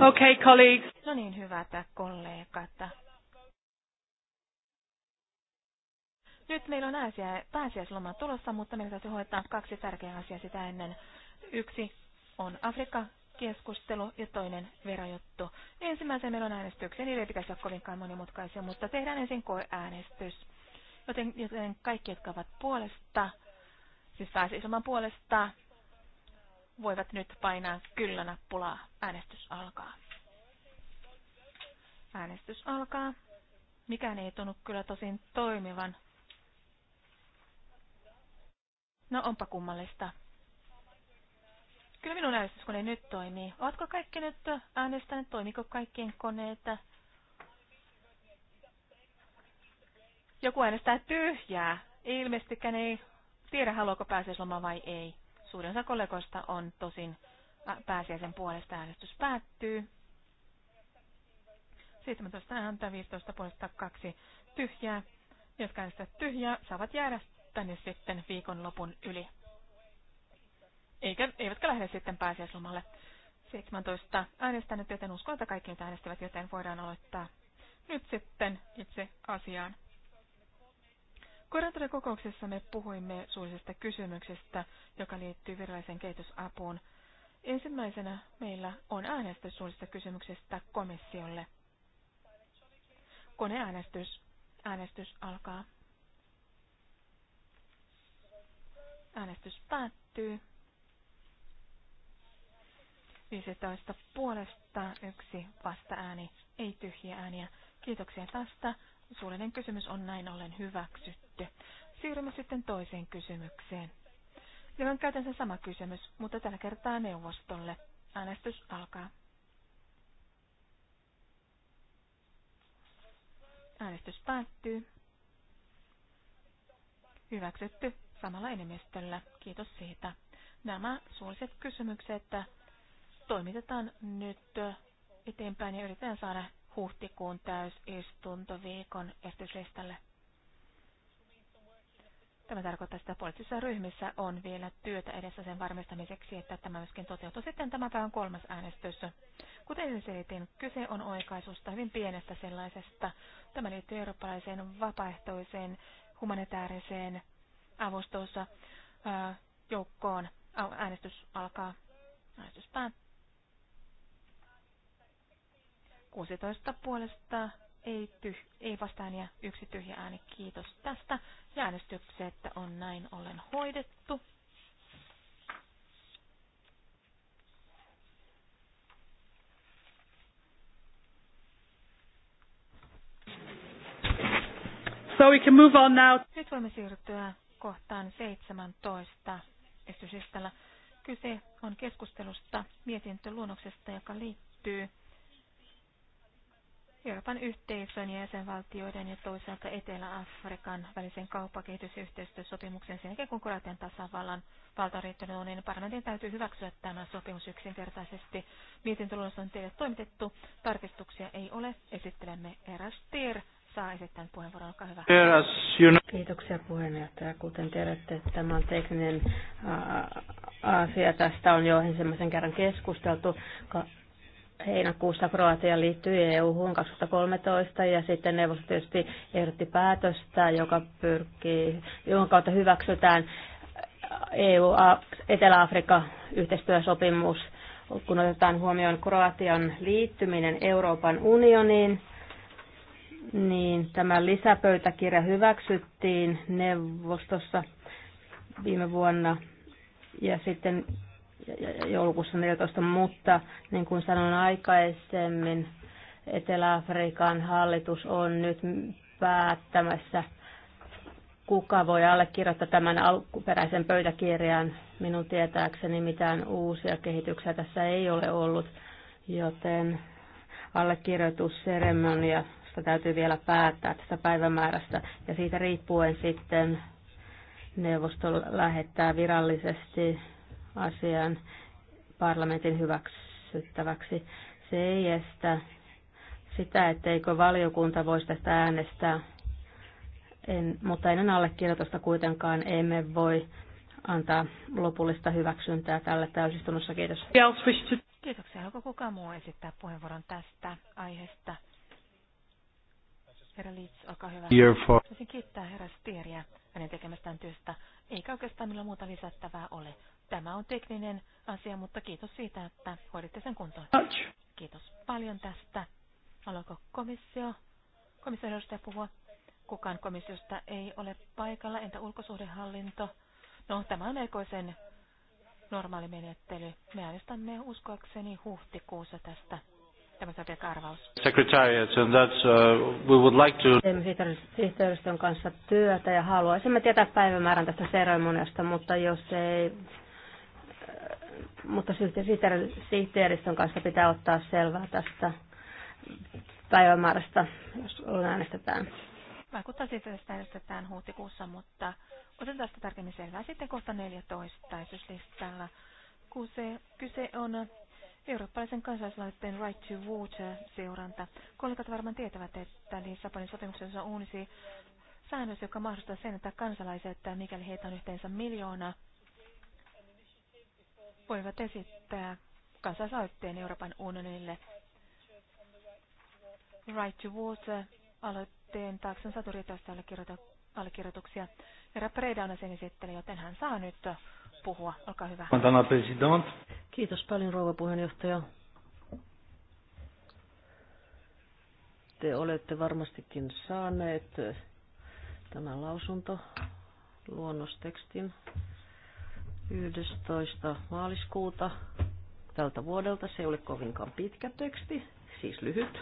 Okay, colleagues. No niin, hyvät kollegat. Nyt meillä on pääsiäisloma tulossa, mutta meillä täytyy hoitaa kaksi tärkeää asiaa sitä ennen. Yksi on Afrikka-keskustelu ja toinen verojuttu. Ensimmäisenä meillä on äänestyksiä, niitä ei pitäisi olla kovinkaan monimutkaisia, mutta tehdään ensin koeäänestys. Joten, joten kaikki, jotka ovat puolesta, siis pääsiäisloman puolesta, voivat nyt painaa kyllä-nappulaa. Äänestys alkaa. Äänestys alkaa. Mikään ei tunnu kyllä tosin toimivan. No onpa kummallista. Kyllä minun äänestyskone nyt toimii. Ovatko kaikki nyt äänestäneet? Toimiko kaikkien koneet? Joku äänestää tyhjää. Ilmeisestikään ei tiedä, haluaako pääsiäisloma vai ei. Suurin osa kollegoista on tosin pääsiäisen puolesta äänestys päättyy. 17 ääntä, 15 puolesta 2 tyhjää. Jos äänestävät tyhjää, saavat jäädä tänne sitten viikonlopun yli. Eikä, eivätkä lähde sitten pääsiäislomalle. 17 äänestänyt, joten uskon, että kaikki nyt äänestivät, joten voidaan aloittaa nyt sitten itse asiaan. Koranteera-kokouksessa me puhuimme suullisesta kysymyksestä, joka liittyy viralliseen kehitysapuun. Ensimmäisenä meillä on äänestys suullisesta kysymyksestä komissiolle. Koneäänestys. Äänestys alkaa. Äänestys päättyy. 15 puolesta, yksi vasta ääni, ei tyhjiä ääniä. Kiitoksia tästä. Suullinen kysymys on näin ollen hyväksytty esitetty. Siirrymme sitten toiseen kysymykseen. Joten käytän sen sama kysymys, mutta tällä kertaa neuvostolle. Äänestys alkaa. Äänestys päättyy. Hyväksytty samalla enemmistöllä. Kiitos siitä. Nämä suulliset kysymykset toimitetaan nyt eteenpäin ja yritetään saada huhtikuun täysistuntoviikon estyslistalle Tämä tarkoittaa että poliittisissa ryhmissä on vielä työtä edessä sen varmistamiseksi, että tämä myöskin toteutuu. Sitten tämä päivän kolmas äänestys. Kuten selitin, kyse on oikaisusta, hyvin pienestä sellaisesta. Tämä liittyy eurooppalaiseen vapaaehtoiseen humanitaariseen avustossa joukkoon. Äänestys alkaa. Äänestys päättyy. 16 puolesta ei, tyh, ei vastaan ja yksi tyhjä ääni. Kiitos tästä. Ja että on näin ollen hoidettu. So we can move on now. Nyt voimme siirtyä kohtaan 17 esityslistalla. Kyse on keskustelusta mietintöluonnoksesta, joka liittyy Euroopan yhteisön ja jäsenvaltioiden ja toisaalta Etelä-Afrikan välisen kauppakehitysyhteistyösopimuksen sen jälkeen, kun Kroatian tasavallan valta on niin parlamentin täytyy hyväksyä tämä sopimus yksinkertaisesti. Mietintöluonnos on teille toimitettu. Tarkistuksia ei ole. Esittelemme Eras Tier saa esittää puheenvuoron, olkaa hyvä. Kiitoksia puheenjohtaja. Kuten tiedätte, tämä on tekninen asia. Tästä on jo ensimmäisen kerran keskusteltu heinäkuussa Kroatia liittyi EU-hun 2013 ja sitten neuvosto tietysti ehdotti päätöstä, joka pyrkii, jonka kautta hyväksytään EU-Etelä-Afrikka-yhteistyösopimus, kun otetaan huomioon Kroatian liittyminen Euroopan unioniin, niin tämä lisäpöytäkirja hyväksyttiin neuvostossa viime vuonna ja sitten joulukuussa 14, mutta niin kuin sanoin aikaisemmin, Etelä-Afrikan hallitus on nyt päättämässä, kuka voi allekirjoittaa tämän alkuperäisen pöytäkirjan. Minun tietääkseni mitään uusia kehityksiä tässä ei ole ollut, joten allekirjoitusseremonia sitä täytyy vielä päättää tästä päivämäärästä. Ja siitä riippuen sitten neuvosto lähettää virallisesti asian parlamentin hyväksyttäväksi. Se ei estä sitä, etteikö valiokunta voisi tästä äänestää, en, mutta ennen allekirjoitusta kuitenkaan emme voi antaa lopullista hyväksyntää tälle täysistunnossa. Kiitos. Kiitoksia. Haluaako kukaan muu esittää puheenvuoron tästä aiheesta? Herra Liits, olkaa hyvä. Haluaisin kiittää herra Stieriä hänen tekemästään työstä. Eikä oikeastaan millä muuta lisättävää ole. Tämä on tekninen asia, mutta kiitos siitä, että hoiditte sen kuntoon. Kiitos paljon tästä. Haluatko komissio, komissio edustaja puhua? Kukaan komissiosta ei ole paikalla, entä ulkosuhdehallinto? No, tämä on erikoisen normaali menettely. Me äänestämme uskoakseni huhtikuussa tästä. Tämä on pelkä arvaus. Secretariat, uh, we would like to... sihteeristön kanssa työtä ja haluaisimme tietää päivämäärän tästä seremoniasta, mutta jos ei mutta sihteeristön kanssa pitää ottaa selvää tästä päivämäärästä, jos äänestetään. Vaikuttaa siitä, että äänestetään huhtikuussa, mutta otetaan tästä tarkemmin selvää sitten kohta 14 esityslistalla. Kyse, kyse on eurooppalaisen kansalaisten Right to Water-seuranta. Kollegat varmaan tietävät, että Lissabonin sopimuksessa on uusi säännös, joka mahdollistaa sen, että kansalaiset, mikäli heitä on yhteensä miljoona, voivat esittää kansalaisaloitteen Euroopan unionille. Right to Water-aloitteen taakse on saatu riittävästi allekirjoituksia. Herra Preda on sen esitteli, joten hän saa nyt puhua. Olkaa hyvä. Kiitos paljon, rouva puheenjohtaja. Te olette varmastikin saaneet tämän lausunto luonnostekstin. 11. maaliskuuta tältä vuodelta. Se ei ole kovinkaan pitkä teksti, siis lyhyt.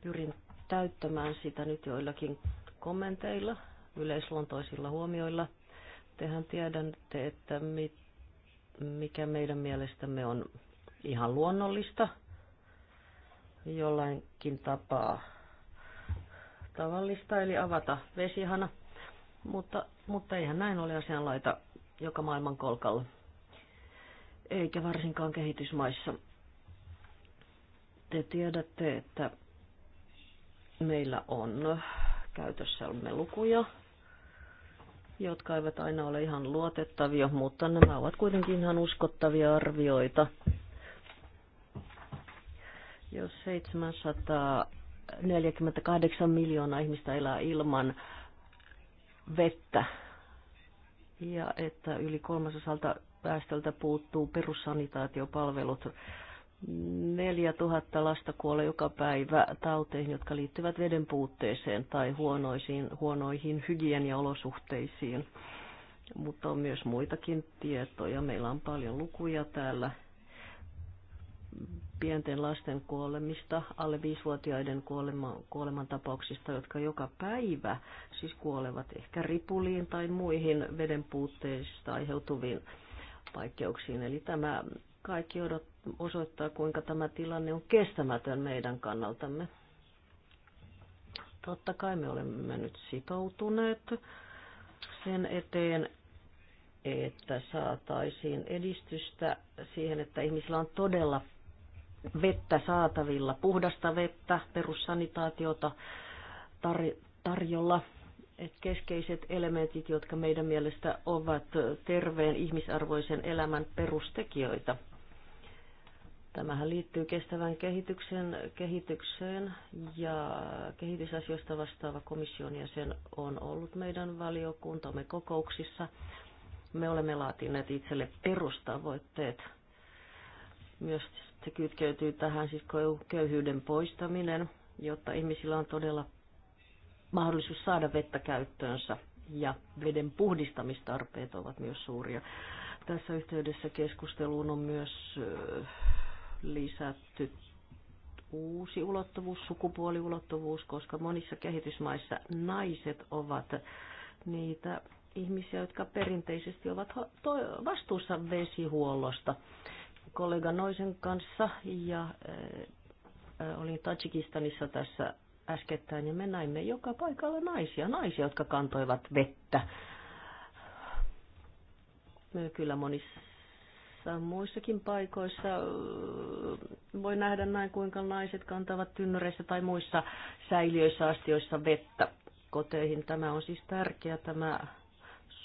Pyrin täyttämään sitä nyt joillakin kommenteilla, yleisluontoisilla huomioilla. Tehän tiedätte, että mit, mikä meidän mielestämme on ihan luonnollista, jollainkin tapaa tavallista, eli avata vesihana. Mutta mutta eihän näin ole asianlaita joka maailman kolkalla, eikä varsinkaan kehitysmaissa. Te tiedätte, että meillä on käytössämme lukuja, jotka eivät aina ole ihan luotettavia, mutta nämä ovat kuitenkin ihan uskottavia arvioita. Jos 748 miljoonaa ihmistä elää ilman vettä ja että yli kolmasosalta väestöltä puuttuu perussanitaatiopalvelut. 4000 lasta kuolee joka päivä tauteihin, jotka liittyvät veden puutteeseen tai huonoisiin, huonoihin hygieniaolosuhteisiin. Mutta on myös muitakin tietoja. Meillä on paljon lukuja täällä pienten lasten kuolemista, alle viisivuotiaiden kuolema, kuolemantapauksista, jotka joka päivä siis kuolevat ehkä ripuliin tai muihin veden puutteista aiheutuviin vaikeuksiin. Eli tämä kaikki odot, osoittaa, kuinka tämä tilanne on kestämätön meidän kannaltamme. Totta kai me olemme nyt sitoutuneet sen eteen, että saataisiin edistystä siihen, että ihmisillä on todella vettä saatavilla, puhdasta vettä, perussanitaatiota tar- tarjolla. Et keskeiset elementit, jotka meidän mielestä ovat terveen ihmisarvoisen elämän perustekijöitä. Tämähän liittyy kestävän kehityksen, kehitykseen ja kehitysasioista vastaava komission jäsen on ollut meidän valiokuntamme kokouksissa. Me olemme laatineet itselle perustavoitteet myös se kytkeytyy tähän siis köyhyyden poistaminen, jotta ihmisillä on todella mahdollisuus saada vettä käyttöönsä ja veden puhdistamistarpeet ovat myös suuria. Tässä yhteydessä keskusteluun on myös lisätty uusi ulottuvuus, sukupuoliulottuvuus, koska monissa kehitysmaissa naiset ovat niitä ihmisiä, jotka perinteisesti ovat vastuussa vesihuollosta kollega Noisen kanssa ja eh, eh, olin Tajikistanissa tässä äskettäin ja me näimme joka paikalla naisia, naisia, jotka kantoivat vettä. Me kyllä monissa muissakin paikoissa eh, voi nähdä näin, kuinka naiset kantavat tynnyreissä tai muissa säiliöissä astioissa vettä koteihin. Tämä on siis tärkeä tämä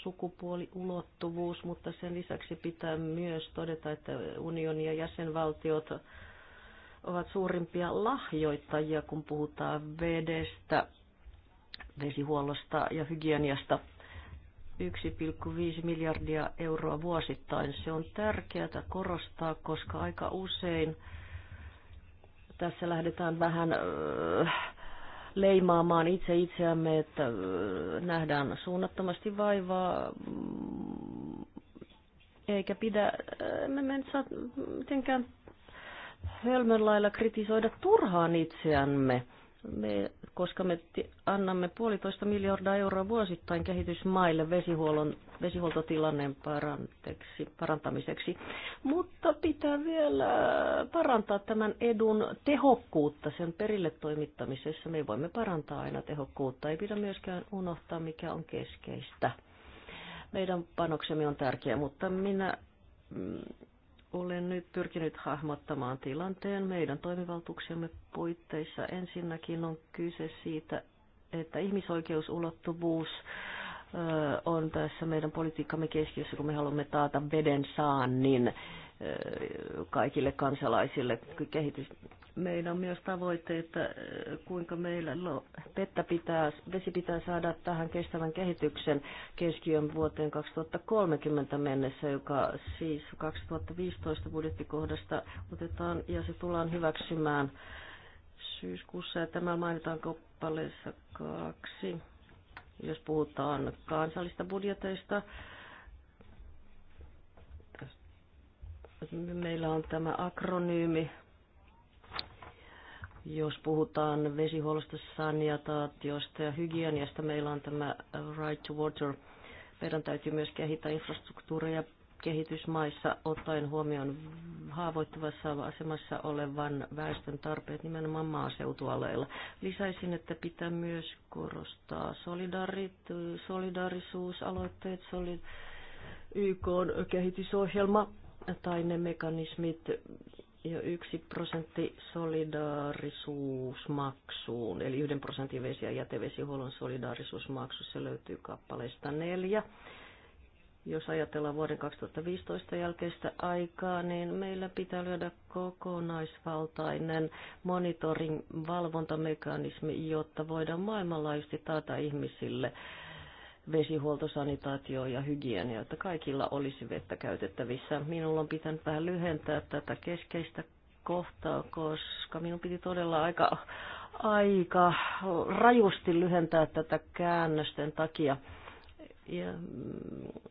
sukupuoliulottuvuus, mutta sen lisäksi pitää myös todeta, että unioni ja jäsenvaltiot ovat suurimpia lahjoittajia, kun puhutaan vedestä, vesihuollosta ja hygieniasta. 1,5 miljardia euroa vuosittain. Se on tärkeää korostaa, koska aika usein tässä lähdetään vähän öö, leimaamaan itse itseämme, että nähdään suunnattomasti vaivaa, eikä pidä, me emme saa mitenkään hölmön lailla kritisoida turhaan itseämme me, koska me annamme puolitoista miljardia euroa vuosittain kehitysmaille vesihuollon, vesihuoltotilanneen parantamiseksi. Mutta pitää vielä parantaa tämän edun tehokkuutta sen perille toimittamisessa. Me voimme parantaa aina tehokkuutta. Ei pidä myöskään unohtaa, mikä on keskeistä. Meidän panoksemme on tärkeä, mutta minä mm, olen nyt pyrkinyt hahmottamaan tilanteen meidän toimivaltuuksiamme puitteissa. Ensinnäkin on kyse siitä, että ihmisoikeusulottuvuus on tässä meidän politiikkamme keskiössä, kun me haluamme taata veden saannin kaikille kansalaisille kehitys, Meillä on myös tavoitteita, eh, kuinka meillä vettä pitää, vesi pitää saada tähän kestävän kehityksen keskiön vuoteen 2030 mennessä, joka siis 2015 budjettikohdasta otetaan ja se tullaan hyväksymään syyskuussa. Ja tämä mainitaan koppaleessa kaksi, jos puhutaan kansallista budjeteista. Meillä on tämä akronyymi jos puhutaan vesihuollosta, sanitaatiosta ja hygieniasta, meillä on tämä Right to Water. Meidän täytyy myös kehittää infrastruktuuria kehitysmaissa ottaen huomioon haavoittuvassa asemassa olevan väestön tarpeet nimenomaan maaseutualueilla. Lisäisin, että pitää myös korostaa solidaarisuusaloitteet, solid, YK kehitysohjelma tai ne mekanismit, ja yksi prosentti solidaarisuusmaksuun, eli yhden prosentin vesi- ja jätevesihuollon solidaarisuusmaksu, se löytyy kappaleesta neljä. Jos ajatellaan vuoden 2015 jälkeistä aikaa, niin meillä pitää löydä kokonaisvaltainen monitoring valvontamekanismi, jotta voidaan maailmanlaajuisesti taata ihmisille äh, vesihuolto, sanitaatio ja hygienia, että kaikilla olisi vettä käytettävissä. Minulla on pitänyt vähän lyhentää tätä keskeistä kohtaa, koska minun piti todella aika, aika rajusti lyhentää tätä käännösten takia. Ja,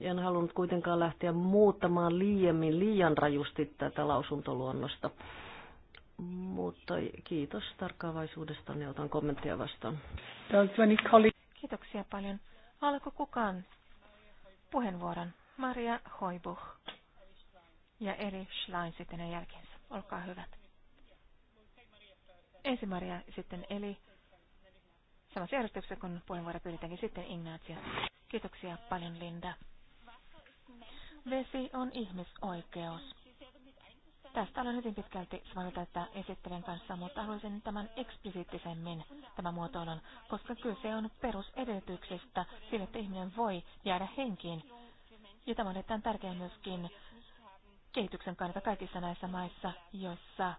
en halunnut kuitenkaan lähteä muuttamaan liiemmin, liian rajusti tätä lausuntoluonnosta. Mutta kiitos tarkkaavaisuudesta, niin otan kommentteja vastaan. Kiitoksia paljon. Haluatko kukaan puheenvuoron? Maria Hoibuch ja Eri Schlein sitten ne jälkeensä. Olkaa hyvät. Ensin Maria, sitten Eli. Samassa järjestyksessä, kun puheenvuoro pyydetäänkin sitten Ignatia. Kiitoksia paljon, Linda. Vesi on ihmisoikeus. Tästä olen hyvin pitkälti samaa että esittelen kanssa, mutta haluaisin tämän eksplisiittisemmin tämän muotoilun, koska kyse on perusedellytyksestä sille, että ihminen voi jäädä henkiin. Ja tämä on erittäin tärkeää myöskin kehityksen kannalta kaikissa näissä maissa, joissa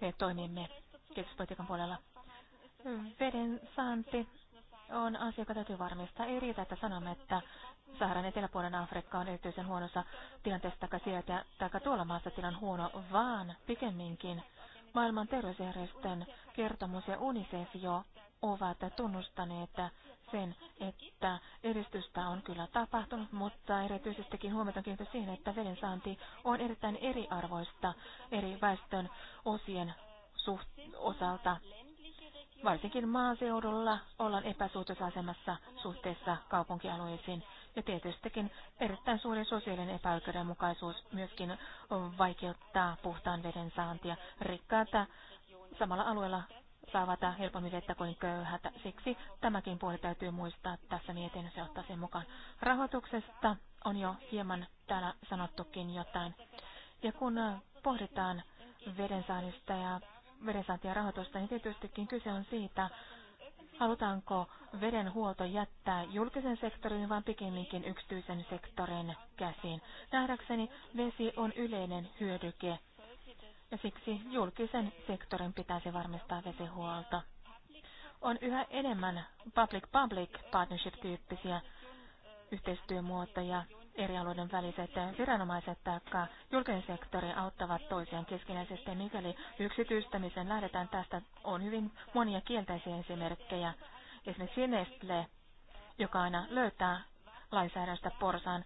me toimimme kehityspolitiikan puolella. Veden saanti on asia, joka täytyy varmistaa. Ei riitä, että sanomme, että Saharan eteläpuolen Afrikka on erityisen huonossa tilanteessa taikka sieltä, taikka tuolla maassa tilan huono, vaan pikemminkin maailman terveysjärjestön kertomus ja UNICEF jo ovat tunnustaneet sen, että edistystä on kyllä tapahtunut, mutta erityisestikin huomiota kiinnitetty siihen, että veden saanti on erittäin eriarvoista eri väestön osien suht osalta. Varsinkin maaseudulla ollaan epäsuhteisessa suhteessa kaupunkialueisiin. Ja tietystikin erittäin suuri sosiaalinen epäoikeudenmukaisuus myöskin vaikeuttaa puhtaan veden saantia. Rikkaata samalla alueella saavat helpommin vettä kuin köyhät. Siksi tämäkin puoli täytyy muistaa tässä mietinnössä ottaa sen mukaan. Rahoituksesta on jo hieman täällä sanottukin jotain. Ja kun pohditaan vedensaannista ja vedensaantia rahoitusta, niin tietystikin kyse on siitä, Halutaanko vedenhuolto jättää julkisen sektorin vai pikemminkin yksityisen sektorin käsiin? Nähdäkseni vesi on yleinen hyödyke ja siksi julkisen sektorin pitäisi varmistaa vesihuolto. On yhä enemmän public-public partnership-tyyppisiä yhteistyömuotoja eri alueiden väliset viranomaiset tai julkinen sektori auttavat toisiaan keskinäisesti, mikäli yksityistämisen lähdetään tästä, on hyvin monia kielteisiä esimerkkejä. Esimerkiksi Nestle, joka aina löytää lainsäädännöstä porsan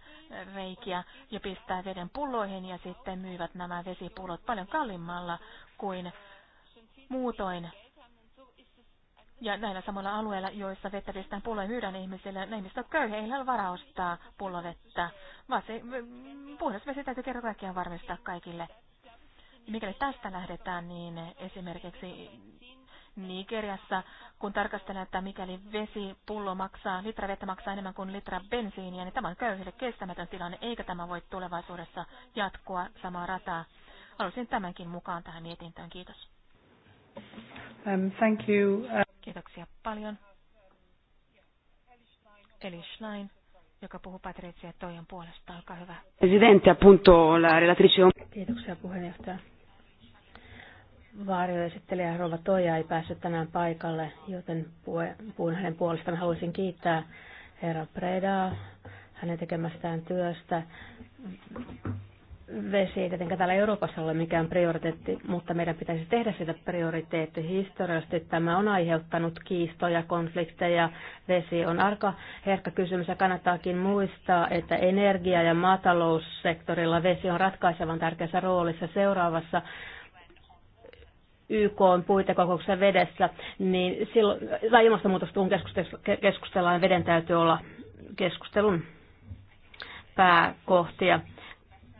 reikiä ja pistää veden pulloihin ja sitten myyvät nämä vesipullot paljon kalliimmalla kuin muutoin ja näillä samalla alueilla, joissa vettä pistetään pulloja myydään ihmisille, ne ihmiset on köyhiä, ei ole varaa ostaa pullovettä. Vaan se, mm, puhdas vesi täytyy kerran kaikkiaan varmistaa kaikille. Ja mikäli tästä lähdetään, niin esimerkiksi Nigeriassa, kun tarkastellaan, että mikäli vesi pullo maksaa, litra vettä maksaa enemmän kuin litra bensiiniä, niin tämä on köyhille kestämätön tilanne, eikä tämä voi tulevaisuudessa jatkua samaa rataa. Haluaisin tämänkin mukaan tähän mietintään. Kiitos. Um, thank you. Uh, Kiitoksia paljon. Eli Schlein, joka puhuu Patricia Toijan puolesta. Olkaa hyvä. Presidente, appunto, la relatrice... Kiitoksia puheenjohtaja. Vaarioesittelijä Rova Toija ei päässyt tänään paikalle, joten puhun hänen puolestaan. Haluaisin kiittää herra Predaa hänen tekemästään työstä Vesi ei tietenkään täällä Euroopassa ole mikään prioriteetti, mutta meidän pitäisi tehdä sitä prioriteetti. Historiallisesti tämä on aiheuttanut kiistoja, konflikteja. Vesi on arka herkkä kysymys ja kannattaakin muistaa, että energia- ja maataloussektorilla vesi on ratkaisevan tärkeässä roolissa seuraavassa YK on puitekokouksessa vedessä, niin silloin, tai ilmastonmuutosta kun keskustellaan, veden täytyy olla keskustelun pääkohtia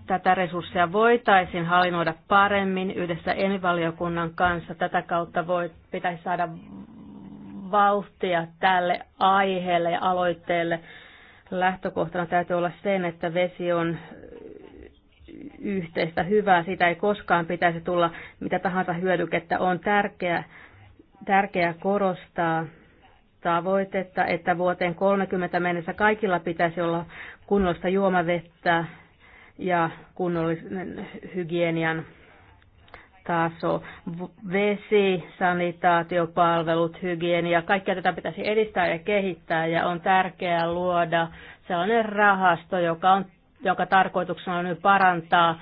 tätä resurssia voitaisiin hallinnoida paremmin yhdessä EMI-valiokunnan kanssa. Tätä kautta voi, pitäisi saada vauhtia tälle aiheelle ja aloitteelle. Lähtökohtana täytyy olla sen, että vesi on yhteistä hyvää. sitä ei koskaan pitäisi tulla mitä tahansa hyödykettä. On tärkeää tärkeä korostaa tavoitetta, että vuoteen 30 mennessä kaikilla pitäisi olla kunnollista juomavettä ja kunnollisen hygienian taso, vesi, sanitaatiopalvelut, hygienia, kaikkea tätä pitäisi edistää ja kehittää ja on tärkeää luoda sellainen rahasto, joka on, jonka tarkoituksena on nyt parantaa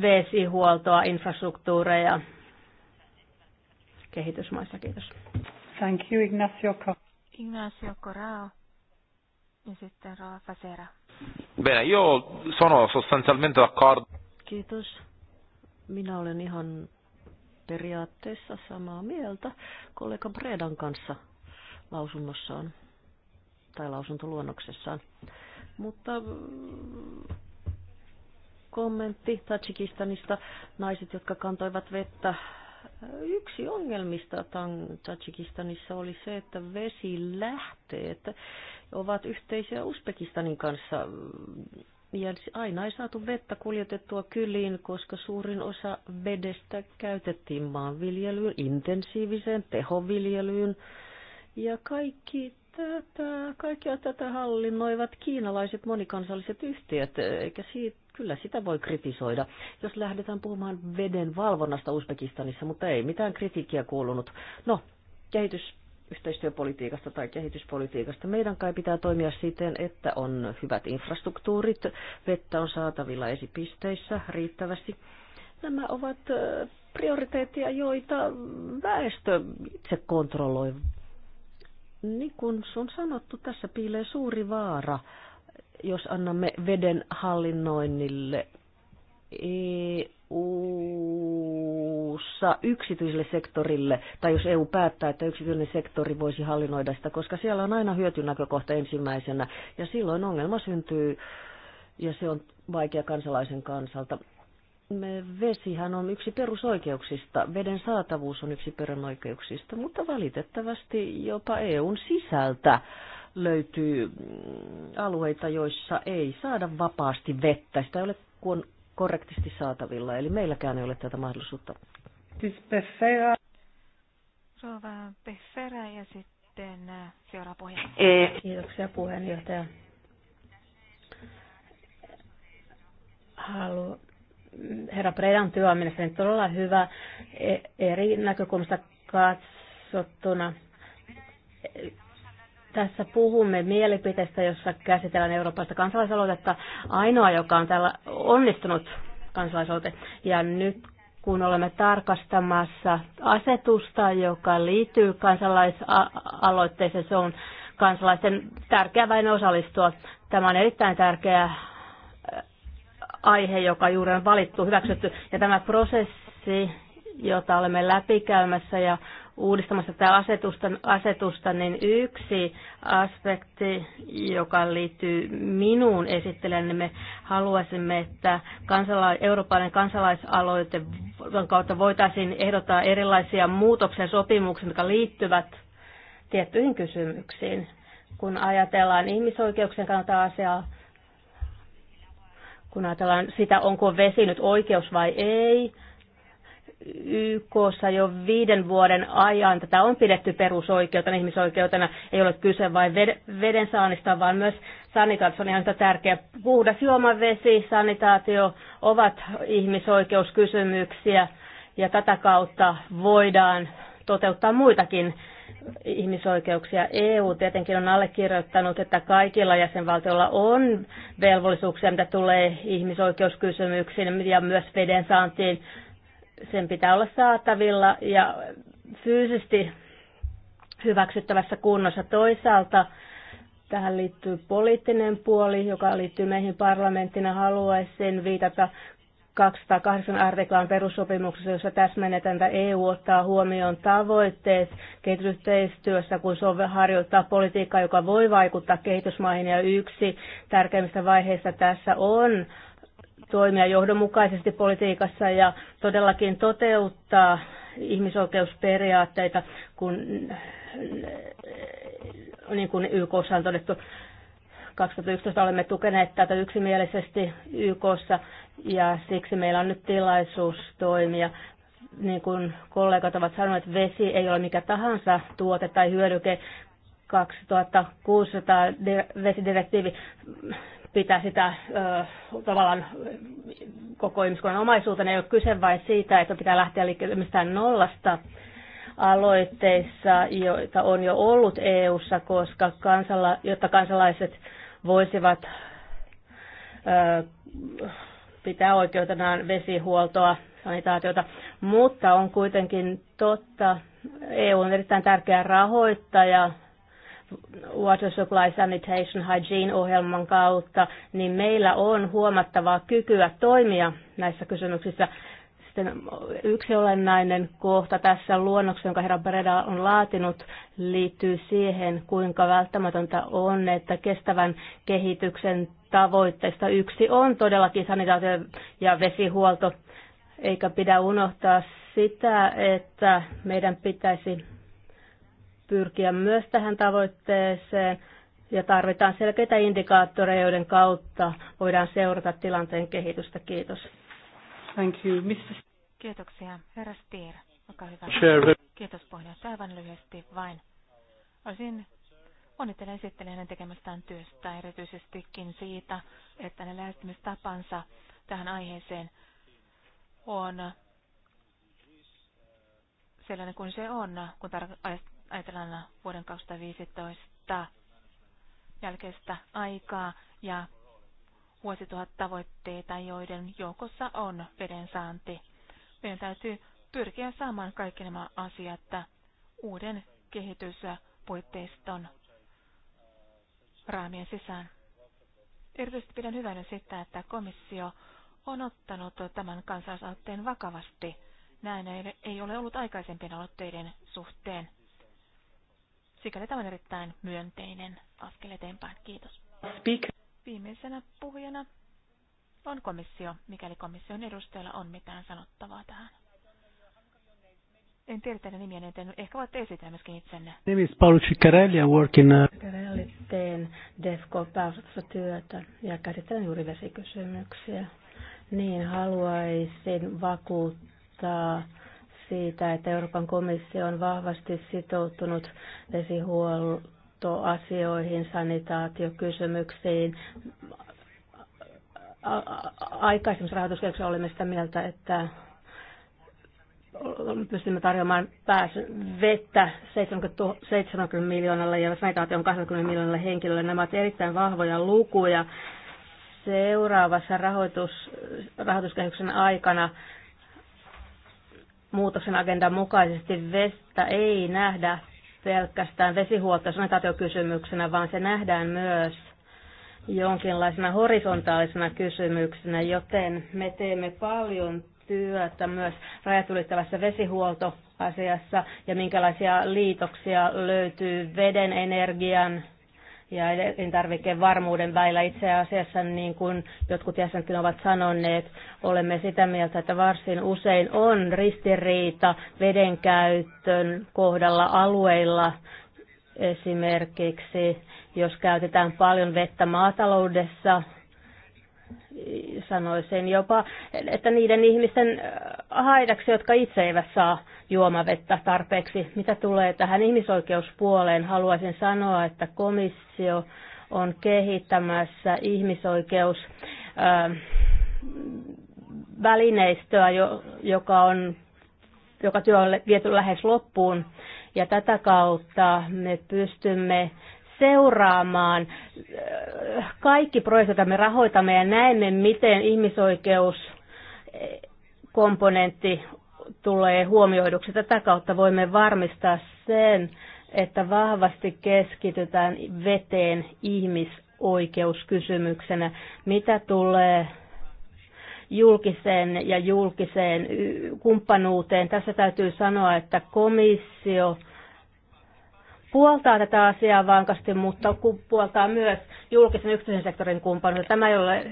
vesihuoltoa, infrastruktuureja kehitysmaissa. Kiitos. Thank you, Ignacio. Ignacio Corao ja sitten Roa Facera. Bene, io sono sostanzialmente d'accordo. Kiitos. Minä olen ihan periaatteessa samaa mieltä kollega Bredan kanssa lausunnossaan tai lausuntoluonnoksessaan. Mutta mm, kommentti Tajikistanista, naiset, jotka kantoivat vettä Yksi ongelmista Tajikistanissa oli se, että vesilähteet ovat yhteisiä Uzbekistanin kanssa. Ja aina ei saatu vettä kuljetettua kyliin, koska suurin osa vedestä käytettiin maanviljelyyn, intensiiviseen tehoviljelyyn. Ja kaikki tätä, kaikkia tätä hallinnoivat kiinalaiset monikansalliset yhtiöt, eikä siitä Kyllä sitä voi kritisoida, jos lähdetään puhumaan veden valvonnasta Uzbekistanissa, mutta ei mitään kritiikkiä kuulunut. No, kehitys yhteistyöpolitiikasta tai kehityspolitiikasta. Meidän kai pitää toimia siten, että on hyvät infrastruktuurit, vettä on saatavilla esipisteissä riittävästi. Nämä ovat prioriteetteja, joita väestö itse kontrolloi. Niin kuin sun sanottu, tässä piilee suuri vaara jos annamme veden hallinnoinnille EU-ssa yksityiselle sektorille, tai jos EU päättää, että yksityinen sektori voisi hallinnoida sitä, koska siellä on aina hyötynäkökohta ensimmäisenä, ja silloin ongelma syntyy, ja se on vaikea kansalaisen kansalta. Me Vesihän on yksi perusoikeuksista, veden saatavuus on yksi perusoikeuksista, mutta valitettavasti jopa EUn sisältä löytyy mm, alueita, joissa ei saada vapaasti vettä. Sitä ei ole korrektisti saatavilla, eli meilläkään ei ole tätä mahdollisuutta. Siis Rova Befera ja sitten äh, seuraava puheenjohtaja. E. Kiitoksia puheenjohtaja. Halu, herra Predan työ on mielestäni todella hyvä e, eri näkökulmasta katsottuna tässä puhumme mielipiteestä, jossa käsitellään eurooppalaista kansalaisaloitetta. Ainoa, joka on täällä onnistunut kansalaisaloite. Ja nyt kun olemme tarkastamassa asetusta, joka liittyy kansalaisaloitteeseen, se on kansalaisten tärkeä väline osallistua. Tämä on erittäin tärkeä äh, aihe, joka juuri on valittu, hyväksytty. Ja tämä prosessi, jota olemme läpikäymässä ja uudistamassa tätä asetusta, asetusta, niin yksi aspekti, joka liittyy minuun esittelijään, niin me haluaisimme, että kansala- eurooppalainen kansalaisaloite kautta voitaisiin ehdottaa erilaisia muutoksia sopimuksia, jotka liittyvät tiettyihin kysymyksiin. Kun ajatellaan ihmisoikeuksien kannalta asiaa, kun ajatellaan sitä, onko vesi nyt oikeus vai ei, YK jo viiden vuoden ajan tätä on pidetty perusoikeutena, ihmisoikeutena. Ei ole kyse vain veden saannista, vaan myös sanitaatio on ihan sitä tärkeä. Puhdas juomavesi, sanitaatio ovat ihmisoikeuskysymyksiä ja tätä kautta voidaan toteuttaa muitakin ihmisoikeuksia. EU tietenkin on allekirjoittanut, että kaikilla jäsenvaltioilla on velvollisuuksia, mitä tulee ihmisoikeuskysymyksiin ja myös veden saantiin sen pitää olla saatavilla ja fyysisesti hyväksyttävässä kunnossa. Toisaalta tähän liittyy poliittinen puoli, joka liittyy meihin parlamenttina. Haluaisin viitata 208 artiklaan perussopimuksessa, jossa täsmennetään, että EU ottaa huomioon tavoitteet kehitysyhteistyössä, kun Suomi harjoittaa politiikkaa, joka voi vaikuttaa kehitysmaihin. Ja yksi tärkeimmistä vaiheista tässä on toimia johdonmukaisesti politiikassa ja todellakin toteuttaa ihmisoikeusperiaatteita, kun, niin kuin YKssa on todettu, 2011 olemme tukeneet tätä yksimielisesti YKssa ja siksi meillä on nyt tilaisuus toimia. Niin kuin kollegat ovat sanoneet, vesi ei ole mikä tahansa tuote tai hyödyke. 2600 vesidirektiivi pitää sitä ö, tavallaan koko ihmiskunnan omaisuutena. Ei ole kyse vain siitä, että pitää lähteä liikkeelle mistään nollasta aloitteissa, joita on jo ollut EU-ssa, koska kansala, jotta kansalaiset voisivat ö, pitää oikeutenaan vesihuoltoa, sanitaatiota, mutta on kuitenkin totta, EU on erittäin tärkeä rahoittaja Water Supply Sanitation Hygiene-ohjelman kautta, niin meillä on huomattavaa kykyä toimia näissä kysymyksissä. Sitten yksi olennainen kohta tässä luonnoksessa, jonka herra Breda on laatinut, liittyy siihen, kuinka välttämätöntä on, että kestävän kehityksen tavoitteista yksi on todellakin sanitaatio ja vesihuolto, eikä pidä unohtaa sitä, että meidän pitäisi pyrkiä myös tähän tavoitteeseen ja tarvitaan selkeitä indikaattoreja, joiden kautta voidaan seurata tilanteen kehitystä. Kiitos. Thank you. Mr. Kiitoksia. Herra Stier, olkaa hyvä. Sure. Kiitos puheenjohtaja. Aivan lyhyesti vain. Olisin onnittelen esittelen hänen tekemästään työstä, erityisestikin siitä, että ne lähestymistapansa tähän aiheeseen on sellainen kuin se on, kun tar- ajatellaan vuoden 2015 jälkeistä aikaa ja vuosituhat tavoitteita, joiden joukossa on veden saanti. Meidän täytyy pyrkiä saamaan kaikki nämä asiat uuden kehityspuitteiston raamien sisään. Erityisesti pidän hyvänä sitä, että komissio on ottanut tämän kansalaisaloitteen vakavasti. Näin ei ole ollut aikaisempien aloitteiden suhteen. Sikäli tämä on erittäin myönteinen askel eteenpäin. Kiitos. Speak. Viimeisenä puhujana on komissio, mikäli komission edustajalla on mitään sanottavaa tähän. En tiedä teidän nimiä, joten ehkä voitte esitellä myöskin itsenne. Nimi on Paul Ciccarelli, Working work uh, Ciccarelli, teen DEFCO pääosassa työtä ja käsittelen juuri vesikysymyksiä. Niin, haluaisin vakuuttaa siitä, että Euroopan komissio on vahvasti sitoutunut vesihuoltoasioihin, sanitaatiokysymyksiin. Aikaisemmissa rahoituskehyksissä olimme sitä mieltä, että pystymme tarjoamaan pääsy vettä 70, miljoonalle ja sanitaation 20 miljoonalle henkilölle. Nämä ovat erittäin vahvoja lukuja. Seuraavassa rahoitus, rahoituskehyksen aikana muutoksen agendan mukaisesti vettä ei nähdä pelkästään vesihuolto- ja sanitaatiokysymyksenä, vaan se nähdään myös jonkinlaisena horisontaalisena kysymyksenä, joten me teemme paljon työtä myös rajat ylittävässä vesihuoltoasiassa ja minkälaisia liitoksia löytyy veden, energian, ja elintarvikevarmuuden väillä Itse asiassa, niin kuin jotkut jäsenetkin ovat sanoneet, olemme sitä mieltä, että varsin usein on ristiriita vedenkäytön kohdalla alueilla, esimerkiksi jos käytetään paljon vettä maataloudessa, sanoisin jopa, että niiden ihmisten haidaksi, jotka itse eivät saa juomavettä tarpeeksi. Mitä tulee tähän ihmisoikeuspuoleen, haluaisin sanoa, että komissio on kehittämässä ihmisoikeus ähm, välineistöä, joka on joka työ on viety lähes loppuun, ja tätä kautta me pystymme seuraamaan äh, kaikki projektit, joita me rahoitamme, ja näemme, miten ihmisoikeus äh, komponentti tulee huomioiduksi. Tätä kautta voimme varmistaa sen, että vahvasti keskitytään veteen ihmisoikeuskysymyksenä. Mitä tulee julkiseen ja julkiseen kumppanuuteen. Tässä täytyy sanoa, että komissio puoltaa tätä asiaa vankasti, mutta puoltaa myös julkisen yksityisen sektorin kumppanuutta. Tämä ei ole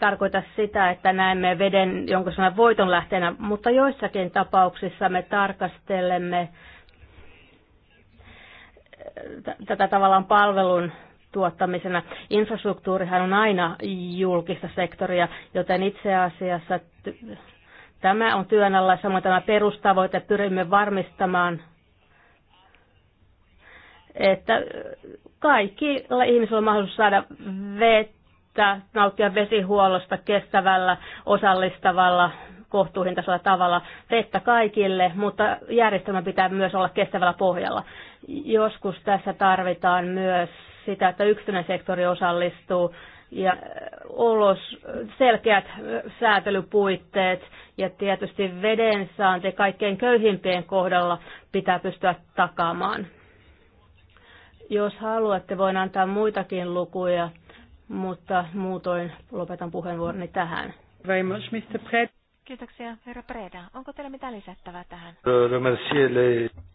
tarkoita sitä, että näemme veden jonkun voiton lähteenä, mutta joissakin tapauksissa me tarkastelemme tätä tavallaan palvelun tuottamisena. Infrastruktuurihan on aina julkista sektoria, joten itse asiassa tämä on työn alla samoin tämä perustavoite. Pyrimme varmistamaan, että kaikki ihmisillä on mahdollisuus saada vettä että nauttia vesihuollosta kestävällä, osallistavalla, kohtuuhintaisella tavalla vettä kaikille, mutta järjestelmä pitää myös olla kestävällä pohjalla. Joskus tässä tarvitaan myös sitä, että yksityinen sektori osallistuu ja äh, olos, selkeät äh, säätelypuitteet ja tietysti veden saanti kaikkein köyhimpien kohdalla pitää pystyä takaamaan. Jos haluatte, voin antaa muitakin lukuja mutta muutoin lopetan puheenvuoroni tähän. Very much, Mr. Pred. Kiitoksia, herra Preda. Onko teillä mitään lisättävää tähän? No,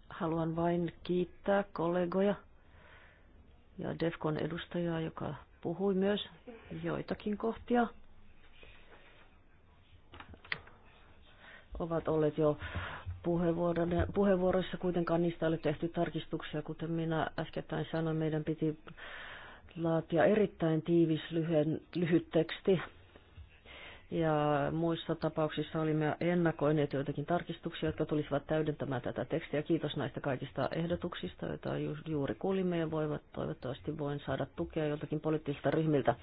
Haluan vain kiittää kollegoja ja DEFCON edustajaa, joka puhui myös joitakin kohtia. Ovat olleet jo puheenvuoroissa, kuitenkaan niistä ei ole tehty tarkistuksia, kuten minä äskettäin sanoin, meidän piti laatia erittäin tiivis lyhyen, lyhyt teksti. Ja muissa tapauksissa olimme ennakoineet joitakin tarkistuksia, jotka tulisivat täydentämään tätä tekstiä. Kiitos näistä kaikista ehdotuksista, joita juuri kuulimme ja voivat, toivottavasti voin saada tukea joltakin poliittisilta ryhmiltä.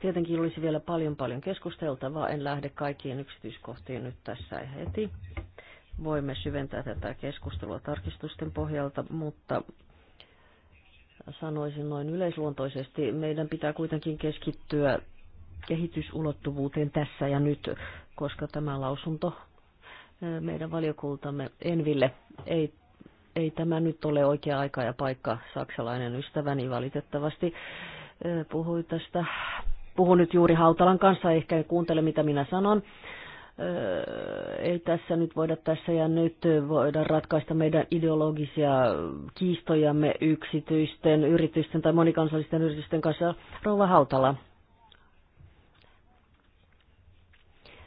Tietenkin olisi vielä paljon paljon keskusteltavaa. En lähde kaikkiin yksityiskohtiin nyt tässä heti. Voimme syventää tätä keskustelua tarkistusten pohjalta, mutta sanoisin noin yleisluontoisesti. Meidän pitää kuitenkin keskittyä kehitysulottuvuuteen tässä ja nyt, koska tämä lausunto meidän valiokultamme Enville ei, ei tämä nyt ole oikea aika ja paikka. Saksalainen ystäväni valitettavasti puhui tästä. Puhun nyt juuri Hautalan kanssa, ehkä ei kuuntele mitä minä sanon ei tässä nyt voida tässä ja nyt voida ratkaista meidän ideologisia kiistojamme yksityisten yritysten tai monikansallisten yritysten kanssa. Rouva Hautala.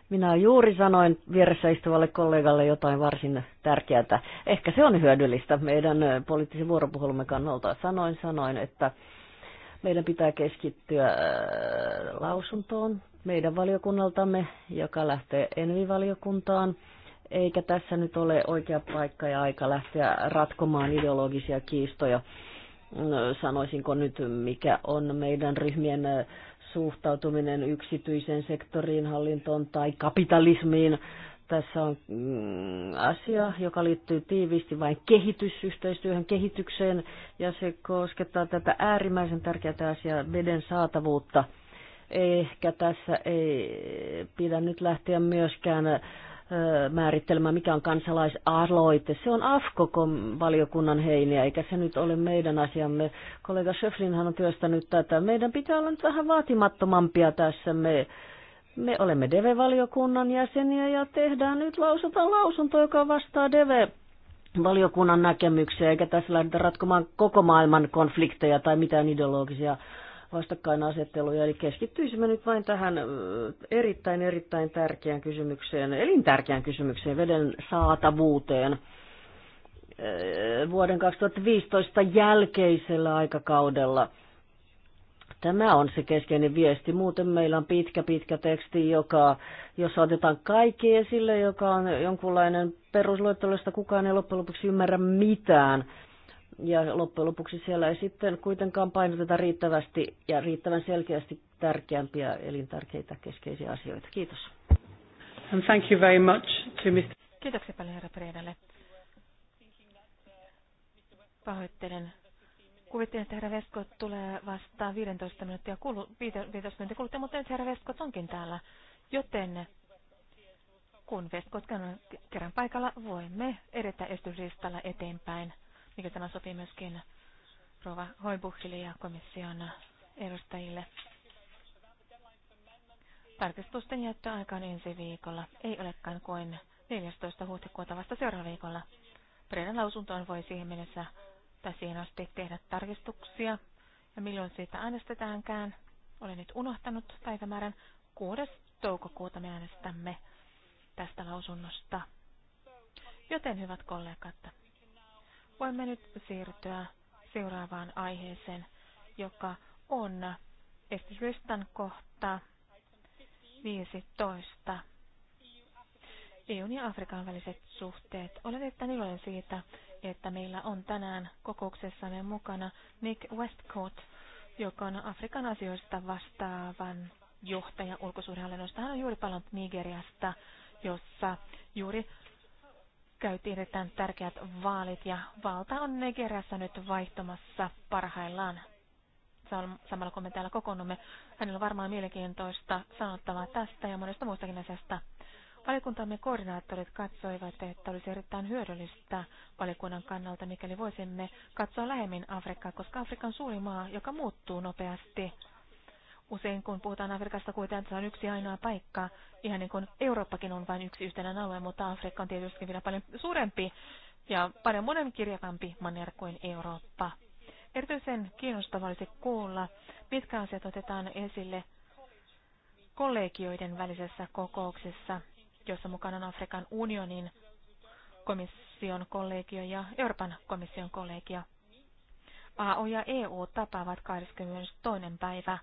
Minä juuri sanoin vieressä istuvalle kollegalle jotain varsin tärkeää. Ehkä se on hyödyllistä meidän poliittisen vuoropuhelumme kannalta. Sanoin, sanoin, että meidän pitää keskittyä lausuntoon, meidän valiokunnaltamme, joka lähtee Envi-valiokuntaan, eikä tässä nyt ole oikea paikka ja aika lähteä ratkomaan ideologisia kiistoja. Mm, sanoisinko nyt, mikä on meidän ryhmien äh, suhtautuminen yksityiseen sektoriin, hallintoon tai kapitalismiin. Tässä on mm, asia, joka liittyy tiiviisti vain kehitysyhteistyöhön, kehitykseen, ja se koskettaa tätä äärimmäisen tärkeää asiaa, veden saatavuutta – Ehkä tässä ei pidä nyt lähteä myöskään määrittelemään, mikä on kansalaisaloite. Se on AFKO-valiokunnan heiniä, eikä se nyt ole meidän asiamme. Kollega Schöflinhan on työstänyt tätä. Meidän pitää olla nyt vähän vaatimattomampia tässä. Me, me olemme DEVE-valiokunnan jäseniä ja tehdään nyt lausuta lausunto, joka vastaa DEVE valiokunnan näkemyksiä, eikä tässä lähdetä ratkomaan koko maailman konflikteja tai mitään ideologisia vastakkainasetteluja. Eli keskittyisimme nyt vain tähän erittäin, erittäin tärkeään kysymykseen, elintärkeään kysymykseen, veden saatavuuteen vuoden 2015 jälkeisellä aikakaudella. Tämä on se keskeinen viesti. Muuten meillä on pitkä, pitkä teksti, joka, jossa otetaan kaikki esille, joka on jonkunlainen perusluettelosta. Kukaan ei loppujen lopuksi ymmärrä mitään ja loppujen lopuksi siellä ei sitten kuitenkaan painoteta riittävästi ja riittävän selkeästi tärkeämpiä elintärkeitä keskeisiä asioita. Kiitos. And thank you very much to Mr. Kiitoksia paljon herra Preenalle. Pahoittelen. Kuvittelin, että herra Veskot tulee vastaan 15 minuuttia, kulu, 15 minuuttia kuluttua, mutta nyt herra Veskot onkin täällä. Joten kun Veskot on kerran paikalla, voimme edetä estyslistalla eteenpäin mikä tämä sopii myöskin Rova Hoibuchille ja komission edustajille. Tarkistusten jättöaika on ensi viikolla, ei olekaan kuin 14. huhtikuuta vasta seuraavalla viikolla. Preidän lausuntoon voi siihen mennessä tai siihen asti tehdä tarkistuksia. Ja milloin siitä äänestetäänkään, olen nyt unohtanut päivämäärän 6. toukokuuta me äänestämme tästä lausunnosta. Joten hyvät kollegat, Voimme nyt siirtyä seuraavaan aiheeseen, joka on Estrystan kohta 15. EUn ja Afrikan väliset suhteet. Olen erittäin iloinen siitä, että meillä on tänään kokouksessamme mukana Nick Westcott, joka on Afrikan asioista vastaavan johtaja ulkosuhdehallinnosta. Hän on juuri palannut Nigeriasta, jossa juuri käytiin erittäin tärkeät vaalit ja valta on Negerässä nyt vaihtumassa parhaillaan. Samalla kun me täällä kokoonnumme, hänellä on varmaan mielenkiintoista sanottavaa tästä ja monesta muustakin asiasta. Valikuntamme koordinaattorit katsoivat, että olisi erittäin hyödyllistä valiokunnan kannalta, mikäli voisimme katsoa lähemmin Afrikkaa, koska Afrikan suuri maa, joka muuttuu nopeasti Usein kun puhutaan Afrikasta, kuitenkin että se on yksi ainoa paikka, ihan niin kuin Eurooppakin on vain yksi yhtenäinen alue, mutta Afrikka on tietysti vielä paljon suurempi ja paljon monenkirjakampi manner kuin Eurooppa. Erityisen kiinnostavaa olisi kuulla, mitkä asiat otetaan esille kollegioiden välisessä kokouksessa, jossa mukana on Afrikan unionin komission kollegio ja Euroopan komission kollegio. AO ja EU tapaavat 22. päivä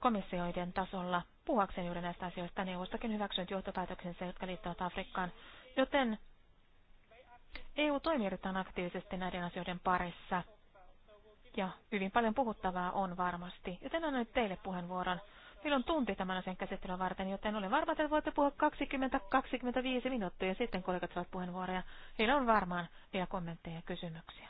komissioiden tasolla puhuakseen juuri näistä asioista. Neuvostokin hyväksynyt johtopäätöksensä, jotka liittyvät Afrikkaan, joten EU toimii erittäin aktiivisesti näiden asioiden parissa. Ja hyvin paljon puhuttavaa on varmasti, joten annan nyt teille puheenvuoron. Meillä on tunti tämän asian käsittelyä varten, joten olen varma, että voitte puhua 20-25 minuuttia ja sitten kollegat saavat puheenvuoroja. Heillä on varmaan vielä kommentteja ja kysymyksiä.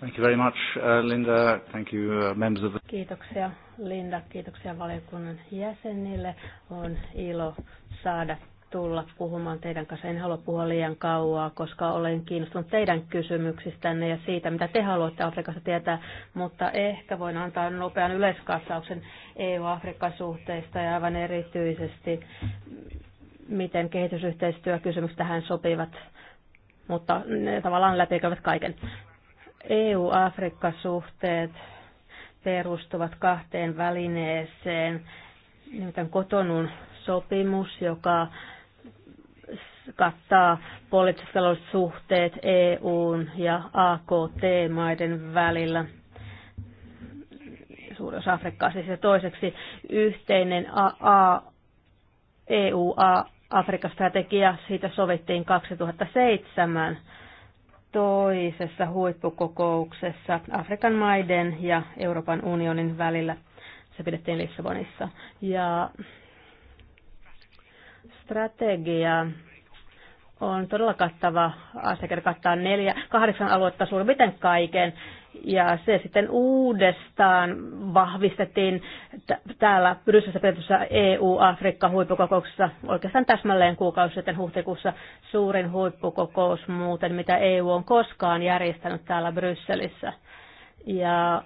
Thank you very much, uh, Linda. Thank you, uh, members of the... Kiitoksia Linda, kiitoksia valiokunnan jäsenille. On ilo saada tulla puhumaan teidän kanssa. En halua puhua liian kauaa, koska olen kiinnostunut teidän kysymyksistänne ja siitä, mitä te haluatte Afrikassa tietää, mutta ehkä voin antaa nopean yleiskatsauksen EU-Afrikan suhteista ja aivan erityisesti, miten kehitysyhteistyökysymykset tähän sopivat, mutta ne tavallaan läpikävät kaiken. EU-Afrikka-suhteet perustuvat kahteen välineeseen, nimittäin kotonun sopimus, joka kattaa poliittiset suhteet EUn ja AKT-maiden välillä. Suuri osa Afrikkaa siis ja toiseksi yhteinen EU-Afrikka-strategia, siitä sovittiin 2007 toisessa huippukokouksessa Afrikan maiden ja Euroopan unionin välillä. Se pidettiin Lissabonissa. Ja strategia on todella kattava asiakirja, kattaa neljä, kahdeksan aluetta suurin kaiken ja se sitten uudestaan vahvistettiin täällä Brysselissä pidetyssä EU-Afrikka-huippukokouksessa oikeastaan täsmälleen kuukausi sitten huhtikuussa suurin huippukokous muuten, mitä EU on koskaan järjestänyt täällä Brysselissä. Ja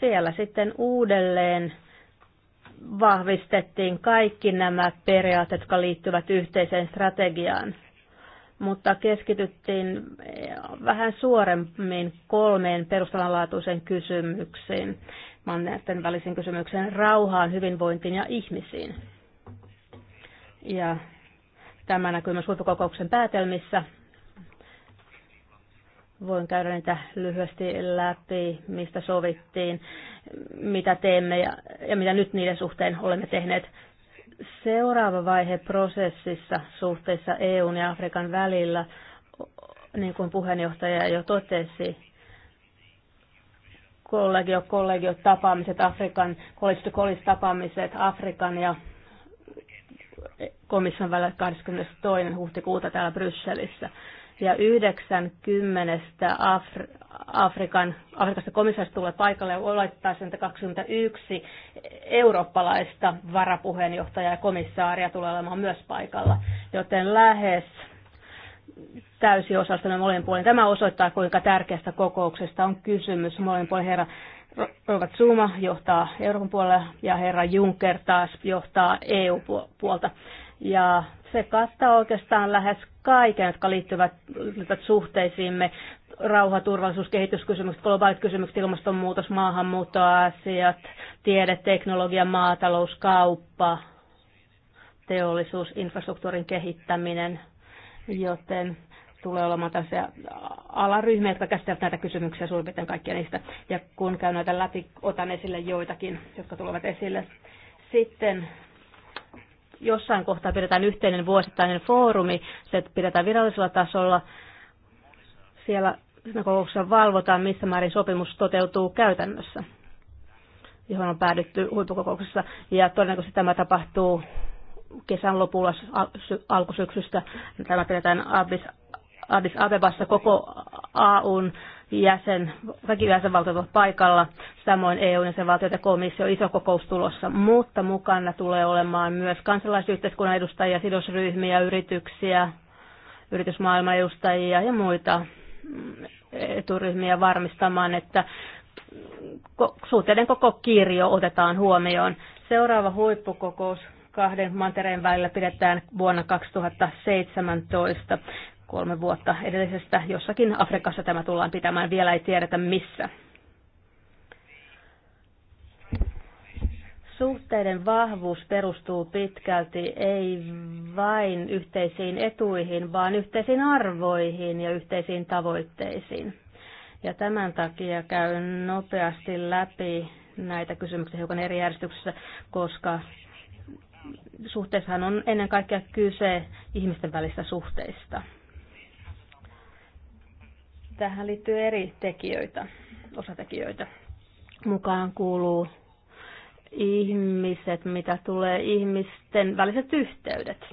siellä sitten uudelleen vahvistettiin kaikki nämä periaatteet, jotka liittyvät yhteiseen strategiaan – mutta keskityttiin eh, vähän suoremmin kolmeen perustavanlaatuisen kysymykseen, mannerten välisen kysymykseen, rauhaan, hyvinvointiin ja ihmisiin. Ja tämä näkyy myös huippukokouksen päätelmissä. Voin käydä niitä lyhyesti läpi, mistä sovittiin, mitä teemme ja, ja mitä nyt niiden suhteen olemme tehneet. Seuraava vaihe prosessissa suhteessa EUn ja Afrikan välillä, niin kuin puheenjohtaja jo totesi, kollegio, kollegio tapaamiset, Afrikan, college college tapaamiset Afrikan ja komission välillä 22. huhtikuuta täällä Brysselissä ja 90 Afri- Afrikan, Afrikasta komissaarista tulee paikalle ja laittaa sen, että 21 eurooppalaista varapuheenjohtajaa ja komissaaria tulee olemaan myös paikalla, joten lähes täysi osallistuminen molemmin puolin. Tämä osoittaa, kuinka tärkeästä kokouksesta on kysymys. Molemmin puolin herra Robert Zuma johtaa Euroopan puolella ja herra Juncker taas johtaa EU-puolta. Ja se kattaa oikeastaan lähes kaiken, jotka liittyvät, liittyvät suhteisiimme. Rauha, turvallisuus, kehityskysymykset, globaalit kysymykset, ilmastonmuutos, maahanmuuttoasiat, tiede, teknologia, maatalous, kauppa, teollisuus, infrastruktuurin kehittäminen, joten tulee olemaan tällaisia alaryhmiä, jotka käsittelevät näitä kysymyksiä suurin piirtein kaikkia niistä. Ja kun käyn näitä läpi, otan esille joitakin, jotka tulevat esille. Sitten jossain kohtaa pidetään yhteinen vuosittainen foorumi, se pidetään virallisella tasolla. Siellä siinä kokouksessa valvotaan, missä määrin sopimus toteutuu käytännössä, johon on päädytty huippukokouksessa. Ja todennäköisesti tämä tapahtuu kesän lopulla alkusyksystä. Tämä pidetään Addis Abebassa koko AUn jäsen, kaikki jäsenvaltiot ovat paikalla, samoin EU-jäsenvaltiot ja komissio iso kokous tulossa, mutta mukana tulee olemaan myös kansalaisyhteiskunnan edustajia, sidosryhmiä, yrityksiä, yritysmaailman edustajia ja muita eturyhmiä varmistamaan, että suhteiden koko kirjo otetaan huomioon. Seuraava huippukokous kahden mantereen välillä pidetään vuonna 2017 kolme vuotta edellisestä. Jossakin Afrikassa tämä tullaan pitämään, vielä ei tiedetä missä. Suhteiden vahvuus perustuu pitkälti ei vain yhteisiin etuihin, vaan yhteisiin arvoihin ja yhteisiin tavoitteisiin. Ja tämän takia käyn nopeasti läpi näitä kysymyksiä hiukan eri järjestyksessä, koska suhteessahan on ennen kaikkea kyse ihmisten välistä suhteista. Tähän liittyy eri tekijöitä, osatekijöitä. Mukaan kuuluu ihmiset, mitä tulee ihmisten väliset yhteydet.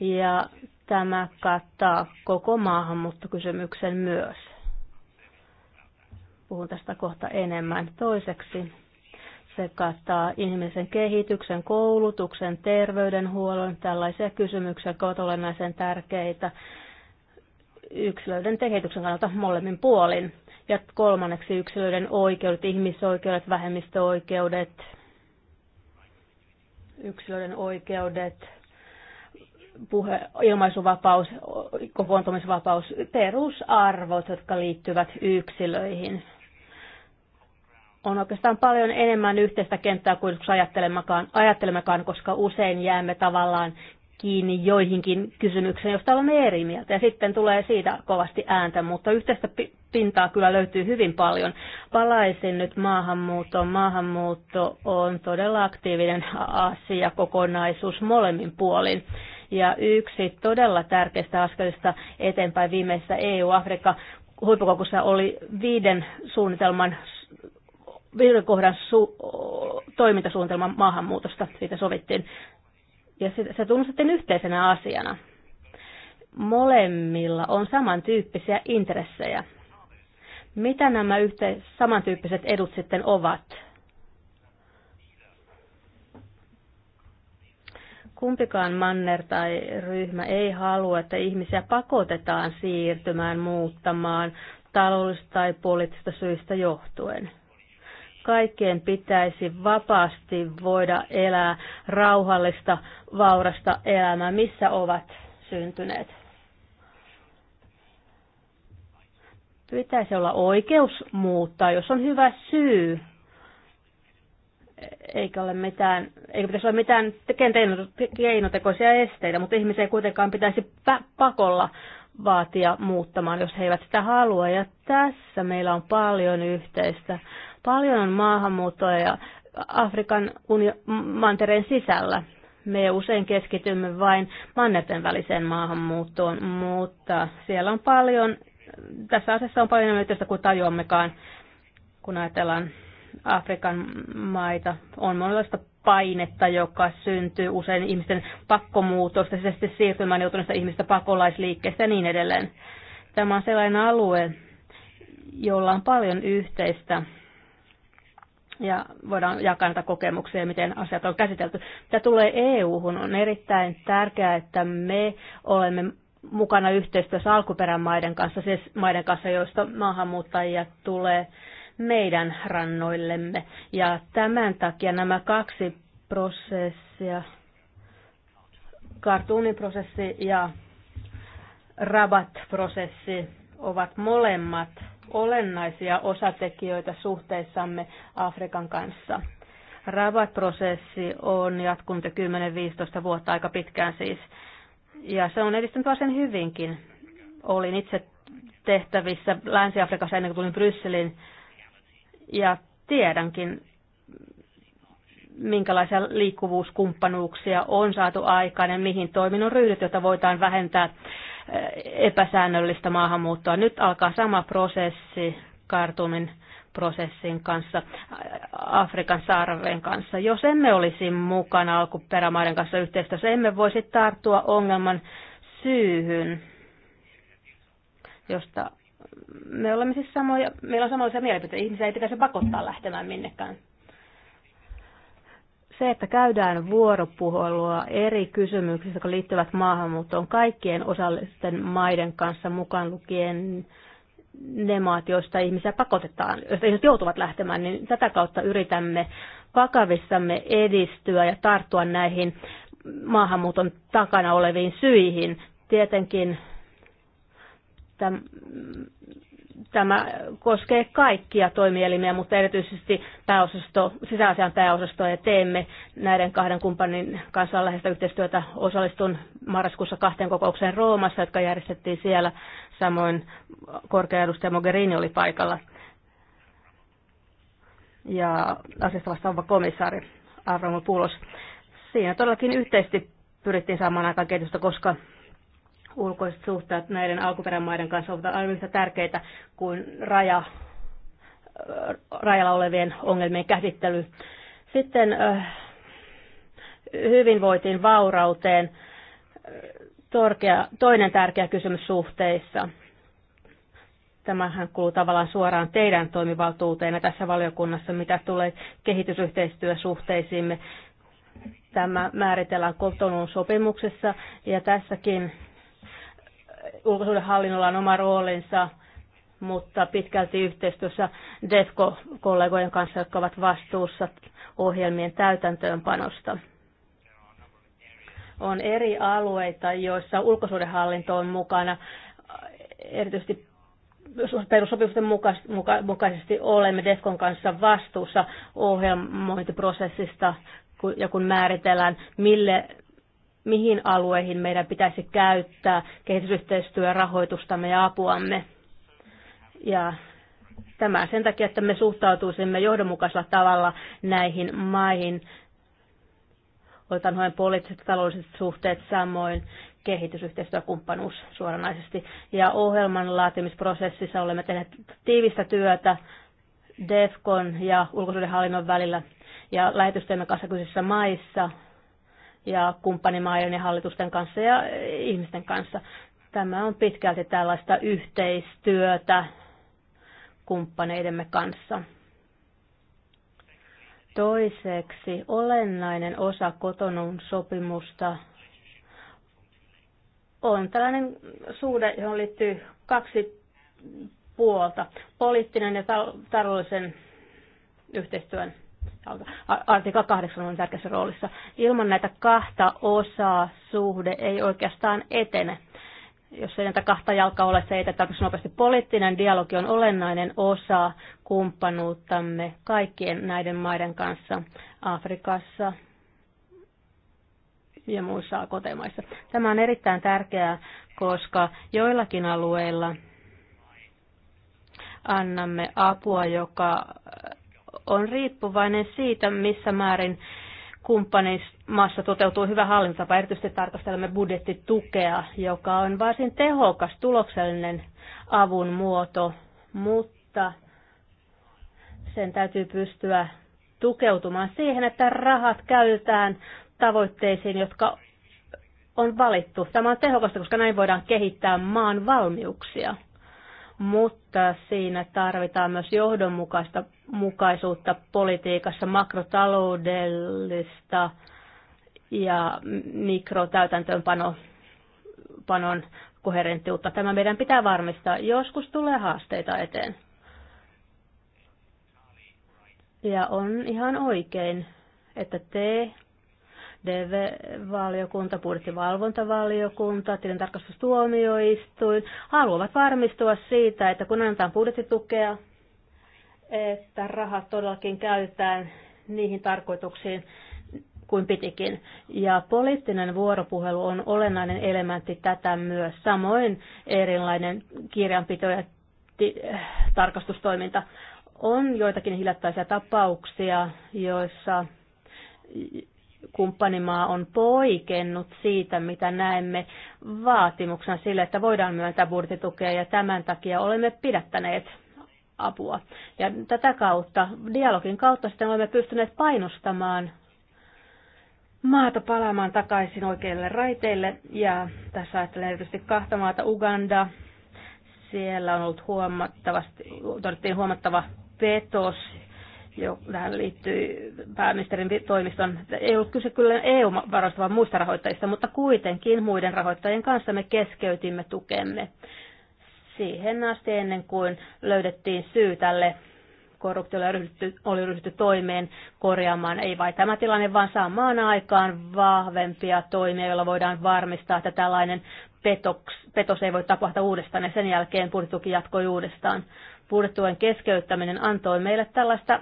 Ja tämä kattaa koko maahanmuuttokysymyksen myös. Puhun tästä kohta enemmän. Toiseksi se kattaa ihmisen kehityksen, koulutuksen, terveydenhuollon, tällaisia kysymyksiä, jotka ovat olennaisen tärkeitä yksilöiden kehityksen kannalta molemmin puolin. Ja kolmanneksi yksilöiden oikeudet, ihmisoikeudet, vähemmistöoikeudet, yksilöiden oikeudet, puhe, ilmaisuvapaus, kokoontumisvapaus, perusarvot, jotka liittyvät yksilöihin. On oikeastaan paljon enemmän yhteistä kenttää kuin ajattelemmekaan, ajattelemmekaan, koska usein jäämme tavallaan kiinni joihinkin kysymyksiin, josta olemme eri mieltä. Ja sitten tulee siitä kovasti ääntä, mutta yhteistä pintaa kyllä löytyy hyvin paljon. Palaisin nyt maahanmuuttoon. Maahanmuutto on todella aktiivinen asia, kokonaisuus molemmin puolin. Ja yksi todella tärkeistä askelista eteenpäin viimeisessä EU-Afrikka huippukokussa oli viiden suunnitelman viiden kohdan su- toimintasuunnitelman maahanmuutosta. Siitä sovittiin ja se, se tunnustettiin yhteisenä asiana. Molemmilla on samantyyppisiä intressejä. Mitä nämä yhteis- samantyyppiset edut sitten ovat? Kumpikaan manner tai ryhmä ei halua, että ihmisiä pakotetaan siirtymään muuttamaan taloudellisista tai poliittisista syistä johtuen kaikkien pitäisi vapaasti voida elää rauhallista, vaurasta elämää, missä ovat syntyneet. Pitäisi olla oikeus muuttaa, jos on hyvä syy. Eikä, ole mitään, eikä pitäisi olla mitään keinotekoisia esteitä, mutta ihmisiä ei kuitenkaan pitäisi pakolla vaatia muuttamaan, jos he eivät sitä halua. Ja tässä meillä on paljon yhteistä. Paljon on maahanmuuttoa ja Afrikan mantereen sisällä. Me usein keskitymme vain mannerten väliseen maahanmuuttoon, mutta siellä on paljon, tässä asiassa on paljon yhteistä kuin tajuammekaan, kun ajatellaan Afrikan maita. On monenlaista painetta, joka syntyy usein ihmisten pakkomuutosta, siis siirtymään joutuneista ihmistä pakolaisliikkeestä ja niin edelleen. Tämä on sellainen alue, jolla on paljon yhteistä ja voidaan jakaa näitä kokemuksia, miten asiat on käsitelty. Mitä tulee EU-hun, on erittäin tärkeää, että me olemme mukana yhteistyössä alkuperämaiden kanssa, siis maiden kanssa, joista maahanmuuttajia tulee meidän rannoillemme. Ja tämän takia nämä kaksi prosessia, kartuunin prosessi ja rabat-prosessi, ovat molemmat – olennaisia osatekijöitä suhteissamme Afrikan kanssa. Rabat-prosessi on jatkunut jo 10-15 vuotta aika pitkään siis, ja se on edistynyt varsin hyvinkin. Olin itse tehtävissä Länsi-Afrikassa ennen kuin tulin Brysselin, ja tiedänkin, minkälaisia liikkuvuuskumppanuuksia on saatu aikaan ja mihin toiminnon ryhdyt, joita voidaan vähentää epäsäännöllistä maahanmuuttoa. Nyt alkaa sama prosessi kartumin prosessin kanssa, Afrikan saarven kanssa. Jos emme olisi mukana alkuperämaiden kanssa yhteistyössä, emme voisi tarttua ongelman syyhyn, josta me olemme siis samoja, meillä on samanlaisia mielipiteitä. Ihmisiä ei pitäisi pakottaa lähtemään minnekään se, että käydään vuoropuhelua eri kysymyksissä, jotka liittyvät maahanmuuttoon kaikkien osallisten maiden kanssa, mukaan lukien ne maat, joista ihmisiä pakotetaan, joista ihmiset joutuvat lähtemään, niin tätä kautta yritämme vakavissamme edistyä ja tarttua näihin maahanmuuton takana oleviin syihin. Tietenkin Tämä koskee kaikkia toimielimiä, mutta erityisesti pääosasto, sisäasian pääosastoa ja teemme näiden kahden kumppanin kanssa läheistä yhteistyötä. Osallistun marraskuussa kahteen kokoukseen Roomassa, jotka järjestettiin siellä. Samoin korkea edustaja Mogherini oli paikalla ja asiasta vastaava komissaari Pulos. Siinä todellakin yhteisesti pyrittiin saamaan aikaan kehitystä, koska ulkoiset suhteet näiden alkuperämaiden kanssa ovat aivan yhtä tärkeitä kuin raja, rajalla olevien ongelmien käsittely. Sitten äh, hyvinvointiin, vaurauteen, torkea, toinen tärkeä kysymys suhteissa. Tämähän kuuluu tavallaan suoraan teidän toimivaltuuteena tässä valiokunnassa, mitä tulee kehitysyhteistyösuhteisiimme. Tämä määritellään kotonuun sopimuksessa ja tässäkin ulkosuhdehallinnolla on oma roolinsa, mutta pitkälti yhteistyössä DEFCO-kollegojen kanssa, jotka ovat vastuussa ohjelmien täytäntöönpanosta. On eri alueita, joissa ulkosuhdehallinto on mukana, erityisesti perussopimusten mukaisesti olemme DEFCON kanssa vastuussa ohjelmointiprosessista ja kun määritellään, mille mihin alueihin meidän pitäisi käyttää kehitysyhteistyörahoitustamme ja apuamme. Ja tämä sen takia, että me suhtautuisimme johdonmukaisella tavalla näihin maihin. Otan huomioon poliittiset ja taloudelliset suhteet samoin kehitysyhteistyökumppanuus suoranaisesti. Ja ohjelman laatimisprosessissa olemme tehneet tiivistä työtä DEFCON ja ulkosuudenhallinnon välillä ja lähetystöimme kanssa maissa ja kumppanimaiden ja hallitusten kanssa ja ihmisten kanssa. Tämä on pitkälti tällaista yhteistyötä kumppaneidemme kanssa. Toiseksi olennainen osa kotonun sopimusta on tällainen suhde, johon liittyy kaksi puolta, poliittinen ja taloudellisen yhteistyön artikla 8 on tärkeässä roolissa. Ilman näitä kahta osaa suhde ei oikeastaan etene. Jos ei näitä kahta jalkaa ole, se ei tarkoita nopeasti. Poliittinen dialogi on olennainen osa kumppanuuttamme kaikkien näiden maiden kanssa Afrikassa ja muissa kotimaissa. Tämä on erittäin tärkeää, koska joillakin alueilla annamme apua, joka on riippuvainen siitä, missä määrin kumppanimaassa toteutuu hyvä hallintotapa. Erityisesti tarkastelemme budjettitukea, joka on varsin tehokas, tuloksellinen avun muoto, mutta sen täytyy pystyä tukeutumaan siihen, että rahat käytetään tavoitteisiin, jotka on valittu. Tämä on tehokasta, koska näin voidaan kehittää maan valmiuksia. Mutta siinä tarvitaan myös johdonmukaista mukaisuutta politiikassa, makrotaloudellista ja mikrotäytäntöönpanon koherenttiutta. Tämä meidän pitää varmistaa. Joskus tulee haasteita eteen. Ja on ihan oikein, että te, DV-valiokunta, budjettivalvontavaliokunta, tilintarkastustuomioistuin haluavat varmistua siitä, että kun annetaan budjettitukea, että rahat todellakin käytetään niihin tarkoituksiin kuin pitikin. Ja poliittinen vuoropuhelu on olennainen elementti tätä myös, samoin erilainen kirjanpito ja tarkastustoiminta. On joitakin hiljattaisia tapauksia, joissa kumppanimaa on poikennut siitä, mitä näemme vaatimuksena sille, että voidaan myöntää budjettitukea ja tämän takia olemme pidättäneet apua. Ja tätä kautta, dialogin kautta sitten olemme pystyneet painostamaan maata palaamaan takaisin oikeille raiteille. Ja tässä ajattelen erityisesti kahta maata, Uganda. Siellä on ollut huomattavasti, todettiin huomattava petos, jo, tähän liittyy pääministerin toimiston. Ei ollut kyse kyllä EU-varoista, vaan muista rahoittajista, mutta kuitenkin muiden rahoittajien kanssa me keskeytimme tukemme siihen asti ennen kuin löydettiin syy tälle korruptiolle ryhdytty, oli ryhdytty toimeen korjaamaan. Ei vain tämä tilanne, vaan samaan aikaan vahvempia toimia, joilla voidaan varmistaa, että tällainen petoks, petos ei voi tapahtua uudestaan ja sen jälkeen budjetuki jatkoi uudestaan. Budjetuen keskeyttäminen antoi meille tällaista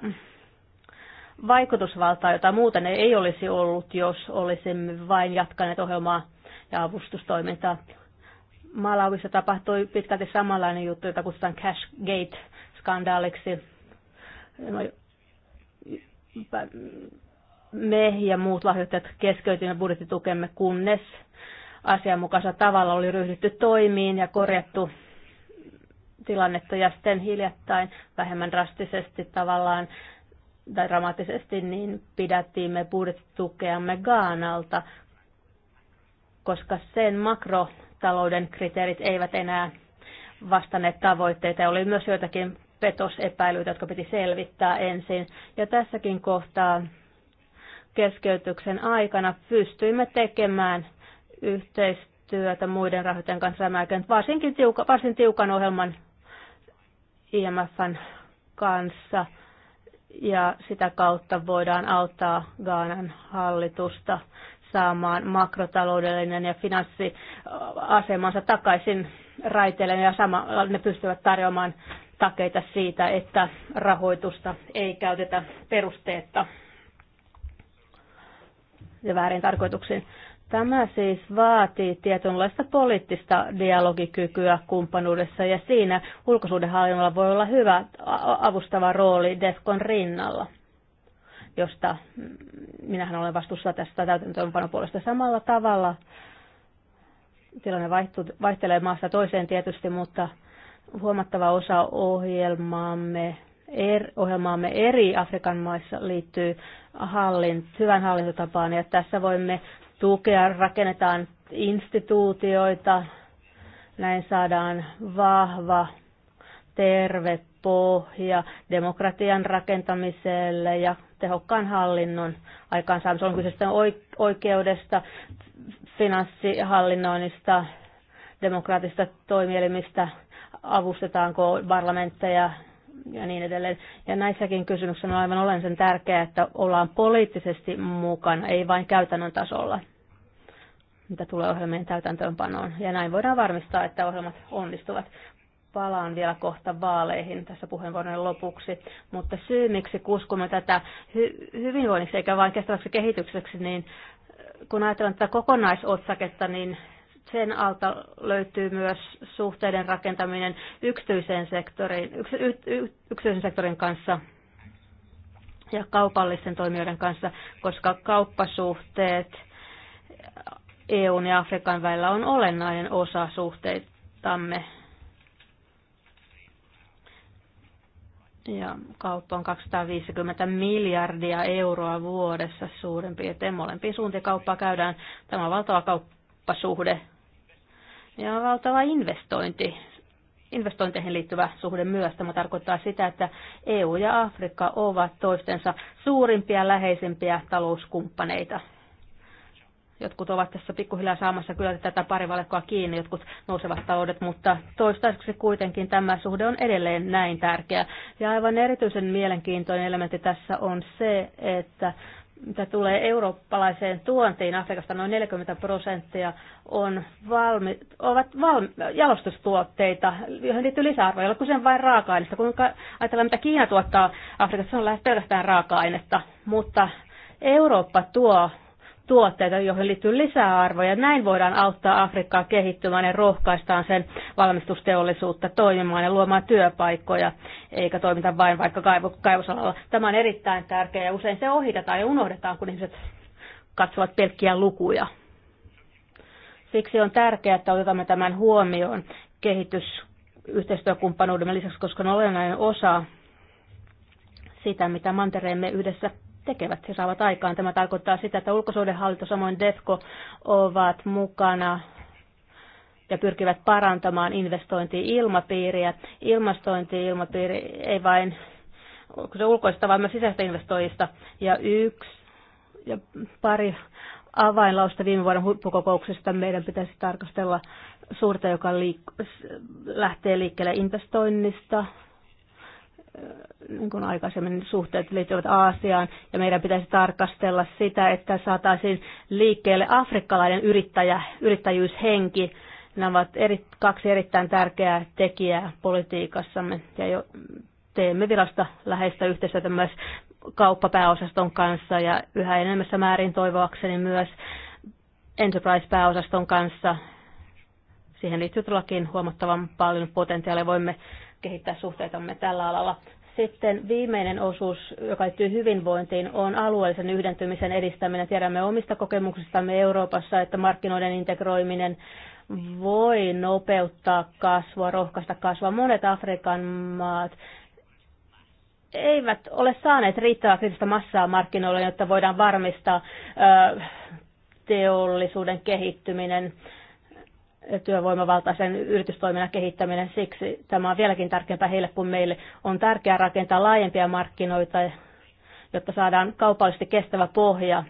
vaikutusvaltaa, jota muuten ei olisi ollut, jos olisimme vain jatkaneet ohjelmaa ja avustustoimintaa. Malawissa tapahtui pitkälti samanlainen juttu, jota kutsutaan Cashgate-skandaaliksi. No, me ja muut lahjoittajat keskeytimme budjettitukemme, kunnes asianmukaisella tavalla oli ryhdytty toimiin ja korjattu tilannetta ja sitten hiljattain vähemmän drastisesti tavallaan tai dramaattisesti niin pidättiimme budjettitukeamme Gaanalta, koska sen makro talouden kriteerit eivät enää vastanneet tavoitteita. Oli myös joitakin petosepäilyitä, jotka piti selvittää ensin. Ja tässäkin kohtaa keskeytyksen aikana pystyimme tekemään yhteistyötä muiden rahoittajien kanssa Rämäkän, varsinkin tiuka, varsin tiukan ohjelman IMFn kanssa. Ja sitä kautta voidaan auttaa Gaanan hallitusta saamaan makrotaloudellinen ja finanssiasemansa takaisin raiteille ja samalla ne pystyvät tarjoamaan takeita siitä, että rahoitusta ei käytetä perusteetta ja väärin tarkoituksiin. Tämä siis vaatii tietynlaista poliittista dialogikykyä kumppanuudessa ja siinä ulkosuudenhallinnolla voi olla hyvä avustava rooli DEFCON rinnalla josta mm, minähän olen vastuussa tästä täytäntöönpanopuolesta samalla tavalla. Tilanne vaihtuu, vaihtelee maasta toiseen tietysti, mutta huomattava osa ohjelmaamme, er, ohjelmaamme eri Afrikan maissa liittyy hallin, hyvän hallintotapaan. Ja tässä voimme tukea, rakennetaan instituutioita, näin saadaan vahva, terve pohja demokratian rakentamiselle ja tehokkaan hallinnon aikaansaamisen. On kyse sitten oikeudesta, finanssihallinnoinnista, demokraattista toimielimistä, avustetaanko parlamentteja ja niin edelleen. Ja näissäkin kysymyksissä on aivan olennaisen tärkeää, että ollaan poliittisesti mukana, ei vain käytännön tasolla, mitä tulee ohjelmien täytäntöönpanoon. Ja näin voidaan varmistaa, että ohjelmat onnistuvat palaan vielä kohta vaaleihin tässä puheenvuoron lopuksi, mutta syy miksi kuskumme tätä hy- hyvinvoinniksi eikä vain kestäväksi kehitykseksi, niin äh, kun ajatellaan tätä kokonaisotsaketta, niin sen alta löytyy myös suhteiden rakentaminen yksityisen sektorin, yks, y, y, yksityisen sektorin kanssa ja kaupallisten toimijoiden kanssa, koska kauppasuhteet EUn ja Afrikan välillä on olennainen osa suhteitamme ja kauppa on 250 miljardia euroa vuodessa suurin piirtein. Molempiin suuntiin kauppaa käydään. Tämä on valtava kauppasuhde ja valtava investointi. Investointeihin liittyvä suhde myös. Tämä tarkoittaa sitä, että EU ja Afrikka ovat toistensa suurimpia, läheisimpiä talouskumppaneita. Jotkut ovat tässä pikkuhiljaa saamassa kyllä tätä parivalekkoa kiinni, jotkut nousevat taloudet, mutta toistaiseksi kuitenkin tämä suhde on edelleen näin tärkeä. Ja aivan erityisen mielenkiintoinen elementti tässä on se, että mitä tulee eurooppalaiseen tuontiin Afrikasta, noin 40 prosenttia on valmi, ovat valmi, jalostustuotteita, joihin liittyy kun jolla kyse vain raaka-aineista. Kun ajatellaan, mitä Kiina tuottaa Afrikassa, se on lähes pelkästään raaka-ainetta, mutta Eurooppa tuo tuotteita, joihin liittyy lisäarvoja. Näin voidaan auttaa Afrikkaa kehittymään ja rohkaistaan sen valmistusteollisuutta toimimaan ja luomaan työpaikkoja, eikä toimita vain vaikka kaivosalalla. Tämä on erittäin tärkeää ja usein se ohitetaan ja unohdetaan, kun ihmiset katsovat pelkkiä lukuja. Siksi on tärkeää, että otamme tämän huomioon kehitysyhteistyökumppanuudemme lisäksi, koska on olennainen osa sitä, mitä mantereemme yhdessä tekevät, siis saavat aikaan. Tämä tarkoittaa sitä, että ulkosuhdehallinto samoin DEFCO, ovat mukana ja pyrkivät parantamaan investointi-ilmapiiriä. Ilmastointi-ilmapiiri ei vain se ulkoista, vaan myös sisäistä investoijista. Ja yksi ja pari avainlausta viime vuoden huippukokouksesta meidän pitäisi tarkastella suurta, joka liik- lähtee liikkeelle investoinnista, Äh, niin kuin aikaisemmin suhteet liittyvät Aasiaan, ja meidän pitäisi tarkastella sitä, että saataisiin liikkeelle afrikkalainen yrittäjä, yrittäjyyshenki. Nämä ovat eri, kaksi erittäin tärkeää tekijää politiikassamme, ja jo teemme virasta läheistä yhteistyötä myös kauppapääosaston kanssa, ja yhä enemmässä määrin toivoakseni myös Enterprise-pääosaston kanssa. Siihen liittyy todellakin huomattavan paljon potentiaalia. Voimme kehittää suhteitamme tällä alalla. Sitten viimeinen osuus, joka liittyy hyvinvointiin, on alueellisen yhdentymisen edistäminen. Tiedämme omista kokemuksistamme Euroopassa, että markkinoiden integroiminen voi nopeuttaa kasvua, rohkaista kasvua. Monet Afrikan maat eivät ole saaneet riittävää kriittistä massaa markkinoille, jotta voidaan varmistaa teollisuuden kehittyminen työvoimavaltaisen yritystoiminnan kehittäminen. Siksi tämä on vieläkin tärkeämpää heille kuin meille. On tärkeää rakentaa laajempia markkinoita, jotta saadaan kaupallisesti kestävä pohja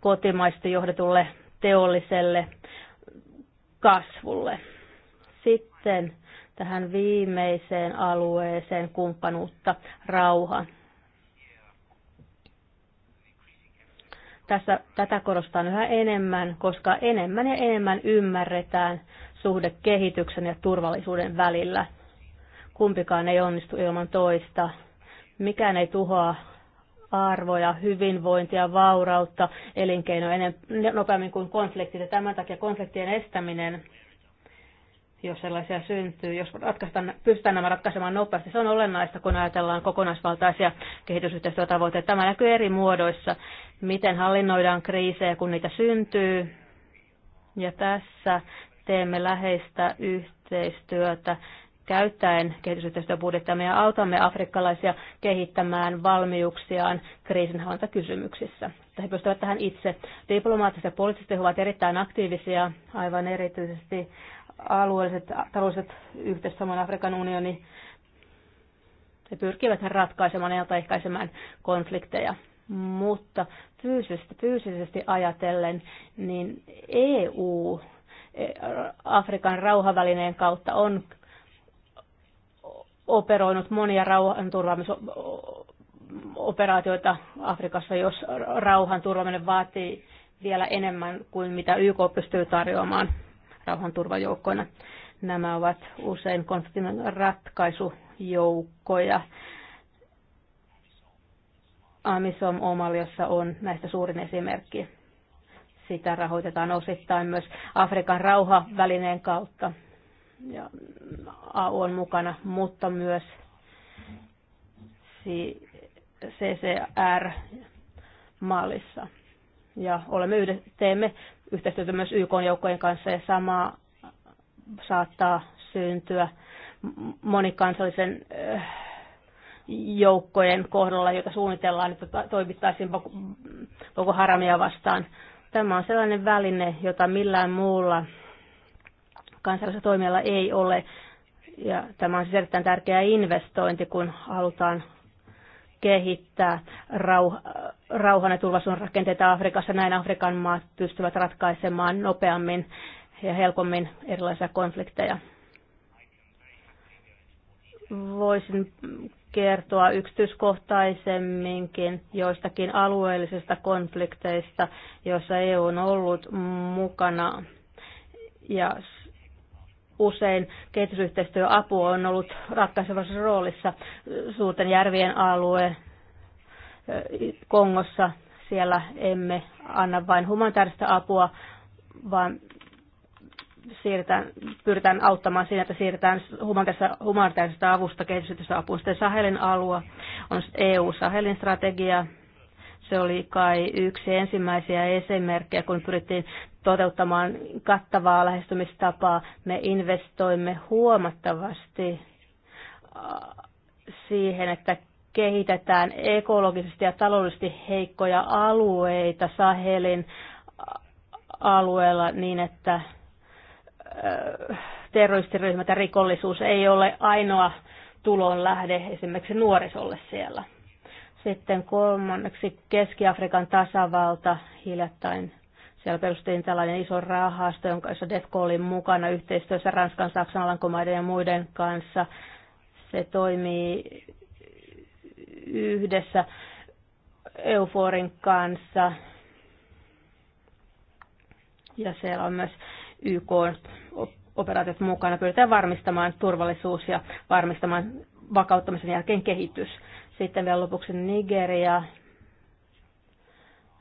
kotimaisesti johdetulle teolliselle kasvulle. Sitten tähän viimeiseen alueeseen kumppanuutta, rauha. Tässä, tätä korostan yhä enemmän, koska enemmän ja enemmän ymmärretään suhde kehityksen ja turvallisuuden välillä. Kumpikaan ei onnistu ilman toista. Mikään ei tuhoa arvoja, hyvinvointia, vaurautta, elinkeinoa nopeammin kuin konfliktit. Ja tämän takia konfliktien estäminen jos sellaisia syntyy, jos pystytään nämä ratkaisemaan nopeasti. Se on olennaista, kun ajatellaan kokonaisvaltaisia kehitysyhteistyötavoitteita. Tämä näkyy eri muodoissa, miten hallinnoidaan kriisejä, kun niitä syntyy. Ja tässä teemme läheistä yhteistyötä käyttäen kehitysyhteistyöbudjettia. Me autamme afrikkalaisia kehittämään valmiuksiaan kriisinhallintakysymyksissä. He pystyvät tähän itse. Diplomaattiset ja poliittiset ovat erittäin aktiivisia, aivan erityisesti alueelliset taloudelliset yhteistyöt, samoin Afrikan unioni, ne pyrkivät ratkaisemaan ja ehkäisemään konflikteja. Mutta fyysisesti, fyysisesti ajatellen, niin EU e, Afrikan rauhavälineen kautta on operoinut monia rauhanturvaamisoperaatioita Afrikassa, jos rauhan vaatii vielä enemmän kuin mitä YK pystyy tarjoamaan rauhanturvajoukkoina. Nämä ovat usein konfliktin ratkaisujoukkoja. Amisom Omaliossa on näistä suurin esimerkki. Sitä rahoitetaan osittain myös Afrikan rauhavälineen kautta. Ja AU on mukana, mutta myös CCR mallissa. Ja olemme yhdessä, teemme yhteistyötä myös YK-joukkojen kanssa ja sama saattaa syntyä monikansallisen äh, joukkojen kohdalla, jota suunnitellaan, että toimittaisiin koko haramia vastaan. Tämä on sellainen väline, jota millään muulla kansallisella toimijalla ei ole. Ja tämä on siis erittäin tärkeä investointi, kun halutaan kehittää rauha, rauhan ja turvallisuuden rakenteita Afrikassa. Näin Afrikan maat pystyvät ratkaisemaan nopeammin ja helpommin erilaisia konflikteja. Voisin kertoa yksityiskohtaisemminkin joistakin alueellisista konflikteista, joissa EU on ollut mukana ja Usein kehitysyhteistyöapu on ollut ratkaisevassa roolissa suurten järvien alue Kongossa. Siellä emme anna vain humanitaarista apua, vaan pyritään auttamaan siinä, että siirretään humanitaarista avusta kehitysyhteistyöapuun. Sitten Sahelin alue on EU-Sahelin strategia, se oli kai yksi ensimmäisiä esimerkkejä, kun pyrittiin toteuttamaan kattavaa lähestymistapaa. Me investoimme huomattavasti äh, siihen, että kehitetään ekologisesti ja taloudellisesti heikkoja alueita Sahelin äh, alueella niin, että äh, terroristiryhmät ja rikollisuus ei ole ainoa tulon lähde esimerkiksi nuorisolle siellä. Sitten kolmanneksi Keski-Afrikan tasavalta hiljattain. Siellä perustettiin tällainen iso rahasto, jonka jossa DEFCO oli mukana yhteistyössä Ranskan, Saksan, Alankomaiden ja muiden kanssa. Se toimii yhdessä Euforin kanssa. Ja siellä on myös YK operaatiot mukana. Pyritään varmistamaan turvallisuus ja varmistamaan vakauttamisen jälkeen kehitys. Sitten vielä lopuksi Nigeria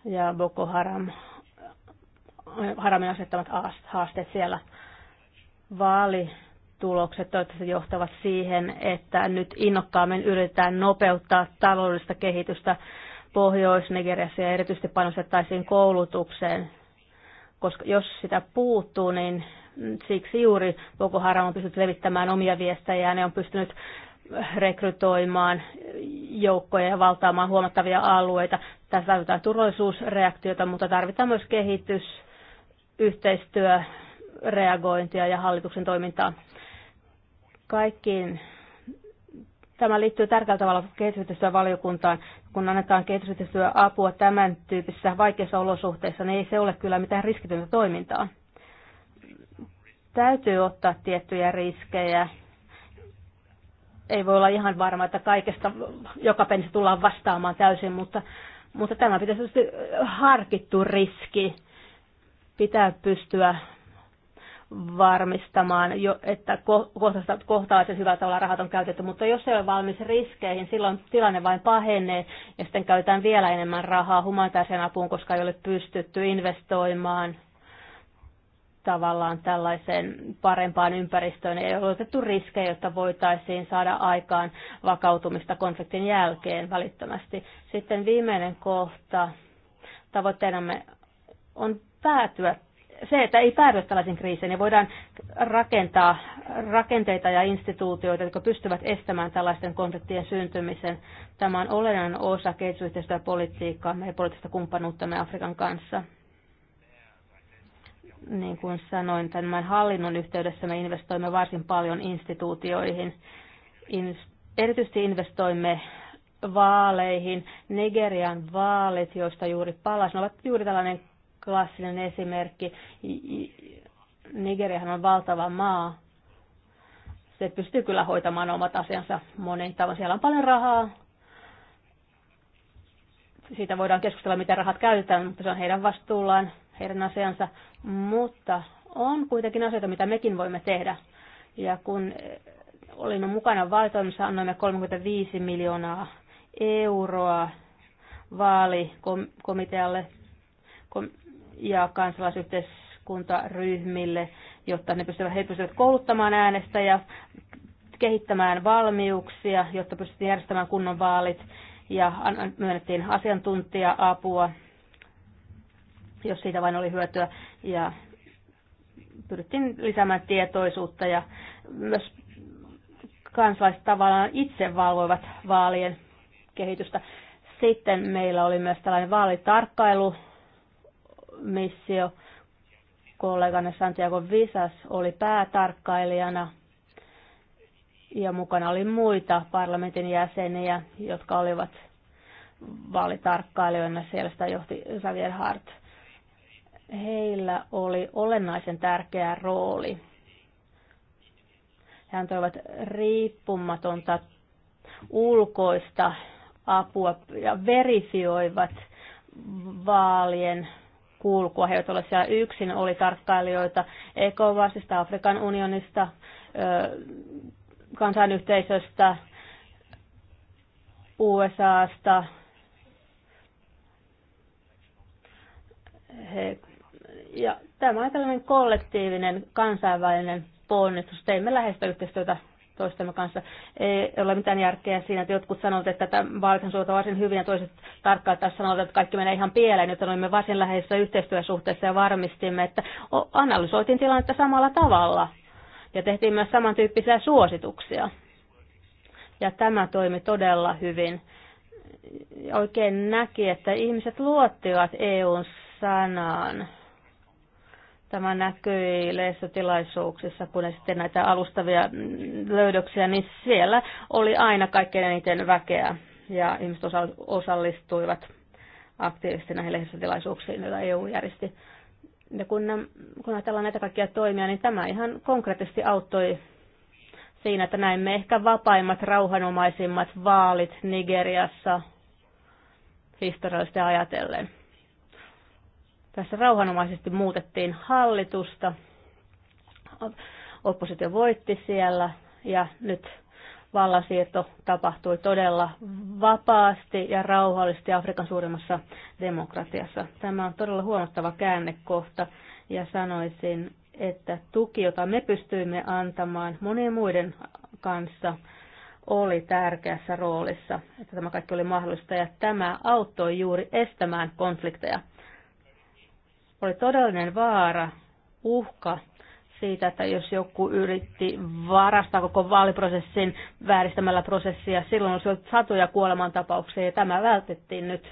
ja Boko Haram, Haramin asettamat haasteet siellä. Vaalitulokset toivottavasti johtavat siihen, että nyt innokkaammin yritetään nopeuttaa taloudellista kehitystä Pohjois-Nigeriassa ja erityisesti panostettaisiin koulutukseen, koska jos sitä puuttuu, niin siksi juuri Boko Haram on pystynyt levittämään omia viestejään ja on pystynyt rekrytoimaan joukkoja ja valtaamaan huomattavia alueita. Tässä tarvitaan turvallisuusreaktiota, mutta tarvitaan myös kehitys, yhteistyö, reagointia ja hallituksen toimintaa. Kaikkiin tämä liittyy tärkeällä tavalla kehitysyhteistyövaliokuntaan, kun annetaan kehitysyhteistyöapua tämän tyyppisissä vaikeissa olosuhteissa, niin ei se ole kyllä mitään riskitöntä toimintaa. Täytyy ottaa tiettyjä riskejä ei voi olla ihan varma, että kaikesta joka pensi tullaan vastaamaan täysin, mutta, mutta tämä pitäisi olla harkittu riski. Pitää pystyä varmistamaan, jo, että kohtaalaisen hyvällä tavalla rahat on käytetty, mutta jos ei ole valmis riskeihin, silloin tilanne vain pahenee ja sitten käytetään vielä enemmän rahaa humanitaarisen apuun, koska ei ole pystytty investoimaan tavallaan tällaiseen parempaan ympäristöön ei ole otettu riskejä, jotta voitaisiin saada aikaan vakautumista konfliktin jälkeen välittömästi. Sitten viimeinen kohta tavoitteenamme on päätyä se, että ei päädy tällaisiin kriiseihin, niin voidaan rakentaa rakenteita ja instituutioita, jotka pystyvät estämään tällaisten konfliktien syntymisen. Tämä on olennainen osa kehitysyhteistyöpolitiikkaa ja poliittista kumppanuuttamme Afrikan kanssa niin kuin sanoin, tämän hallinnon yhteydessä me investoimme varsin paljon instituutioihin. Erityisesti investoimme vaaleihin. Nigerian vaalit, joista juuri palasin, ovat juuri tällainen klassinen esimerkki. Nigeriahan on valtava maa. Se pystyy kyllä hoitamaan omat asiansa monin tavoin. Siellä on paljon rahaa. Siitä voidaan keskustella, miten rahat käytetään, mutta se on heidän vastuullaan heidän asiansa, mutta on kuitenkin asioita, mitä mekin voimme tehdä. Ja kun eh, olimme mukana valtoimissa, annoimme 35 miljoonaa euroa vaalikomitealle ja kansalaisyhteiskuntaryhmille, jotta ne pystyvät, he pystyvät kouluttamaan ja kehittämään valmiuksia, jotta pystyttiin järjestämään kunnon vaalit ja myönnettiin asiantuntija-apua jos siitä vain oli hyötyä. Ja pyrittiin lisäämään tietoisuutta ja myös kansalaiset tavallaan itse valvoivat vaalien kehitystä. Sitten meillä oli myös tällainen vaalitarkkailumissio. Kollegana Santiago Visas oli päätarkkailijana ja mukana oli muita parlamentin jäseniä, jotka olivat vaalitarkkailijoina. Siellä sitä johti Xavier Hart heillä oli olennaisen tärkeä rooli. He antoivat riippumatonta ulkoista apua ja verifioivat vaalien kulkua. He olivat siellä yksin, oli tarkkailijoita ECOWASista, Afrikan unionista, kansainyhteisöstä, USAsta. He ja tämä on tällainen kollektiivinen kansainvälinen ponnistus. Teimme läheistä yhteistyötä toistemme kanssa. Ei ole mitään järkeä siinä, että jotkut sanovat, että vaalithan suota varsin hyvin ja toiset tarkkaan tässä sanovat, että kaikki menee ihan pieleen, joten olimme varsin läheisessä yhteistyösuhteessa ja varmistimme, että analysoitiin tilannetta samalla tavalla ja tehtiin myös samantyyppisiä suosituksia. Ja tämä toimi todella hyvin. Oikein näki, että ihmiset luottivat EUn sanaan Tämä näkyy lehdistötilaisuuksissa, kun sitten näitä alustavia löydöksiä, niin siellä oli aina kaikkein eniten väkeä ja ihmiset osallistuivat aktiivisesti näihin lehdistötilaisuuksiin, joita EU järjesti. Ja kun, kun ajatellaan näitä kaikkia toimia, niin tämä ihan konkreettisesti auttoi siinä, että näimme ehkä vapaimmat, rauhanomaisimmat vaalit Nigeriassa historiallisesti ajatellen. Tässä rauhanomaisesti muutettiin hallitusta. Oppositio voitti siellä ja nyt vallansiirto tapahtui todella vapaasti ja rauhallisesti Afrikan suurimmassa demokratiassa. Tämä on todella huomattava käännekohta ja sanoisin, että tuki, jota me pystyimme antamaan monien muiden kanssa, oli tärkeässä roolissa, että tämä kaikki oli mahdollista ja tämä auttoi juuri estämään konflikteja oli todellinen vaara, uhka siitä, että jos joku yritti varastaa koko vaaliprosessin vääristämällä prosessia, silloin olisi ollut satoja kuolemantapauksia ja tämä vältettiin nyt.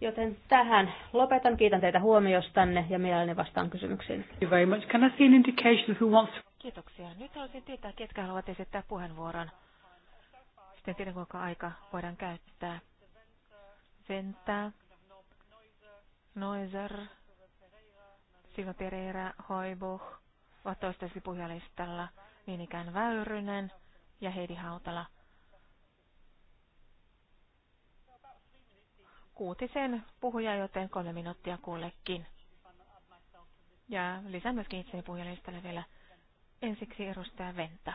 Joten tähän lopetan. Kiitän teitä huomiostanne ja mielelläni vastaan kysymyksiin. Kiitoksia. Nyt haluaisin tietää, ketkä haluavat esittää puheenvuoron. Sitten tiedän, kuinka aika voidaan käyttää. Ventää. Noiser. Silva Pereira, Hoibuh ovat toistaiseksi puhujalistalla, niin ikään Väyrynen ja Heidi Hautala. Kuutisen puhuja, joten kolme minuuttia kullekin. Ja lisään myöskin itseni puhujalistalle vielä ensiksi edustaja Venta.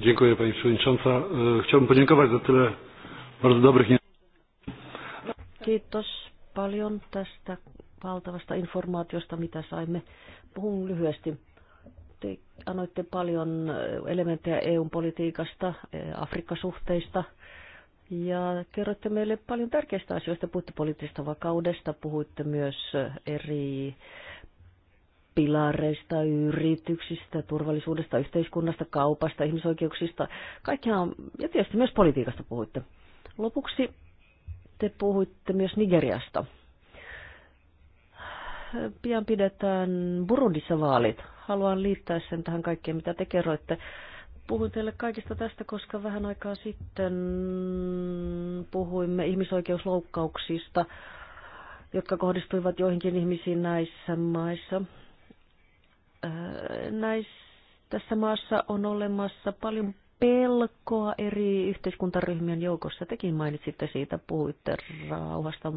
Dziękuję Pani Przewodnicząca. E, chciałbym podziękować za tyle bardzo dobrych... Kiitos paljon tästä valtavasta informaatiosta, mitä saimme. Puhun lyhyesti. Te annoitte paljon äh, elementtejä EUn politiikasta, äh, Afrikka-suhteista ja kerroitte meille paljon tärkeistä asioista. Puhuitte poliittisesta vakaudesta, puhuitte myös äh, eri pilareista, yrityksistä, turvallisuudesta, yhteiskunnasta, kaupasta, ihmisoikeuksista. Kaikkihan, ja tietysti myös politiikasta puhuitte. Lopuksi te puhuitte myös Nigeriasta. Pian pidetään Burundissa vaalit. Haluan liittää sen tähän kaikkeen, mitä te kerroitte. Puhuin teille kaikista tästä, koska vähän aikaa sitten puhuimme ihmisoikeusloukkauksista, jotka kohdistuivat joihinkin ihmisiin näissä maissa. Äh, näissä, tässä maassa on olemassa paljon pelkoa eri yhteiskuntaryhmien joukossa. Tekin mainitsitte siitä, puhuitte rauhasta,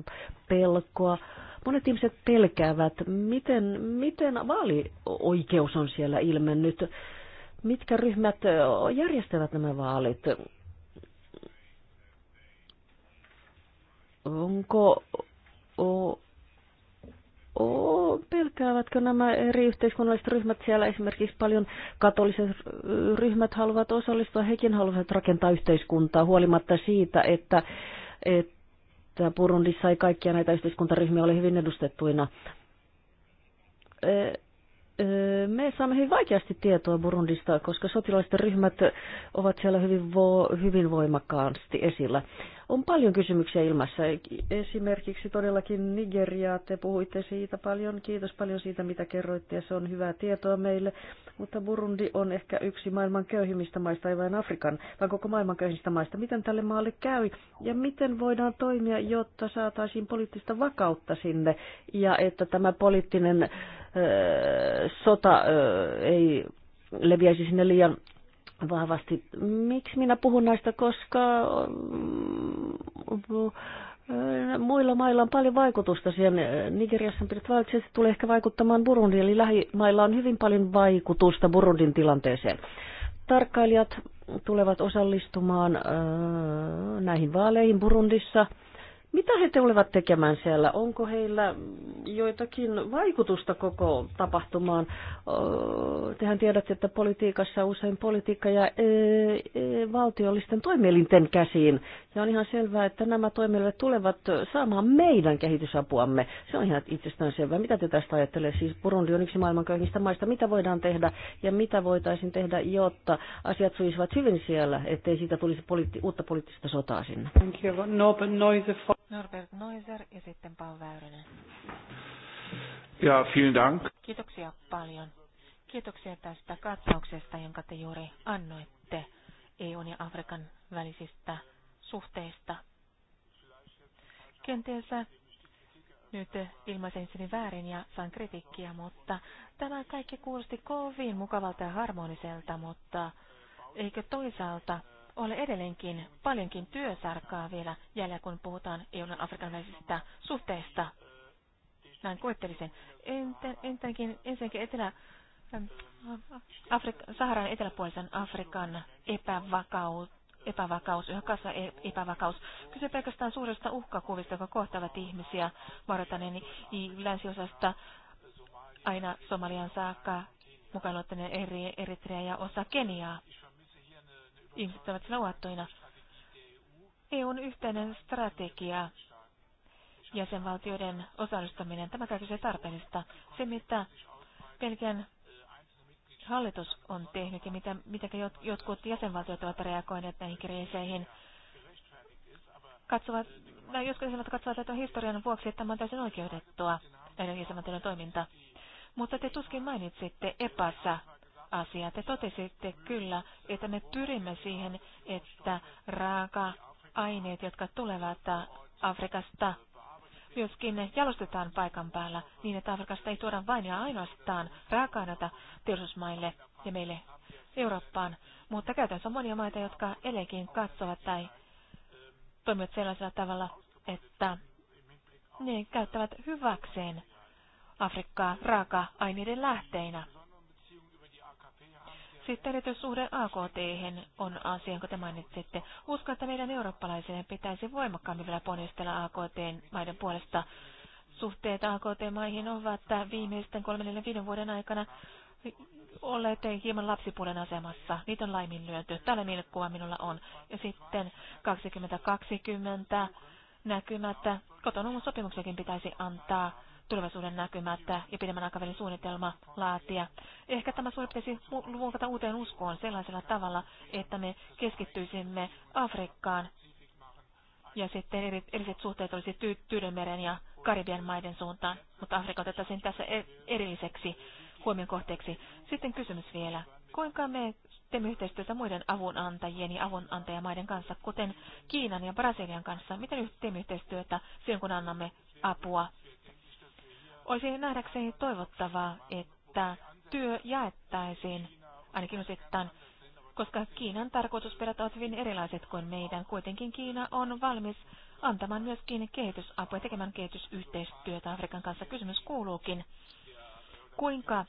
pelkoa. Monet ihmiset pelkäävät, miten, miten vaalioikeus on siellä ilmennyt, mitkä ryhmät järjestävät nämä vaalit. Onko Oh, pelkäävätkö nämä eri yhteiskunnalliset ryhmät siellä esimerkiksi paljon katoliset ryhmät haluavat osallistua, hekin haluavat rakentaa yhteiskuntaa huolimatta siitä, että, että Burundissa ei kaikkia näitä yhteiskuntaryhmiä ole hyvin edustettuina. E, e, me saamme hyvin vaikeasti tietoa Burundista, koska sotilaalliset ryhmät ovat siellä hyvin, vo, hyvin voimakkaasti esillä. On paljon kysymyksiä ilmassa. Esimerkiksi todellakin Nigeria te puhuitte siitä paljon. Kiitos paljon siitä, mitä kerroitte, ja se on hyvää tietoa meille. Mutta Burundi on ehkä yksi maailman köyhimmistä maista, ei vain Afrikan, vaan koko maailman köyhimmistä maista. Miten tälle maalle käy, ja miten voidaan toimia, jotta saataisiin poliittista vakautta sinne, ja että tämä poliittinen öö, sota öö, ei leviäisi sinne liian vahvasti. Miksi minä puhun näistä, koska mm, äh, muilla mailla on paljon vaikutusta siihen. Nigeriassa se tulee ehkä vaikuttamaan Burundiin, eli lähimailla on hyvin paljon vaikutusta Burundin tilanteeseen. Tarkkailijat tulevat osallistumaan äh, näihin vaaleihin Burundissa – mitä he tulevat tekemään siellä? Onko heillä joitakin vaikutusta koko tapahtumaan? Tehän tiedätte, että politiikassa usein politiikka ja valtiollisten toimielinten käsiin ja on ihan selvää, että nämä toimijat tulevat saamaan meidän kehitysapuamme. Se on ihan itsestään selvää. Mitä te tästä ajattelee? Siis Burundi on yksi maailman köyhistä maista. Mitä voidaan tehdä ja mitä voitaisiin tehdä, jotta asiat sujuisivat hyvin siellä, ettei siitä tulisi poliitti, uutta poliittista sotaa sinne? Norbert Neuser ja sitten Paul Väyrynen. Ja, vielen dank. Kiitoksia paljon. Kiitoksia tästä katsauksesta, jonka te juuri annoitte EUn ja Afrikan välisistä suhteista. Kenties nyt ilmaisen sen väärin ja saan kritiikkiä, mutta tämä kaikki kuulosti kovin mukavalta ja harmoniselta, mutta eikö toisaalta ole edelleenkin paljonkin työsarkaa vielä jäljellä, kun puhutaan EUn välisistä suhteista. Näin koettelisin. entäkin, ensinnäkin etelä, Afrik, Saharan eteläpuolisen Afrikan epävakautta epävakaus, yhä kasvaa e- epävakaus. Kyse pelkästään suuresta uhkakuvista, jotka kohtavat ihmisiä Maritanin länsiosasta aina Somalian saakka, mukaan ottaneen eri, Eritrea ja osa Keniaa. Ihmiset ovat siinä uhattuina. EUn yhteinen strategia, jäsenvaltioiden osallistaminen, tämä kaikki se tarpeellista. Se, mitä Pelkän hallitus on tehnyt ja mitä, mitä jotkut jäsenvaltiot ovat reagoineet näihin kriiseihin. Katsovat, no, jotkut jäsenvaltiot katsovat tätä historian vuoksi, että tämä on täysin oikeudettua näiden jäsenvaltioiden toiminta. Mutta te tuskin mainitsitte epässä asia. Te totesitte kyllä, että me pyrimme siihen, että raaka-aineet, jotka tulevat Afrikasta, myöskin jalostetaan paikan päällä niin, että Afrikasta ei tuoda vain ja ainoastaan raaka-aineita teollisuusmaille ja meille Eurooppaan, mutta käytännössä on monia maita, jotka edelleenkin katsovat tai toimivat sellaisella tavalla, että ne käyttävät hyväkseen Afrikkaa raaka-aineiden lähteinä. Sitten erityissuhde AKT on asia, jonka te mainitsitte. Uskon, että meidän eurooppalaisille pitäisi voimakkaammin vielä ponnistella AKT-maiden puolesta. Suhteet AKT-maihin ovat viimeisten 3-4-5 vuoden aikana olleet hieman lapsipuolen asemassa. Niitä on laiminlyöty. Tällä mielikuva minulla on. Ja sitten 2020 näkymättä kotonuumusopimuksenkin pitäisi antaa tulevaisuuden näkymättä ja pidemmän aikavälin suunnitelma laatia. Ehkä tämä suorittaisi pitäisi uuteen uskoon sellaisella tavalla, että me keskittyisimme Afrikkaan ja sitten eri, eriset suhteet olisi ty, Tyydenmeren ja Karibian maiden suuntaan, mutta Afrikka otettaisiin tässä e-, erilliseksi huomion kohteeksi. Sitten kysymys vielä. Kuinka me teemme yhteistyötä muiden avunantajien ja avunantajamaiden kanssa, kuten Kiinan ja Brasilian kanssa? Miten teemme yhteistyötä silloin, kun annamme apua olisi nähdäkseni toivottavaa, että työ jaettaisiin, ainakin osittain, koska Kiinan tarkoitusperät ovat hyvin erilaiset kuin meidän. Kuitenkin Kiina on valmis antamaan myöskin kehitysapua ja tekemään kehitysyhteistyötä Afrikan kanssa. Kysymys kuuluukin, kuinka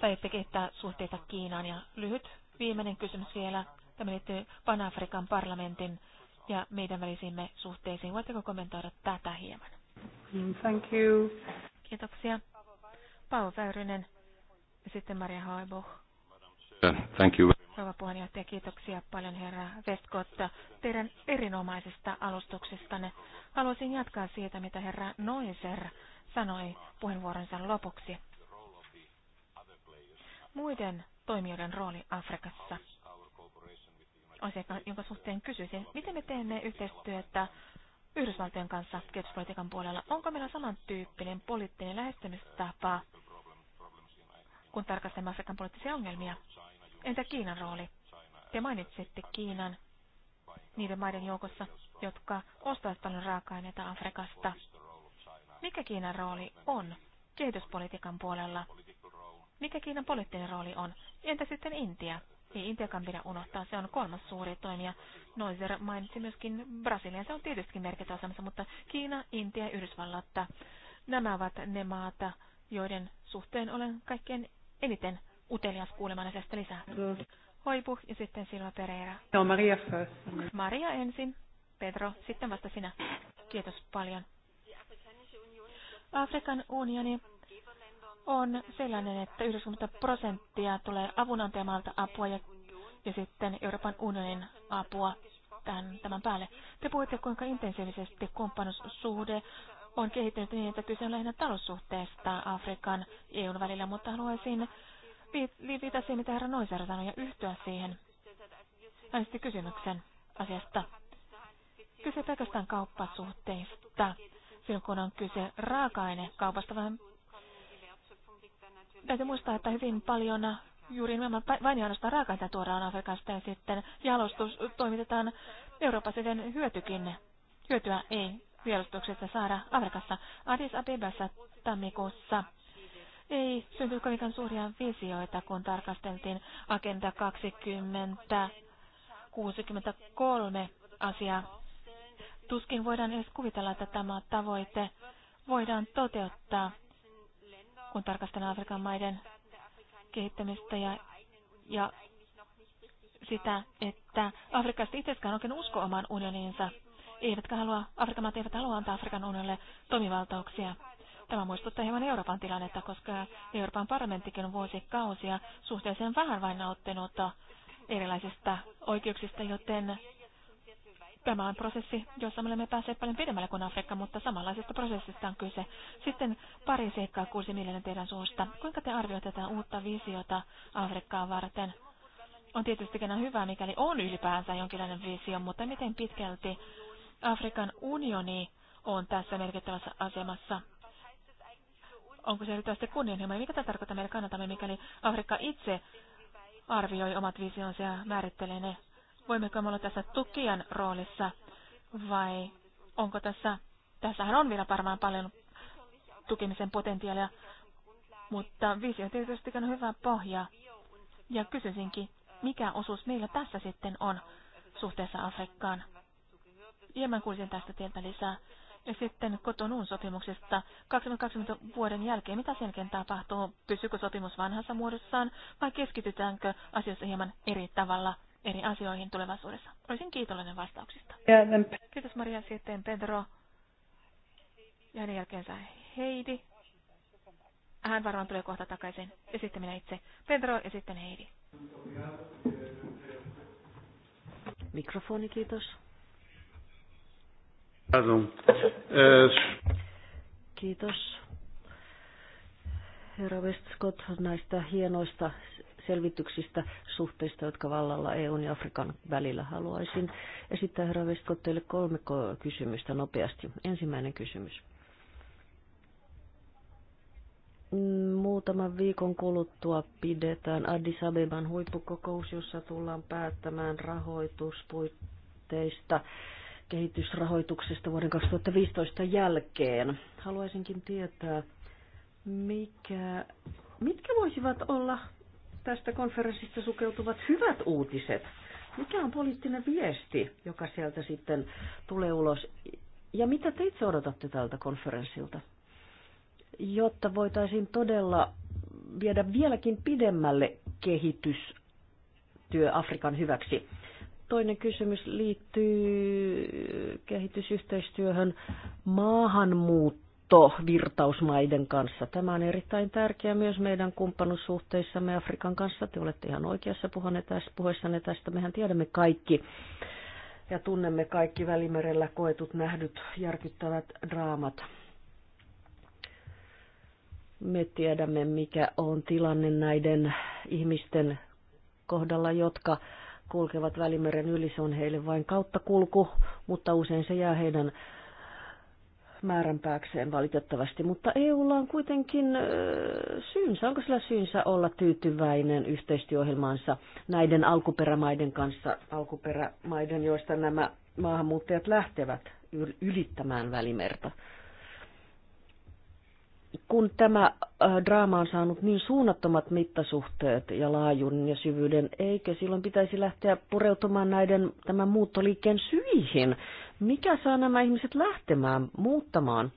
tai kehittää suhteita Kiinaan. Ja lyhyt viimeinen kysymys vielä. Tämä liittyy Pan-Afrikan parlamentin ja meidän välisimme suhteisiin. Voitteko kommentoida tätä hieman? Mm, thank you. Kiitoksia. Paavo Väyrynen ja sitten Maria Haiboch. Thank you. Rouva puheenjohtaja, kiitoksia paljon herra Westcott teidän erinomaisesta alustuksestanne. Haluaisin jatkaa siitä, mitä herra Noiser sanoi puheenvuoronsa lopuksi. Muiden toimijoiden rooli Afrikassa. Asia, jonka suhteen kysyisin, miten me teemme yhteistyötä Yhdysvaltojen kanssa kehityspolitiikan puolella. Onko meillä samantyyppinen poliittinen lähestymistapa, kun tarkastelemme Afrikan poliittisia ongelmia? Entä Kiinan rooli? Te mainitsitte Kiinan niiden maiden joukossa, jotka ostavat paljon raaka-aineita Afrikasta. Mikä Kiinan rooli on kehityspolitiikan puolella? Mikä Kiinan poliittinen rooli on? Entä sitten Intia? ei Intiakaan pidä unohtaa. Se on kolmas suuri toimija. Noiser mainitsi myöskin Brasilia. Se on tietysti merkittävä asemassa, mutta Kiina, Intia ja Yhdysvallat. Nämä ovat ne maat, joiden suhteen olen kaikkein eniten utelias kuulemaan näistä lisää. Hoipu ja sitten Silva Pereira. No, Maria first. Maria ensin, Pedro, sitten vasta sinä. Kiitos paljon. Afrikan unioni on sellainen, että 90 prosenttia tulee avunantajamaalta apua ja, ja sitten Euroopan unionin apua tämän, tämän päälle. Te puhuitte, kuinka intensiivisesti kumppanussuhde on kehittynyt niin, että kyse on lähinnä taloussuhteesta Afrikan ja EUn välillä, mutta haluaisin viitata siihen, mitä herra Noiser sanoi, ja yhtyä siihen. Hän esitti kysymyksen asiasta. Kyse pelkästään kauppasuhteista silloin kun on kyse raaka-ainekaupasta, vaan Täytyy muistaa, että hyvin paljon juuri nimenomaan vain ainoastaan raaka tuodaan Afrikasta ja sitten jalostus toimitetaan Euroopassa, joten hyötykin, hyötyä ei jalostuksesta saada Afrikassa. Addis Abebassa tammikuussa ei syntynyt kovinkaan suuria visioita, kun tarkasteltiin Agenda 2063 asiaa. Tuskin voidaan edes kuvitella, että tämä tavoite voidaan toteuttaa kun tarkastellaan Afrikan maiden kehittämistä ja, ja sitä, että Afrikasta itseskään oikein usko omaan unioniinsa, eivätkä halua, Afrikan maat eivät halua antaa Afrikan unionille toimivaltauksia. Tämä muistuttaa hieman Euroopan tilannetta, koska Euroopan parlamenttikin on vuosikausia suhteellisen vähän vain ottanut erilaisista oikeuksista, joten Tämä on prosessi, jossa me olemme päässeet paljon pidemmälle kuin Afrikka, mutta samanlaisesta prosessista on kyse. Sitten pari seikkaa kuusi miljoonan teidän suusta. Kuinka te arvioitte tätä uutta visiota Afrikkaa varten? On tietysti hyvä, mikäli on ylipäänsä jonkinlainen visio, mutta miten pitkälti Afrikan unioni on tässä merkittävässä asemassa? Onko se erityisesti kunnianhimoinen? Mikä tämä tarkoittaa meidän kannatamme, mikäli Afrikka itse arvioi omat visionsa ja määrittelee ne? Voimmeko me olla tässä tukijan roolissa vai onko tässä, tässähän on vielä varmaan paljon tukemisen potentiaalia, mutta visio tietysti on hyvä pohja. Ja kysyisinkin, mikä osuus meillä tässä sitten on suhteessa Afrikkaan? Hieman kuulisin tästä teiltä lisää. Ja sitten kotonuun sopimuksesta 2020 vuoden jälkeen, mitä sen jälkeen tapahtuu? Pysyykö sopimus vanhassa muodossaan vai keskitytäänkö asioissa hieman eri tavalla? eri asioihin tulevaisuudessa. Olisin kiitollinen vastauksista. Kiitos Maria, sitten Pedro ja hänen jälkeensä Heidi. Hän varmaan tulee kohta takaisin. Ja sitten minä itse. Pedro ja sitten Heidi. Mikrofoni, kiitos. Kiitos. Herra Westcott näistä hienoista selvityksistä suhteista, jotka vallalla EUn ja Afrikan välillä haluaisin esittää herra Vestko teille kolme kysymystä nopeasti. Ensimmäinen kysymys. Muutaman viikon kuluttua pidetään Addis Abeban huippukokous, jossa tullaan päättämään rahoituspuitteista kehitysrahoituksesta vuoden 2015 jälkeen. Haluaisinkin tietää, mikä, mitkä voisivat olla tästä konferenssista sukeutuvat hyvät uutiset. Mikä on poliittinen viesti, joka sieltä sitten tulee ulos? Ja mitä te itse odotatte tältä konferenssilta? Jotta voitaisiin todella viedä vieläkin pidemmälle kehitystyö Afrikan hyväksi. Toinen kysymys liittyy kehitysyhteistyöhön maahanmuuttoon virtausmaiden kanssa. Tämä on erittäin tärkeää myös meidän kumppanussuhteissamme Afrikan kanssa. Te olette ihan oikeassa puheessanne tästä. Mehän tiedämme kaikki ja tunnemme kaikki Välimerellä koetut nähdyt järkyttävät draamat. Me tiedämme, mikä on tilanne näiden ihmisten kohdalla, jotka kulkevat Välimeren yli. Se on heille vain kauttakulku, mutta usein se jää heidän määränpääkseen valitettavasti, mutta EUlla on kuitenkin syynsä, onko sillä syynsä olla tyytyväinen yhteistyöohjelmaansa näiden alkuperämaiden kanssa, alkuperämaiden, joista nämä maahanmuuttajat lähtevät ylittämään välimerta. Kun tämä draama on saanut niin suunnattomat mittasuhteet ja laajuuden ja syvyyden, eikö silloin pitäisi lähteä pureutumaan näiden tämän muuttoliikkeen syihin? Mikä saa nämä ihmiset lähtemään, muuttamaan?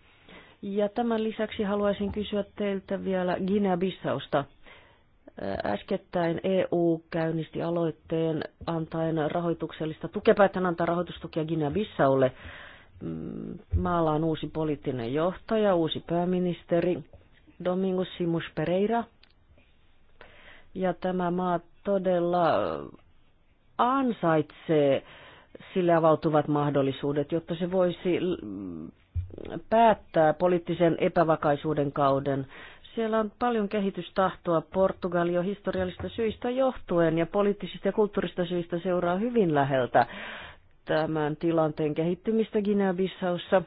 Ja tämän lisäksi haluaisin kysyä teiltä vielä Guinea-Bissausta. Äskettäin EU käynnisti aloitteen antaen rahoituksellista tukepäätän antaa rahoitustukia Guinea-Bissaulle. Mm, Maalla on uusi poliittinen johtaja, uusi pääministeri Domingos Simus Pereira. Ja tämä maa todella ansaitsee äh, sille avautuvat mahdollisuudet, jotta se voisi päättää poliittisen epävakaisuuden kauden. Siellä on paljon kehitystahtoa. Portugali jo historiallisista syistä johtuen ja poliittisista ja kulttuurista syistä seuraa hyvin läheltä tämän tilanteen kehittymistä Guinea-Bissaussa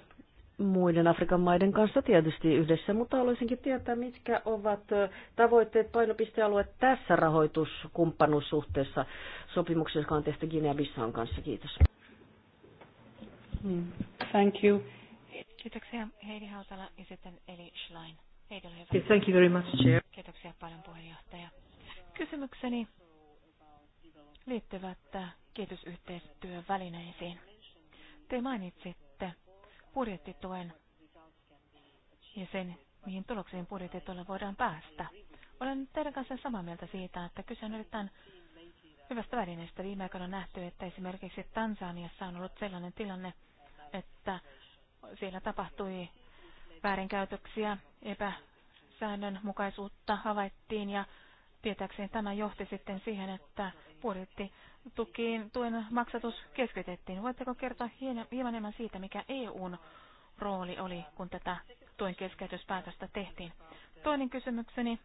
muiden Afrikan maiden kanssa tietysti yhdessä, mutta haluaisinkin tietää, mitkä ovat tavoitteet, painopistealueet tässä rahoituskumppanuussuhteessa sopimuksessa, joka on tehty Guinea-Bissaan kanssa. Kiitos. Mm, thank you. Kiitoksia Heidi Hautala ja sitten Eli Schlein. Heidi, ole hyvä. Thank you very much, Chair. Kiitoksia paljon puheenjohtaja. Kysymykseni liittyvät äh, kehitysyhteistyövälineisiin. Te mainitsitte, budjettituen ja sen, mihin tulokseen budjettituella voidaan päästä. Olen teidän kanssa samaa mieltä siitä, että kyse on erittäin hyvästä välineestä. Viime aikoina on nähty, että esimerkiksi Tansaniassa on ollut sellainen tilanne, että siellä tapahtui väärinkäytöksiä, epäsäännönmukaisuutta havaittiin ja Tietääkseni tämä johti sitten siihen, että budjetti tukiin tuen maksatus keskitettiin. Voitteko kertoa hieman enemmän siitä, mikä EUn rooli oli, kun tätä tuen keskeytyspäätöstä tehtiin? Toinen kysymykseni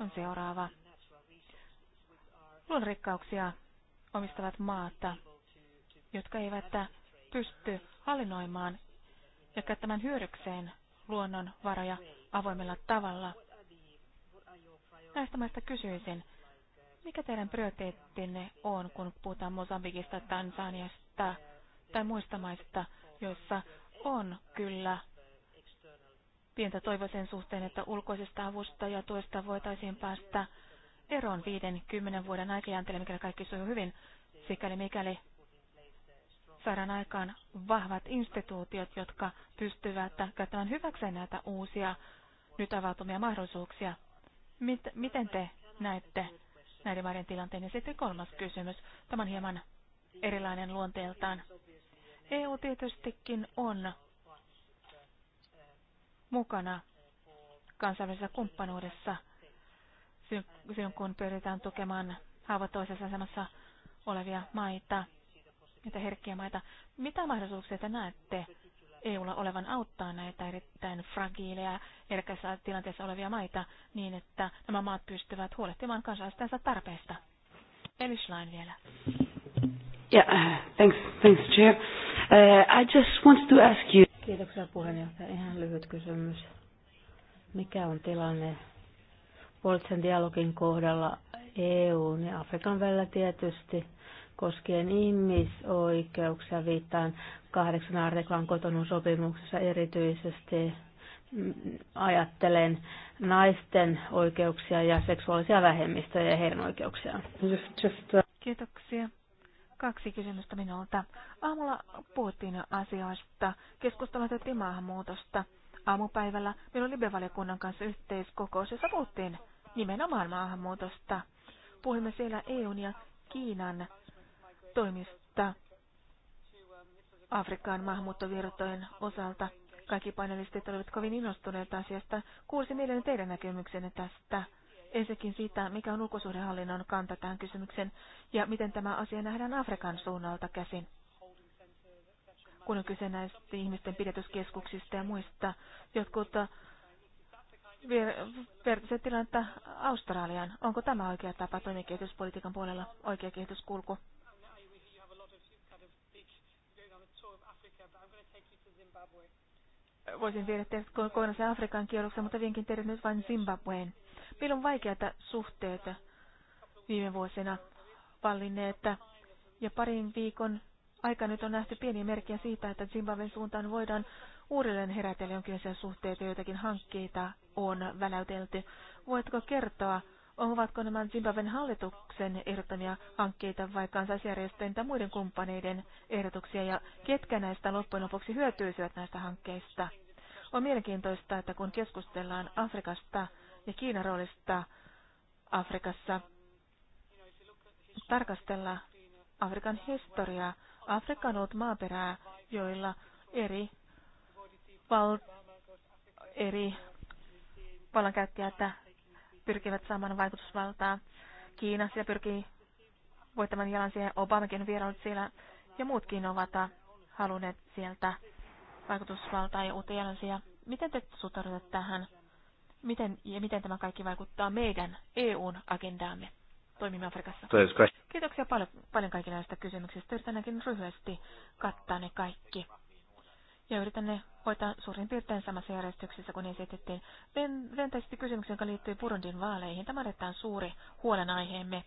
on seuraava. Luonnonrikkauksia omistavat maat, jotka eivät pysty hallinnoimaan ja käyttämään hyödykseen luonnonvaroja avoimella tavalla – Näistä maista kysyisin, mikä teidän prioriteettinne on, kun puhutaan Mosambikista, Tansaniasta tai muista maista, joissa on kyllä pientä toivoa sen suhteen, että ulkoisesta avusta ja tuesta voitaisiin päästä eroon viiden, kymmenen vuoden aikajänteellä, mikäli kaikki sujuu hyvin, sikäli mikäli saadaan aikaan vahvat instituutiot, jotka pystyvät käyttämään hyväkseen näitä uusia nyt avautumia mahdollisuuksia. Mit, miten te näette näiden maiden tilanteen? Ja sitten kolmas kysymys. Tämä on hieman erilainen luonteeltaan. EU tietystikin on mukana kansainvälisessä kumppanuudessa silloin, kun pyritään tukemaan haavoittuvaisessa asemassa olevia maita, niitä herkkiä maita. Mitä mahdollisuuksia te näette EUlla olevan auttaa näitä erittäin fragiileja, herkässä tilanteessa olevia maita niin, että nämä maat pystyvät huolehtimaan kansalaistensa tarpeesta. Elislain vielä. Yeah, thanks, thanks Chair. Uh, I just wanted to ask you... Kiitoksia puheenjohtaja. Ihan lyhyt kysymys. Mikä on tilanne poliittisen dialogin kohdalla EUn ja Afrikan välillä tietysti koskien ihmisoikeuksia viittaan kahdeksan artiklan kotonun sopimuksessa erityisesti ajattelen naisten oikeuksia ja seksuaalisia vähemmistöjä ja heidän oikeuksiaan. Uh, Kiitoksia. Kaksi kysymystä minulta. Aamulla puhuttiin asioista. Keskustelua otettiin maahanmuutosta. Aamupäivällä meillä oli valiokunnan kanssa yhteiskokous, jossa puhuttiin nimenomaan maahanmuutosta. Puhuimme siellä EUn ja Kiinan toimista Afrikkaan maahanmuuttovirtojen osalta. Kaikki panelistit olivat kovin innostuneita asiasta. Kuulsi mieleen teidän näkemyksenne tästä. Ensinnäkin siitä, mikä on ulkosuhdehallinnon kanta tähän kysymykseen ja miten tämä asia nähdään Afrikan suunnalta käsin. Kun on kyse näistä ihmisten pidätyskeskuksista ja muista, jotkut äh, vertaiset tilannetta Australian. Onko tämä oikea tapa toimia kehityspolitiikan puolella, oikea kehityskulku? voisin viedä teidät kokonaisen Afrikan kierroksen, mutta vienkin teidät nyt vain Zimbabween. Meillä on vaikeita suhteita viime vuosina vallinneet, ja parin viikon aika nyt on nähty pieniä merkkejä siitä, että Zimbabwen suuntaan voidaan uudelleen herätellä jonkinlaisia suhteita, joitakin hankkeita on väläytelty. Voitko kertoa Ovatko nämä Zimbabwen hallituksen ehdottamia hankkeita vai kansallisjärjestöjen tai muiden kumppaneiden ehdotuksia ja ketkä näistä loppujen lopuksi hyötyisivät näistä hankkeista? On mielenkiintoista, että kun keskustellaan Afrikasta ja Kiinan roolista Afrikassa, tarkastella Afrikan historiaa. Afrikka on ollut maaperää, joilla eri, val, eri vallankäyttäjät pyrkivät saamaan vaikutusvaltaa. Kiina siellä pyrkii voittamaan jalan siihen. Obamakin vierailut siellä ja muutkin ovat halunneet sieltä vaikutusvaltaa ja uutta jalansia. Miten te suhtaudutte tähän? Miten, ja miten tämä kaikki vaikuttaa meidän EUn agendaamme? toimimme Afrikassa. Kiitoksia paljon, paljon kaikille näistä kysymyksistä. Yritän ainakin lyhyesti kattaa ne kaikki ja yritän ne hoitaa suurin piirtein samassa järjestyksessä, kun esitettiin. Ventäisesti kysymyksen, joka liittyy Burundin vaaleihin. Tämä on suuri huolenaiheemme.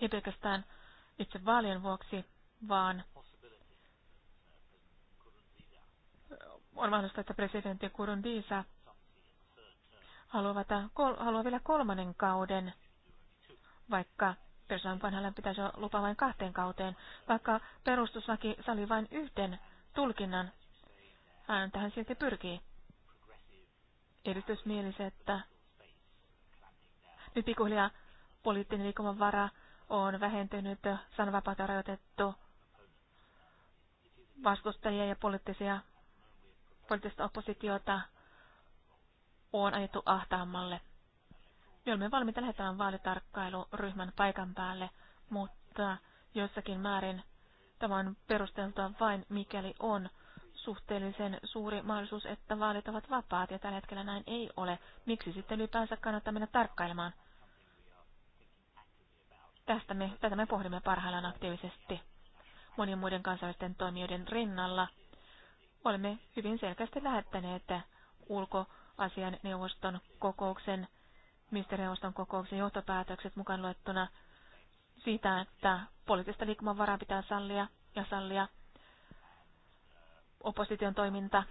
Ei pelkästään itse vaalien vuoksi, vaan on mahdollista, että presidentti Kurundisa haluaa, kol, haluaa vielä kolmannen kauden, vaikka Persoon vanhalle pitäisi lupa vain kahteen kauteen, vaikka perustuslaki sali vain yhden tulkinnan. Hän tähän silti pyrkii. Edistysmielisen, että nyt pikkuhiljaa poliittinen liikumavara on vähentynyt, sananvapautta rajoitettu, vastustajia ja poliittisia, poliittista oppositiota on ajettu ahtaammalle. Me olemme valmiita lähettämään vaalitarkkailuryhmän paikan päälle, mutta jossakin määrin Tämä on perusteltua vain, mikäli on suhteellisen suuri mahdollisuus, että vaalit ovat vapaat, ja tällä hetkellä näin ei ole. Miksi sitten ylipäänsä kannattaa mennä tarkkailemaan? Tästä me, tätä me pohdimme parhaillaan aktiivisesti monien muiden kansainvälisten toimijoiden rinnalla. Olemme hyvin selkeästi lähettäneet ulkoasian neuvoston kokouksen, ministerineuvoston kokouksen johtopäätökset mukaan luettuna siitä, että poliittista liikkumavaraa pitää sallia ja sallia opposition toiminta.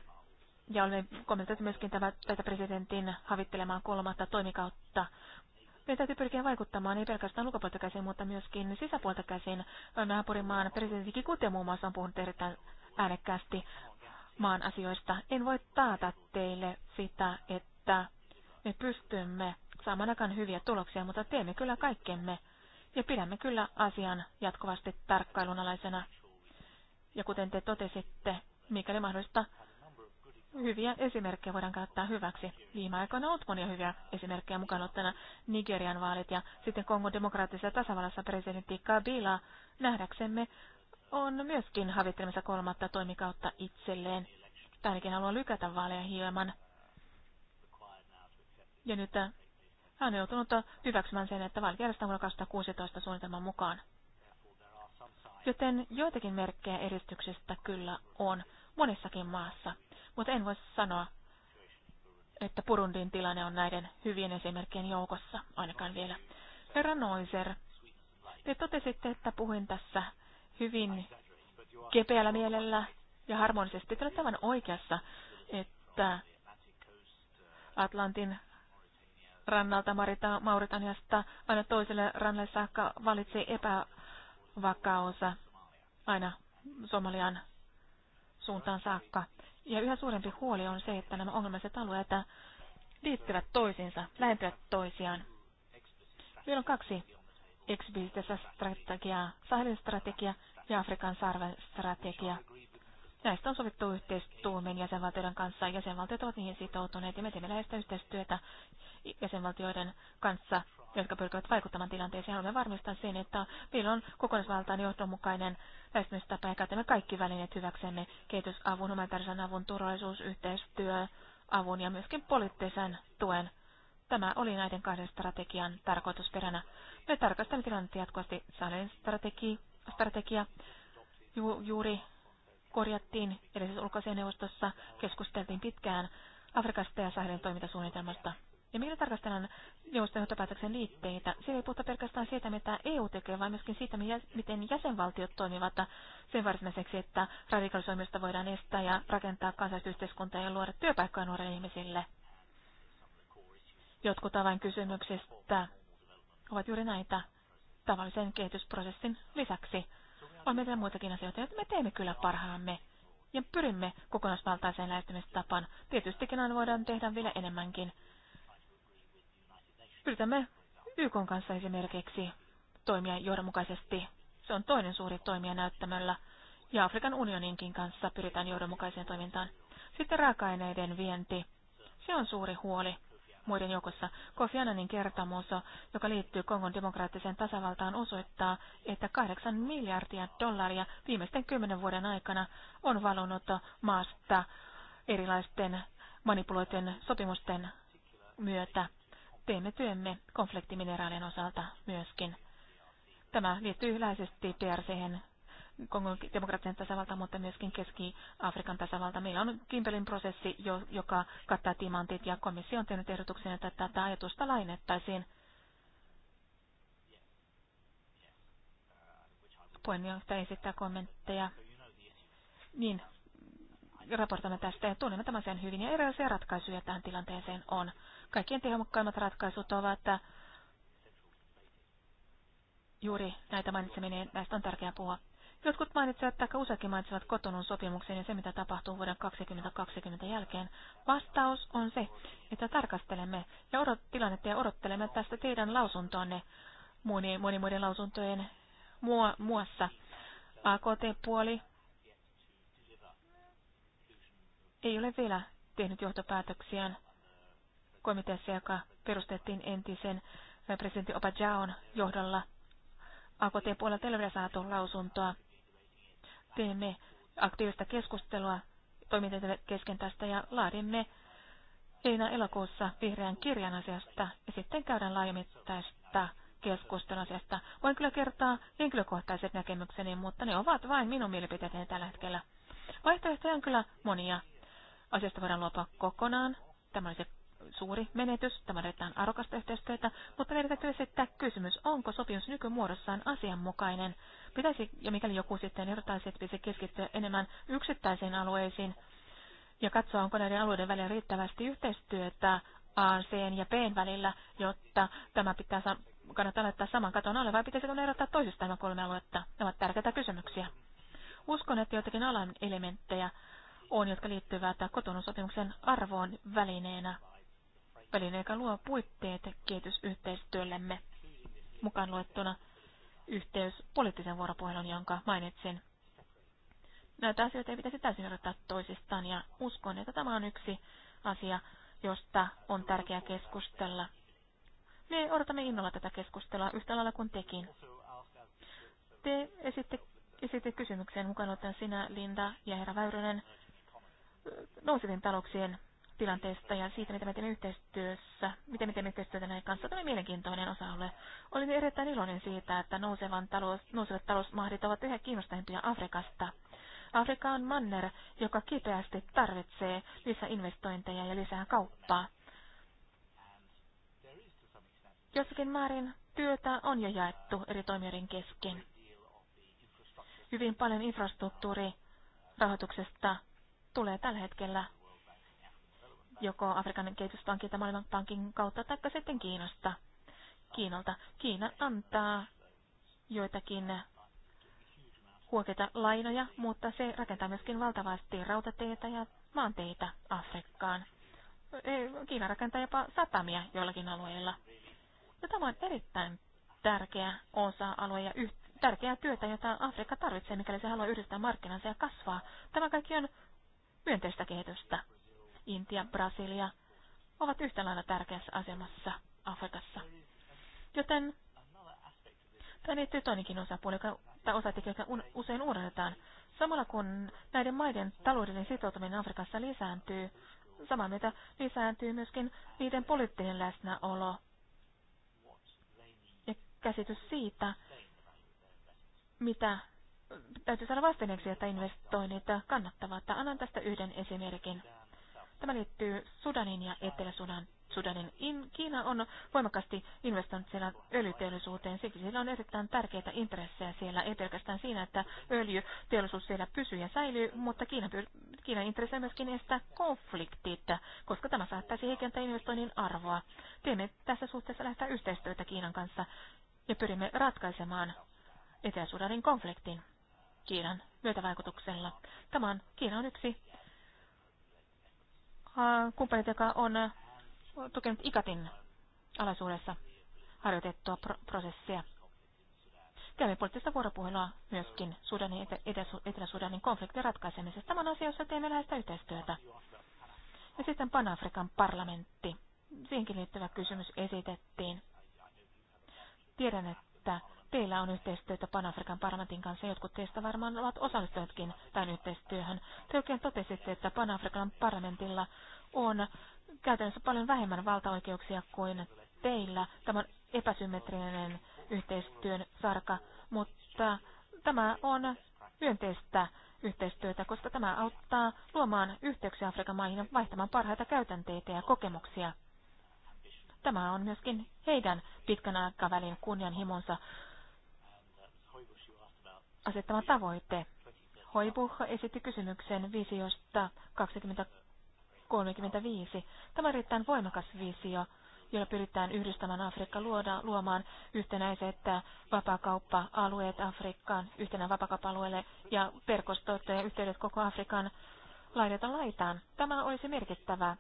Ja olemme kommentoineet myöskin tämä, tätä presidentin havittelemaan kolmatta toimikautta. Meidän täytyy pyrkiä vaikuttamaan ei pelkästään ulkopuolta käsin, mutta myöskin sisäpuolta käsin. Naapurimaan presidentti Kikute muun muassa on puhunut erittäin äänekkäästi maan asioista. En voi taata teille sitä, että me pystymme saamaan aikaan hyviä tuloksia, mutta teemme kyllä kaikkemme ja pidämme kyllä asian jatkuvasti tarkkailun alaisena. Ja kuten te totesitte, mikäli mahdollista, hyviä esimerkkejä voidaan käyttää hyväksi. Viime aikoina on ollut monia hyviä esimerkkejä mukaan ottana Nigerian vaalit ja sitten Kongon demokraattisessa tasavallassa presidentti Kabila nähdäksemme on myöskin havittelemassa kolmatta toimikautta itselleen. ainakin haluaa lykätä vaaleja hieman. Ja nyt hän on joutunut hyväksymään sen, että vaali järjestetään vuonna 2016 suunnitelman mukaan. Joten joitakin merkkejä edistyksestä kyllä on monessakin maassa, mutta en voi sanoa, että Purundin tilanne on näiden hyvien esimerkkien joukossa, ainakaan vielä. Herra Noiser, te totesitte, että puhuin tässä hyvin kepeällä mielellä ja harmonisesti. Te olette aivan oikeassa, että Atlantin rannalta Marita, Mauritaniasta aina toiselle rannalle saakka valitsi epävakaosa aina Somalian suuntaan saakka. Ja yhä suurempi huoli on se, että nämä ongelmaiset alueet liittyvät toisiinsa, lähentyvät toisiaan. Meillä on kaksi ex strategiaa, Sahelin strategia ja Afrikan sarven strategia. Näistä on sovittu yhteistuumin jäsenvaltioiden kanssa. Jäsenvaltiot ovat niihin sitoutuneet ja me teemme läheistä yhteistyötä jäsenvaltioiden kanssa, jotka pyrkivät vaikuttamaan tilanteeseen. Haluamme varmistaa sen, että meillä on kokonaisvaltaan johdonmukainen lähestymistapa ja käytämme kaikki välineet hyväksemme kehitysavun, humanitaarisen avun, turvallisuusyhteistyö, avun ja myöskin poliittisen tuen. Tämä oli näiden kahden strategian tarkoitusperänä. Me tarkastamme tilannetta jatkuvasti Salen strategia, strategia ju, juuri korjattiin edellisessä ulkoasianneuvostossa, keskusteltiin pitkään Afrikasta ja Sahelin toimintasuunnitelmasta. Ja mikä tarkastellaan neuvoston johtopäätöksen liitteitä? Siellä ei puhuta pelkästään siitä, mitä EU tekee, vaan myöskin siitä, miten jäsenvaltiot toimivat sen varsinaiseksi, että radikalisoimista voidaan estää ja rakentaa kansallisyhteiskuntaa ja luoda työpaikkoja nuorille ihmisille. Jotkut avainkysymyksistä ovat juuri näitä tavallisen kehitysprosessin lisäksi. On meillä muitakin asioita, joita me teemme kyllä parhaamme ja pyrimme kokonaisvaltaiseen lähestymistapaan. Tietystikin aina voidaan tehdä vielä enemmänkin. Yritämme YK kanssa esimerkiksi toimia johdonmukaisesti. Se on toinen suuri toimija näyttämällä. Ja Afrikan unioninkin kanssa pyritään johdonmukaiseen toimintaan. Sitten raaka-aineiden vienti. Se on suuri huoli muiden joukossa. Kofi Annanin kertomus, joka liittyy Kongon demokraattiseen tasavaltaan, osoittaa, että 8 miljardia dollaria viimeisten kymmenen vuoden aikana on valunut maasta erilaisten manipuloitujen sopimusten myötä. Teemme työmme konfliktimineraalien osalta myöskin. Tämä liittyy yleisesti DRC:hen Kongon Demokraattinen tasavalta, mutta myöskin Keski-Afrikan tasavalta. Meillä on Kimpelin prosessi, joka kattaa timantit, ja komissio on tehnyt ehdotuksen, että tätä ajatusta lainettaisiin. Puheenjohtaja esittää kommentteja. Niin, raportoimme tästä ja tunnemme tämän sen hyvin, ja erilaisia ratkaisuja tähän tilanteeseen on. Kaikkien tehokkaimmat ratkaisut ovat, että äh, juuri näitä mainitseminen, näistä on tärkeää puhua Jotkut mainitsevat, että useakin mainitsevat kotonun sopimuksen ja se, mitä tapahtuu vuoden 2020 jälkeen. Vastaus on se, että tarkastelemme ja odot, tilannetta ja odottelemme tästä teidän lausuntoonne moni, moni muiden lausuntojen muo, muassa. AKT-puoli ei ole vielä tehnyt johtopäätöksiään komiteassa, joka perustettiin entisen presidentti Obajaon johdolla. akt puolella ei ole saatu lausuntoa teemme aktiivista keskustelua toimintojen kesken tästä ja laadimme heinä-elokuussa vihreän kirjan asiasta ja sitten käydään laajamittaista keskustelun asiasta. Voin kyllä kertoa henkilökohtaiset näkemykseni, mutta ne ovat vain minun mielipiteeni tällä hetkellä. Vaihtoehtoja on kyllä monia. Asiasta voidaan luopua kokonaan. Tämä olisi suuri menetys. Tämä edetään arvokasta yhteistyötä, mutta meidän täytyy esittää kysymys, onko sopimus nykymuodossaan asianmukainen. Pitäisi, ja mikäli joku sitten erotaisi, että pitäisi keskittyä enemmän yksittäisiin alueisiin ja katsoa, onko näiden alueiden välillä riittävästi yhteistyötä C ja B välillä, jotta tämä pitää kannattaa laittaa saman katon alle, vai pitäisikö ne erottaa toisistaan nämä kolme aluetta? Nämä ovat tärkeitä kysymyksiä. Uskon, että joitakin alan elementtejä on, jotka liittyvät kotonusopimuksen arvoon välineenä väline, joka luo puitteet kehitysyhteistyöllemme mukaan luettuna yhteys poliittisen vuoropuhelun, jonka mainitsin. Näitä asioita ei pitäisi täysin erottaa toisistaan ja uskon, että tämä on yksi asia, josta on tärkeää keskustella. Me odotamme innolla tätä keskustelua yhtä lailla kuin tekin. Te esitte, esitte kysymykseen mukaan että sinä, Linda ja herra Väyrynen nousevien talouksien tilanteesta ja siitä, mitä me teemme yhteistyössä, miten me teemme yhteistyötä näiden kanssa. Tämä mielenkiintoinen osa-alue. Olin erittäin iloinen siitä, että nousevan talous, nousevat talousmahdit ovat yhä kiinnostavimpia Afrikasta. Afrika on manner, joka kipeästi tarvitsee lisää investointeja ja lisää kauppaa. Jossakin määrin työtä on jo jaettu eri toimijoiden kesken. Hyvin paljon infrastruktuurirahoituksesta rahoituksesta tulee tällä hetkellä joko Afrikan kehityspankin tai Maailmanpankin kautta tai sitten Kiinasta. Kiinalta. Kiina antaa joitakin huokeita lainoja, mutta se rakentaa myöskin valtavasti rautateitä ja maanteitä Afrikkaan. E, Kiina rakentaa jopa satamia joillakin alueilla. Ja tämä on erittäin tärkeä osa-alue ja yh- tärkeää työtä, jota Afrikka tarvitsee, mikäli se haluaa yhdistää markkinansa ja kasvaa. Tämä kaikki on myönteistä kehitystä. Intia, Brasilia ovat yhtä lailla tärkeässä asemassa Afrikassa. Joten tämä liittyy toinenkin osapuoli, joka, tai osatekijä, joka usein uudelletaan. Samalla kun näiden maiden taloudellinen sitoutuminen Afrikassa lisääntyy, samaa mitä lisääntyy myöskin niiden poliittinen läsnäolo ja käsitys siitä, mitä täytyy saada vastineeksi, että investoinnit kannattavat. Annan tästä yhden esimerkin. Tämä liittyy Sudanin ja Etelä-Sudanin. Sudanin in, Kiina on voimakkaasti investoinut siellä öljyteollisuuteen, siksi sillä on erittäin tärkeitä intressejä siellä, ei pelkästään siinä, että öljyteollisuus siellä pysyy ja säilyy, mutta Kiina, Kiinan intressejä myöskin estää konfliktit, koska tämä saattaisi heikentää investoinnin arvoa. Teemme tässä suhteessa lähteä yhteistyötä Kiinan kanssa ja pyrimme ratkaisemaan Etelä-Sudanin konfliktin. Kiinan myötävaikutuksella. Tämä on Kiinan yksi Äh, kumppanit, joka on äh, tukenut ikatin alaisuudessa harjoitettua pro- prosessia. Käymme poliittista vuoropuhelua myöskin Sudanin etä, Etelä-Sudanin konfliktin ratkaisemisesta. Tämä on asia, jossa teemme läheistä yhteistyötä. Ja sitten Pan-Afrikan parlamentti. Siihenkin liittyvä kysymys esitettiin. Tiedän, että Teillä on yhteistyötä Pan-Afrikan parlamentin kanssa. Jotkut teistä varmaan ovat osallistuneetkin tämän yhteistyöhön. Te oikein totesitte, että Pan-Afrikan parlamentilla on käytännössä paljon vähemmän valtaoikeuksia kuin teillä. Tämä on epäsymmetrinen yhteistyön sarka, mutta tämä on myönteistä yhteistyötä, koska tämä auttaa luomaan yhteyksiä Afrikan maihin ja vaihtamaan parhaita käytänteitä ja kokemuksia. Tämä on myöskin heidän pitkän aikavälin kunnianhimonsa asettama tavoite. Hoibuh esitti kysymyksen visiosta 2035. Tämä on erittäin voimakas visio, jolla pyritään yhdistämään Afrikka luoda, luomaan yhtenäiset vapakauppa alueet Afrikkaan, yhtenä vapakauppa alueelle ja verkostot ja yhteydet koko Afrikan laidata laitaan. Tämä olisi merkittävä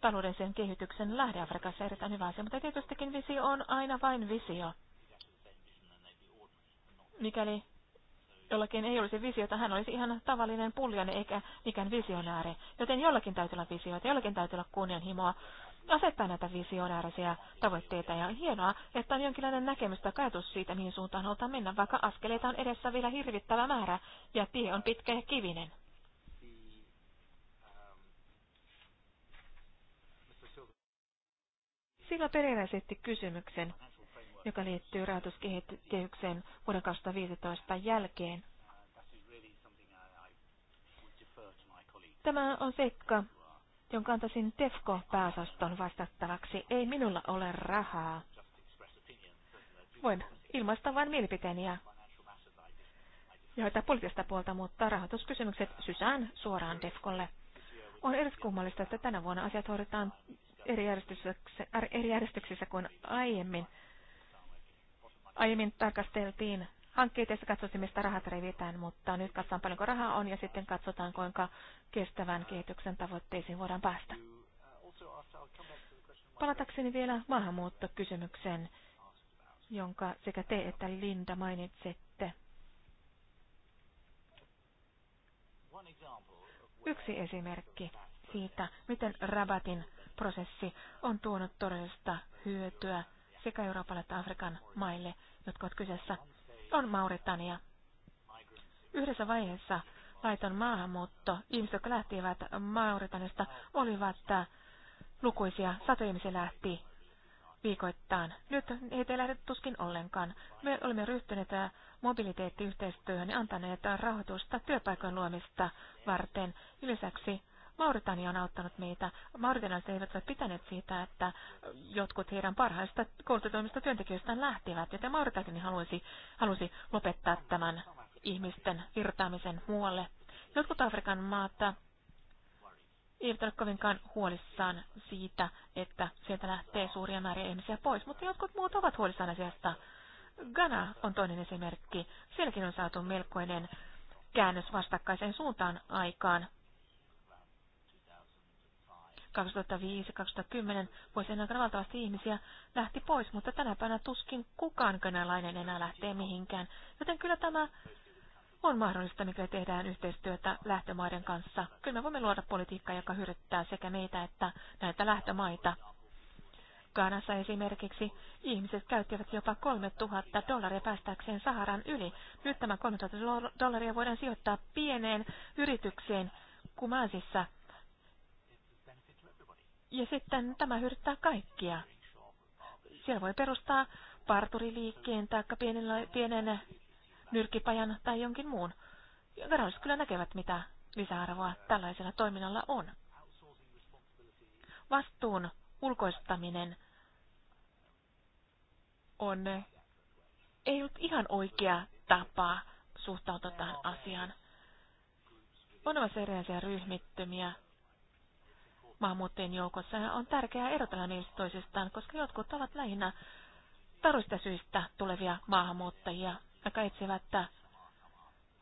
taloudellisen kehityksen lähde Afrikassa erittäin hyvä asia, mutta tietystikin visio on aina vain visio. Mikäli jollakin ei olisi visiota, hän olisi ihan tavallinen puljainen eikä mikään visionääri. Joten jollakin täytyy olla visioita, jollakin täytyy olla kunnianhimoa asettaa näitä visionäärisiä tavoitteita. Ja on hienoa, että on jonkinlainen näkemys tai ajatus siitä, mihin suuntaan halutaan mennä, vaikka askeleita on edessä vielä hirvittävä määrä ja tie on pitkä ja kivinen. Sillä Pereira esitti kysymyksen joka liittyy rahoituskehitykseen vuoden 2015 jälkeen. Tämä on seikka, jonka antaisin TEFCO-pääosaston vastattavaksi. Ei minulla ole rahaa. Voin ilmaista vain mielipiteeni ja hoitaa poliittista puolta, mutta rahoituskysymykset sysään suoraan DEFCOlle. On eriskummallista, että tänä vuonna asiat hoidetaan eri järjestyksessä, eri järjestyksessä kuin aiemmin. Aiemmin tarkasteltiin hankkeita, joissa katsottiin, mistä rahat revitään, mutta nyt katsotaan paljonko rahaa on ja sitten katsotaan, kuinka kestävän kehityksen tavoitteisiin voidaan päästä. Palatakseni vielä maahanmuuttokysymykseen, jonka sekä te että Linda mainitsette. Yksi esimerkki siitä, miten Rabatin prosessi on tuonut todellista hyötyä sekä Euroopalle että Afrikan maille, jotka ovat kyseessä, on Mauritania. Yhdessä vaiheessa laiton maahanmuutto, ihmiset, jotka lähtivät Mauritanista, olivat äh, lukuisia, satoja ihmisiä lähti viikoittain. Nyt heitä ei lähde tuskin ollenkaan. Me olemme ryhtyneet äh, mobiliteettiyhteistyöhön ja antaneet rahoitusta työpaikan luomista varten. Lisäksi Mauritania on auttanut meitä. Mauritanaiset eivät ole pitäneet siitä, että jotkut heidän parhaista koulutetoimista työntekijöistään lähtivät, joten Mauritania halusi, halusi lopettaa tämän ihmisten virtaamisen muualle. Jotkut Afrikan maata eivät ole kovinkaan huolissaan siitä, että sieltä lähtee suuria määriä ihmisiä pois, mutta jotkut muut ovat huolissaan asiasta. Ghana on toinen esimerkki. Sielläkin on saatu melkoinen käännös vastakkaiseen suuntaan aikaan 2005-2010 vuosien aikana valtavasti ihmisiä lähti pois, mutta tänä päivänä tuskin kukaan kanalainen enää lähtee mihinkään. Joten kyllä tämä on mahdollista, mikä tehdään yhteistyötä lähtömaiden kanssa. Kyllä me voimme luoda politiikkaa, joka hyödyttää sekä meitä että näitä lähtömaita. Kanassa esimerkiksi ihmiset käyttivät jopa 3000 dollaria päästäkseen Saharan yli. Nyt tämä 3000 dollaria voidaan sijoittaa pieneen yritykseen Kumansissa, ja sitten tämä hyödyttää kaikkia. Siellä voi perustaa parturiliikkeen tai pienen, pienen nyrkipajan tai jonkin muun. Veroiset kyllä näkevät, mitä lisäarvoa tällaisella toiminnalla on. Vastuun ulkoistaminen on ei ollut ihan oikea tapa suhtautua tähän asiaan. On olemassa erilaisia ryhmittymiä, maahanmuuttajien joukossa. Ja on tärkeää erotella niistä toisistaan, koska jotkut ovat lähinnä taruista syistä tulevia maahanmuuttajia, jotka etsivät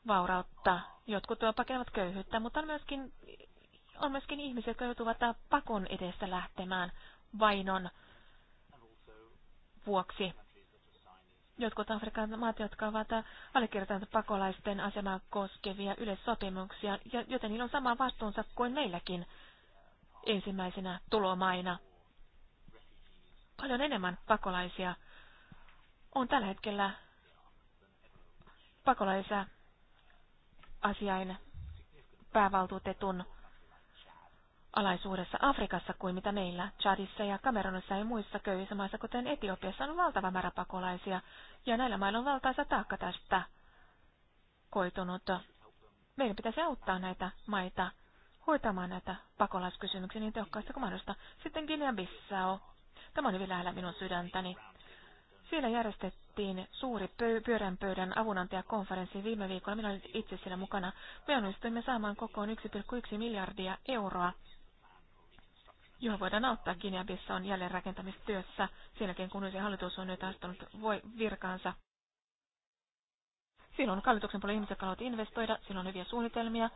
vaurautta. Jotkut pakenevat köyhyyttä, mutta on myöskin, on myöskin ihmisiä, jotka joutuvat pakon edessä lähtemään vainon vuoksi. Jotkut Afrikan maat, jotka ovat allekirjoittaneet pakolaisten asemaa koskevia yleissopimuksia, joten niillä on sama vastuunsa kuin meilläkin ensimmäisenä tulomaina. Paljon enemmän pakolaisia on tällä hetkellä pakolaisia asiain päävaltuutetun alaisuudessa Afrikassa kuin mitä meillä, Chadissa ja Kamerunissa ja muissa köyhissä maissa, kuten Etiopiassa, on valtava määrä pakolaisia, ja näillä mailla on valtaisa taakka tästä koitunut. Meidän pitäisi auttaa näitä maita hoitamaan näitä pakolaiskysymyksiä niin tehokkaasti kuin mahdollista. Sitten Guinea-Bissau. Tämä on hyvin lähellä minun sydäntäni. Siellä järjestettiin suuri pö- pyörän pöydän avunantajakonferenssi viime viikolla. Minä olin itse siellä mukana. Me onnistuimme saamaan kokoon 1,1 miljardia euroa, johon voidaan auttaa Guinea-Bissaun jälleenrakentamistyössä, siinäkin kun uusi hallitus on nyt astunut voi virkaansa. Silloin hallituksen puolella ihmiset haluavat investoida, silloin on hyviä suunnitelmia,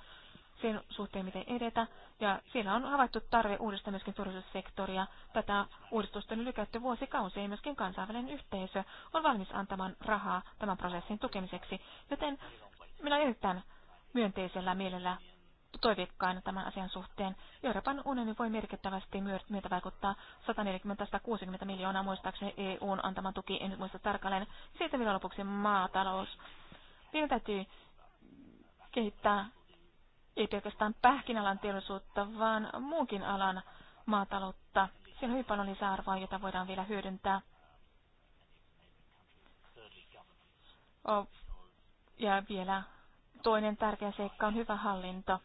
sen suhteen, miten edetä. Ja siellä on havaittu tarve uudistaa myöskin turvallisuussektoria. Tätä uudistusta on lykätty vuosikausia ja myöskin kansainvälinen yhteisö on valmis antamaan rahaa tämän prosessin tukemiseksi. Joten minä erittäin myönteisellä mielellä toiveikkaina tämän asian suhteen. Euroopan unioni voi merkittävästi myötä vaikuttaa 140-160 miljoonaa muistaakseni EUn antaman tuki, en nyt muista tarkalleen. Siitä vielä lopuksi maatalous. Meidän täytyy kehittää ei pelkästään pähkinalan teollisuutta, vaan muunkin alan maataloutta. Siinä on hyvin paljon lisäarvoa, jota voidaan vielä hyödyntää. Oh, ja vielä toinen tärkeä seikka on hyvä hallinto.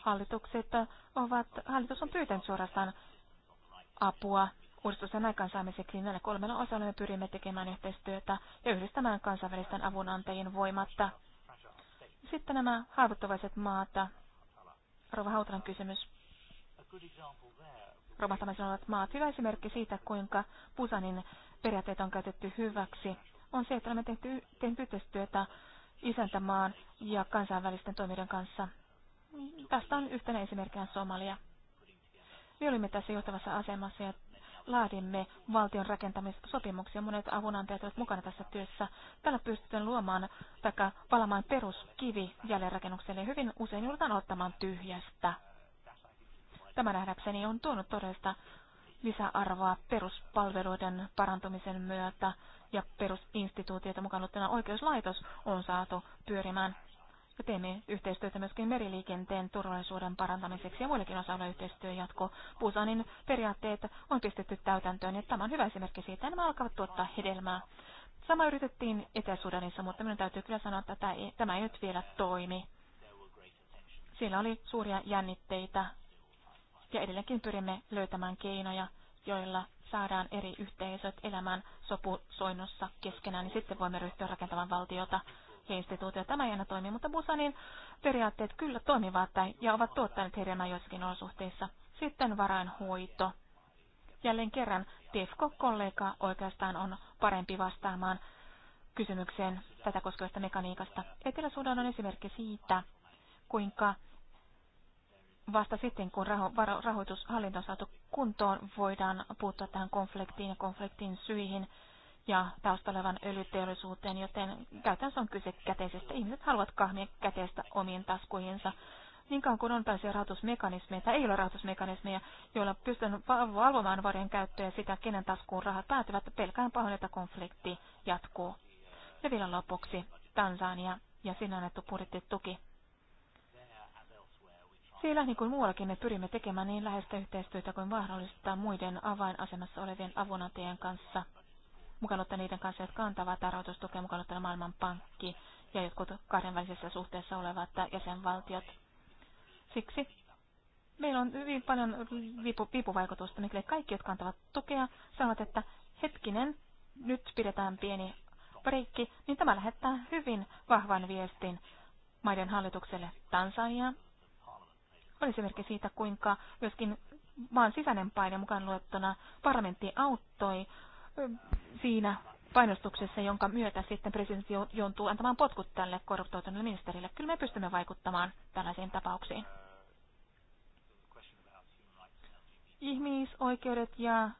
Hallitukset ovat, hallitus on pyytänyt suorastaan apua uudistusten aikaansaamiseksi. Näillä kolmella osalla me pyrimme tekemään yhteistyötä ja yhdistämään kansainvälisten avunantajien voimatta sitten nämä haavoittuvaiset maata. Rova Hautalan kysymys. Romahtamisen olevat maat. Hyvä esimerkki siitä, kuinka Pusanin periaatteet on käytetty hyväksi, on se, että olemme tehty, yhteistyötä isäntämaan ja kansainvälisten toimijoiden kanssa. Tästä on yhtenä esimerkkinä Somalia. Me olimme tässä johtavassa asemassa ja laadimme valtion rakentamissopimuksia. Monet avunantajat ovat mukana tässä työssä. Tällä pystytään luomaan tai palamaan peruskivi jälleenrakennukselle hyvin usein joudutaan ottamaan tyhjästä. Tämä nähdäkseni on tuonut todellista lisäarvoa peruspalveluiden parantumisen myötä ja perusinstituutioita mukaan ottena oikeuslaitos on saatu pyörimään ja teemme yhteistyötä myöskin meriliikenteen turvallisuuden parantamiseksi ja muillakin osalla yhteistyö jatko. Busanin periaatteet on pistetty täytäntöön ja tämä on hyvä esimerkki siitä, että nämä alkavat tuottaa hedelmää. Sama yritettiin Etelä-Sudanissa, mutta minun täytyy kyllä sanoa, että tämä ei, tämä ei nyt vielä toimi. Siellä oli suuria jännitteitä ja edelleenkin pyrimme löytämään keinoja, joilla saadaan eri yhteisöt elämään sopusoinnossa keskenään, niin sitten voimme ryhtyä rakentamaan valtiota instituutio. Tämä ei aina toimi, mutta Busanin periaatteet kyllä toimivat ja ovat tuottaneet heidän joskin olosuhteissa. Sitten varainhoito. Jälleen kerran TFK-kollega oikeastaan on parempi vastaamaan kysymykseen tätä koskevasta mekaniikasta. Etelä-Sudan on esimerkki siitä, kuinka vasta sitten, kun raho- varo- rahoitushallinto on saatu kuntoon, voidaan puuttua tähän konfliktiin ja konfliktin syihin ja taustalla olevan öljyteollisuuteen, joten käytännössä on kyse käteisestä. Ihmiset haluavat kahmia käteistä omiin taskuihinsa. Niin kauan kun on pääsee rahoitusmekanismeja tai ei ole rahoitusmekanismeja, joilla pystyn valvomaan varien käyttöä ja sitä, kenen taskuun rahat päätyvät, pelkään pahoin, että konflikti jatkuu. Ja vielä lopuksi Tansania ja sinne annettu budjettituki. Siellä niin kuin muuallakin me pyrimme tekemään niin läheistä yhteistyötä kuin mahdollista muiden avainasemassa olevien avunantajien kanssa – mukaan ottaa niiden kanssa, jotka antavat rahoitustukea, mukaan ottaa Maailmanpankki ja jotkut kahdenvälisessä suhteessa olevat jäsenvaltiot. Siksi meillä on hyvin paljon viipuvaikutusta, mikäli kaikki, jotka antavat tukea, sanovat, että hetkinen, nyt pidetään pieni breikki, niin tämä lähettää hyvin vahvan viestin maiden hallitukselle Tansania. On esimerkki siitä, kuinka myöskin maan sisäinen paine mukaan luettuna parlamentti auttoi siinä painostuksessa, jonka myötä sitten presidentti joutuu antamaan potkut tälle korruptoituneelle ministerille. Kyllä me pystymme vaikuttamaan tällaisiin tapauksiin. Ihmisoikeudet ja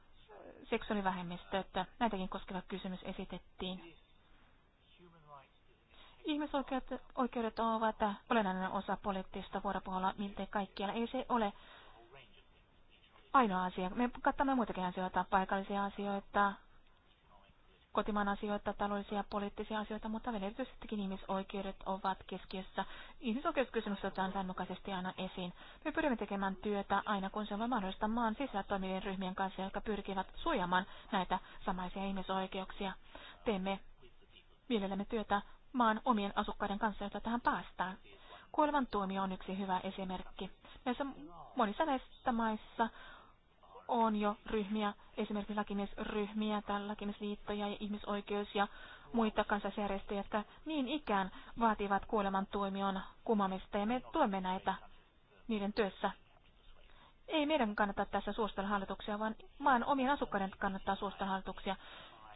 seksuaalivähemmistöt, näitäkin koskeva kysymys esitettiin. Ihmisoikeudet oikeudet ovat olennainen osa poliittista vuoropuhelua miltei kaikkialla. Ei se ole ainoa asia. Me katsomme muitakin asioita, paikallisia asioita, kotimaan asioita, taloudellisia ja poliittisia asioita, mutta erityisestikin ihmisoikeudet ovat keskiössä. Ihmisoikeuskysymys otetaan säännönmukaisesti aina esiin. Me pyrimme tekemään työtä aina kun se on mahdollista maan sisällä toimivien ryhmien kanssa, jotka pyrkivät suojamaan näitä samaisia ihmisoikeuksia. Teemme mielellämme työtä maan omien asukkaiden kanssa, jotta tähän päästään. Kuolevan tuomio on yksi hyvä esimerkki. Näissä monissa näistä maissa on jo ryhmiä, esimerkiksi lakimiesryhmiä tai lakimiesliittoja ja ihmisoikeus- ja muita kansalaisjärjestöjä, jotka niin ikään vaativat kuolemantuomion tuomion kumamista ja me tuemme näitä niiden työssä. Ei meidän kannata tässä suostella hallituksia, vaan maan omien asukkaiden kannattaa suostella hallituksia.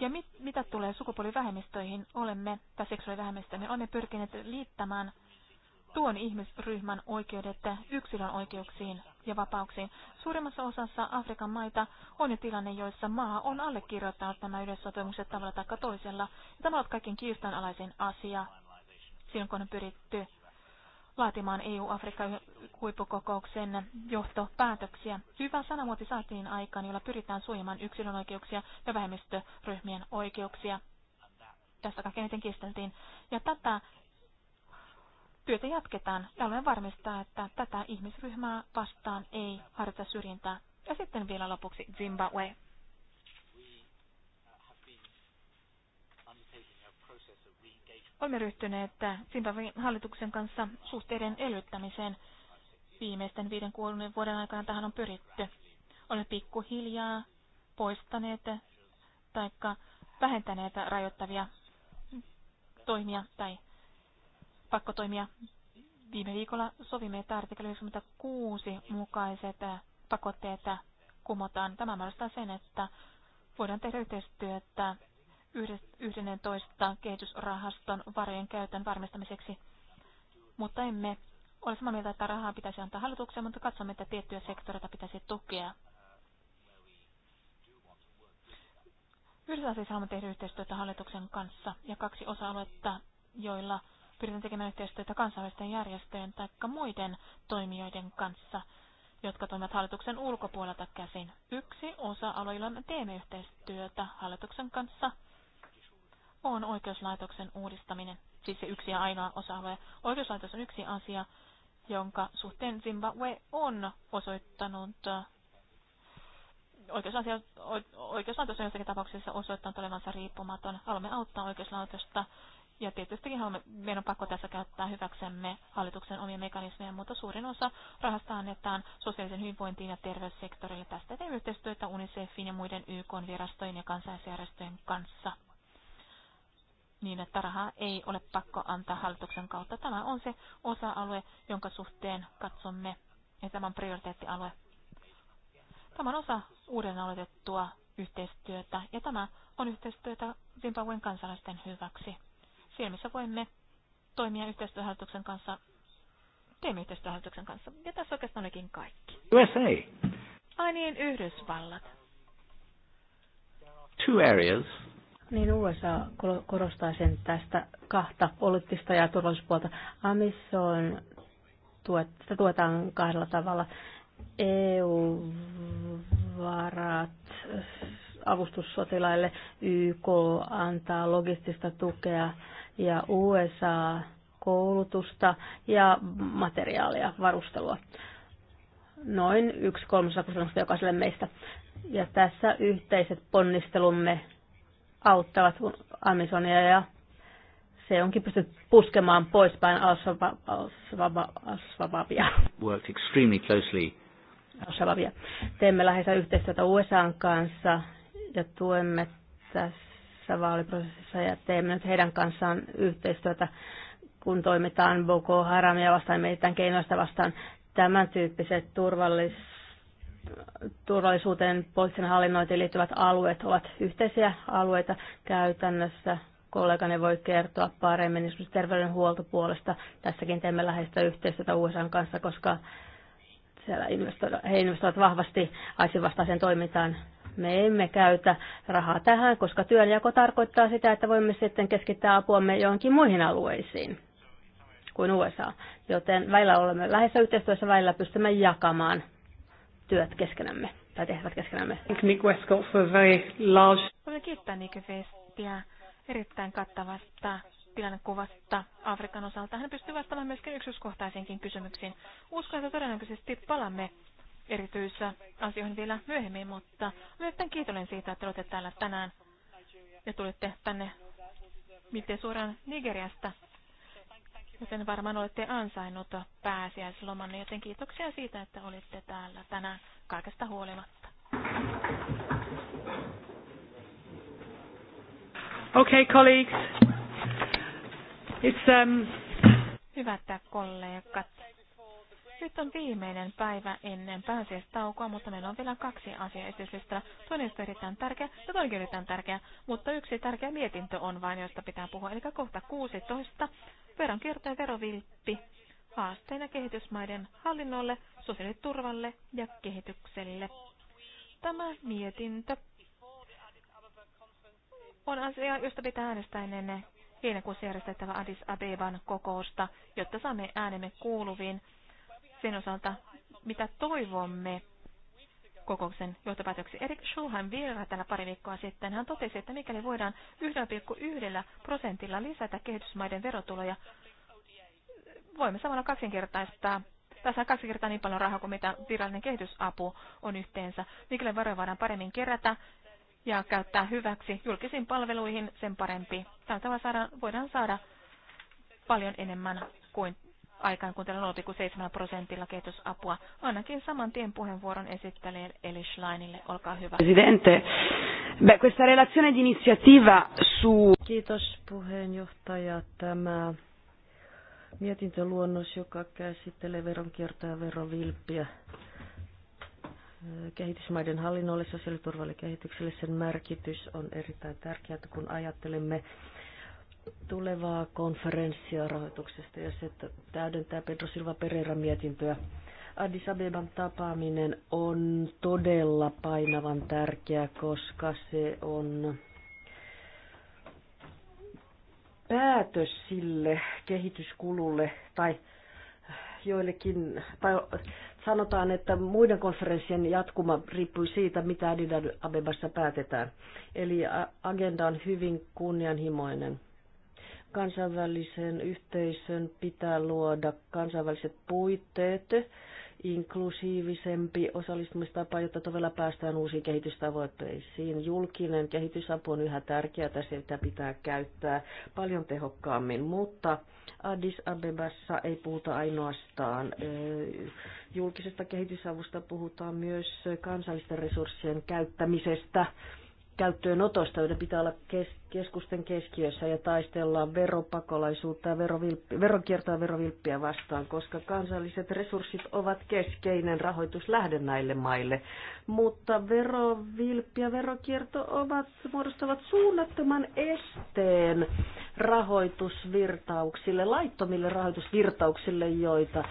Ja mit, mitä tulee sukupuolivähemmistöihin, olemme, tai seksuaalivähemmistöihin, olemme pyrkineet liittämään tuon ihmisryhmän oikeudet yksilön oikeuksiin ja vapauksiin. Suurimmassa osassa Afrikan maita on jo tilanne, joissa maa on allekirjoittanut nämä yleissopimukset tavalla tai toisella. Ja tämä on kaikkein kiistanalaisin asia, silloin kun on pyritty laatimaan EU-Afrikka-huippukokouksen johtopäätöksiä. Hyvä sanamuoti saatiin aikaan, jolla pyritään suojamaan yksilön oikeuksia ja vähemmistöryhmien oikeuksia. Tästä kaikkein eniten kisteltiin. Ja tätä Työtä jatketaan ja olen varmistaa, että tätä ihmisryhmää vastaan ei harjoita syrjintää. Ja sitten vielä lopuksi Zimbabwe. Olemme ryhtyneet Zimbabwein hallituksen kanssa suhteiden elvyttämiseen. Viimeisten viiden kuuden vuoden aikana tähän on pyritty. Olemme pikkuhiljaa poistaneet tai vähentäneet rajoittavia toimia tai pakkotoimia. Viime viikolla sovimme, että artikla 96 mukaiset pakotteet kumotaan. Tämä mahdollistaa sen, että voidaan tehdä yhteistyötä 11 kehitysrahaston varojen käytön varmistamiseksi, mutta emme ole samaa mieltä, että rahaa pitäisi antaa hallitukseen, mutta katsomme, että tiettyjä sektoreita pitäisi tukea. Yhdessä siis haluamme tehdä yhteistyötä hallituksen kanssa ja kaksi osa-aluetta, joilla pyritään tekemään yhteistyötä kansainvälisten järjestöjen tai muiden toimijoiden kanssa, jotka toimivat hallituksen ulkopuolelta käsin. Yksi osa aloilla teemme yhteistyötä hallituksen kanssa, on oikeuslaitoksen uudistaminen. Siis se yksi ja ainoa osa-alue. Oikeuslaitos on yksi asia, jonka suhteen Zimbabwe on osoittanut äh, oikeuslaitos on jossakin tapauksessa osoittanut olevansa riippumaton. Haluamme auttaa oikeuslaitosta ja tietysti haluamme, meidän on pakko tässä käyttää hyväksemme hallituksen omia mekanismeja, mutta suurin osa rahasta annetaan sosiaalisen hyvinvointiin ja terveyssektorille. Tästä teemme yhteistyötä UNICEFin ja muiden YK-virastojen ja kansalaisjärjestöjen kanssa niin, että rahaa ei ole pakko antaa hallituksen kautta. Tämä on se osa-alue, jonka suhteen katsomme, ja tämä on prioriteettialue. Tämä on osa uuden aloitettua yhteistyötä, ja tämä on yhteistyötä Zimbabwen kansalaisten hyväksi. Filmissä voimme toimia yhteistyöhallituksen kanssa, teemme yhteistyöhallituksen kanssa. Ja tässä oikeastaan olikin kaikki. USA. Ai niin, Yhdysvallat. Two areas. Niin USA korostaa sen tästä kahta poliittista ja turvallisuuspuolta. Amisson tuet, sitä tuetaan kahdella tavalla. EU-varat avustussotilaille, YK antaa logistista tukea ja USA koulutusta ja materiaalia, varustelua. Noin yksi kolmasosa kustannusta jokaiselle meistä. Ja tässä yhteiset ponnistelumme auttavat Amazonia ja se onkin pystynyt puskemaan poispäin Al-Shabaabia. Worked extremely closely. Al-Shabaabia. Teemme läheistä yhteistyötä USA kanssa ja tuemme tässä tässä vaaliprosessissa ja teemme nyt heidän kanssaan yhteistyötä, kun toimitaan Boko Haramia vastaan, meitä keinoista vastaan. Tämän tyyppiset turvallis, turvallisuuteen, poliittisen hallinnointiin liittyvät alueet ovat yhteisiä alueita käytännössä. Kollegani voi kertoa paremmin esimerkiksi terveydenhuoltopuolesta. Tässäkin teemme läheistä yhteistyötä USA kanssa, koska siellä investoida, he investoivat vahvasti aisivastaiseen toimintaan me emme käytä rahaa tähän, koska työnjako tarkoittaa sitä, että voimme sitten keskittää apuamme johonkin muihin alueisiin kuin USA. Joten väillä olemme lähes yhteistyössä, väillä pystymme jakamaan työt keskenämme tai tehtävät keskenämme. Nick Westcott kiittää Nick Westia erittäin kattavasta tilannekuvasta Afrikan osalta. Hän pystyy vastaamaan myöskin yksityiskohtaisiinkin kysymyksiin. Uskon, että todennäköisesti palamme asioihin vielä myöhemmin, mutta olen kiitollinen siitä, että olette täällä tänään ja tulitte tänne miten suoraan Nigeriasta. Joten varmaan olette ansainnut pääsiäislomanne, joten kiitoksia siitä, että olitte täällä tänään kaikesta huolimatta. Okay, colleagues. It's, um... Hyvät kollegat, nyt on viimeinen päivä ennen pääsiäistaukoa, mutta meillä on vielä kaksi asiaa esityslistalla. Toinen on erittäin tärkeä ja toinen erittäin tärkeä, mutta yksi tärkeä mietintö on vain, josta pitää puhua. Eli kohta 16, veronkierto ja verovilppi haasteena kehitysmaiden hallinnolle, sosiaaliturvalle ja kehitykselle. Tämä mietintö on asia, josta pitää äänestää ennen heinäkuussa järjestettävä Addis Abeban kokousta, jotta saamme äänemme kuuluviin sen osalta, mitä toivomme kokouksen johtopäätöksi. Erik Schulheim vielä täällä pari viikkoa sitten. Hän totesi, että mikäli voidaan 1,1 prosentilla lisätä kehitysmaiden verotuloja, voimme samalla kaksinkertaistaa tässä on kaksi kertaa niin paljon rahaa kuin mitä virallinen kehitysapu on yhteensä. Mikäli varoja voidaan paremmin kerätä ja käyttää hyväksi julkisiin palveluihin, sen parempi. Tällä tavalla saadaan, voidaan saada paljon enemmän kuin aikaan, kun teillä on 7 prosentilla kehitysapua. Ainakin saman tien puheenvuoron esittelijä Eli Schleinille. Olkaa hyvä. Presidente, Beh, questa relazione di iniziativa su... Kiitos puheenjohtaja. Tämä mietintöluonnos, joka käsittelee veronkiertoa ja verovilppiä eh, kehitysmaiden hallinnolle, sosiaaliturvalle kehitykselle, sen merkitys on erittäin tärkeää, kun ajattelemme tulevaa konferenssia rahoituksesta ja se täydentää Pedro Silva Pereira mietintöä. Addis Abeban tapaaminen on todella painavan tärkeä, koska se on päätös sille kehityskululle tai joillekin, tai sanotaan, että muiden konferenssien jatkuma riippuu siitä, mitä Addis Abebassa päätetään. Eli agenda on hyvin kunnianhimoinen Kansainvälisen yhteisön pitää luoda kansainväliset puitteet, inklusiivisempi osallistumistapa, jotta todella päästään uusiin kehitystavoitteisiin. Julkinen kehitysapu on yhä tärkeää, sitä pitää käyttää paljon tehokkaammin, mutta Addis Abebassa ei puhuta ainoastaan julkisesta kehitysavusta, puhutaan myös kansallisten resurssien käyttämisestä käyttöönotosta, joiden pitää olla keskusten keskiössä ja taistellaan veropakolaisuutta ja verovilppi, veronkiertoa ja verovilppiä vastaan, koska kansalliset resurssit ovat keskeinen rahoituslähde näille maille. Mutta verovilppi ja verokierto ovat, muodostavat suunnattoman esteen rahoitusvirtauksille, laittomille rahoitusvirtauksille, joita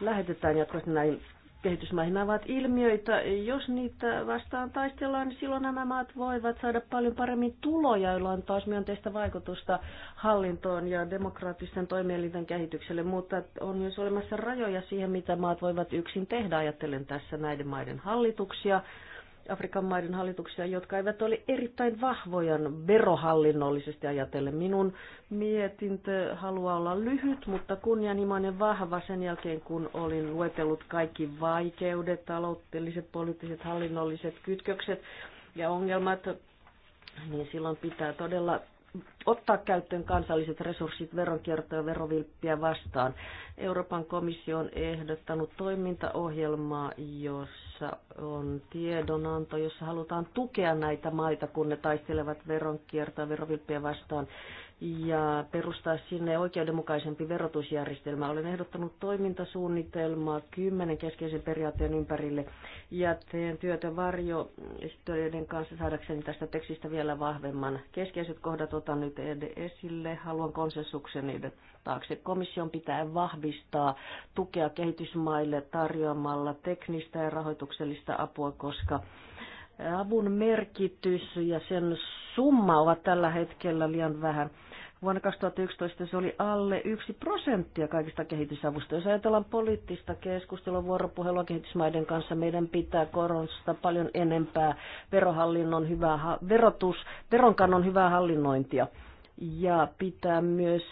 lähetetään jatkuvasti näin kehitysmaihin. Nämä ovat ilmiöitä. Jos niitä vastaan taistellaan, niin silloin nämä maat voivat saada paljon paremmin tuloja, joilla on taas myönteistä vaikutusta hallintoon ja demokraattisten toimielinten kehitykselle. Mutta on myös olemassa rajoja siihen, mitä maat voivat yksin tehdä. Ajattelen tässä näiden maiden hallituksia, Afrikan maiden hallituksia, jotka eivät ole erittäin vahvoja verohallinnollisesti ajatellen. Minun mietintö haluaa olla lyhyt, mutta kunnianhimoinen vahva sen jälkeen, kun olin luetellut kaikki vaikeudet, taloudelliset, poliittiset, hallinnolliset kytkökset ja ongelmat, niin silloin pitää todella ottaa käyttöön kansalliset resurssit veronkiertoa ja verovilppiä vastaan. Euroopan komissio on ehdottanut toimintaohjelmaa, jossa on tiedonanto, jossa halutaan tukea näitä maita, kun ne taistelevat veronkiertoa ja verovilppiä vastaan ja perustaa sinne oikeudenmukaisempi verotusjärjestelmä. Olen ehdottanut toimintasuunnitelmaa kymmenen keskeisen periaatteen ympärille ja teen työtä varjoesittelijöiden kanssa saadakseni tästä tekstistä vielä vahvemman. Keskeiset kohdat otan nyt esille. Haluan konsensuksen niiden taakse. Komission pitää vahvistaa tukea kehitysmaille tarjoamalla teknistä ja rahoituksellista apua, koska avun merkitys ja sen summa ovat tällä hetkellä liian vähän. Vuonna 2011 se oli alle 1 prosenttia kaikista kehitysavusta. Jos ajatellaan poliittista keskustelua, vuoropuhelua kehitysmaiden kanssa, meidän pitää korostaa paljon enempää verohallinnon hyvää, verotus, veronkannon hyvää hallinnointia ja pitää myös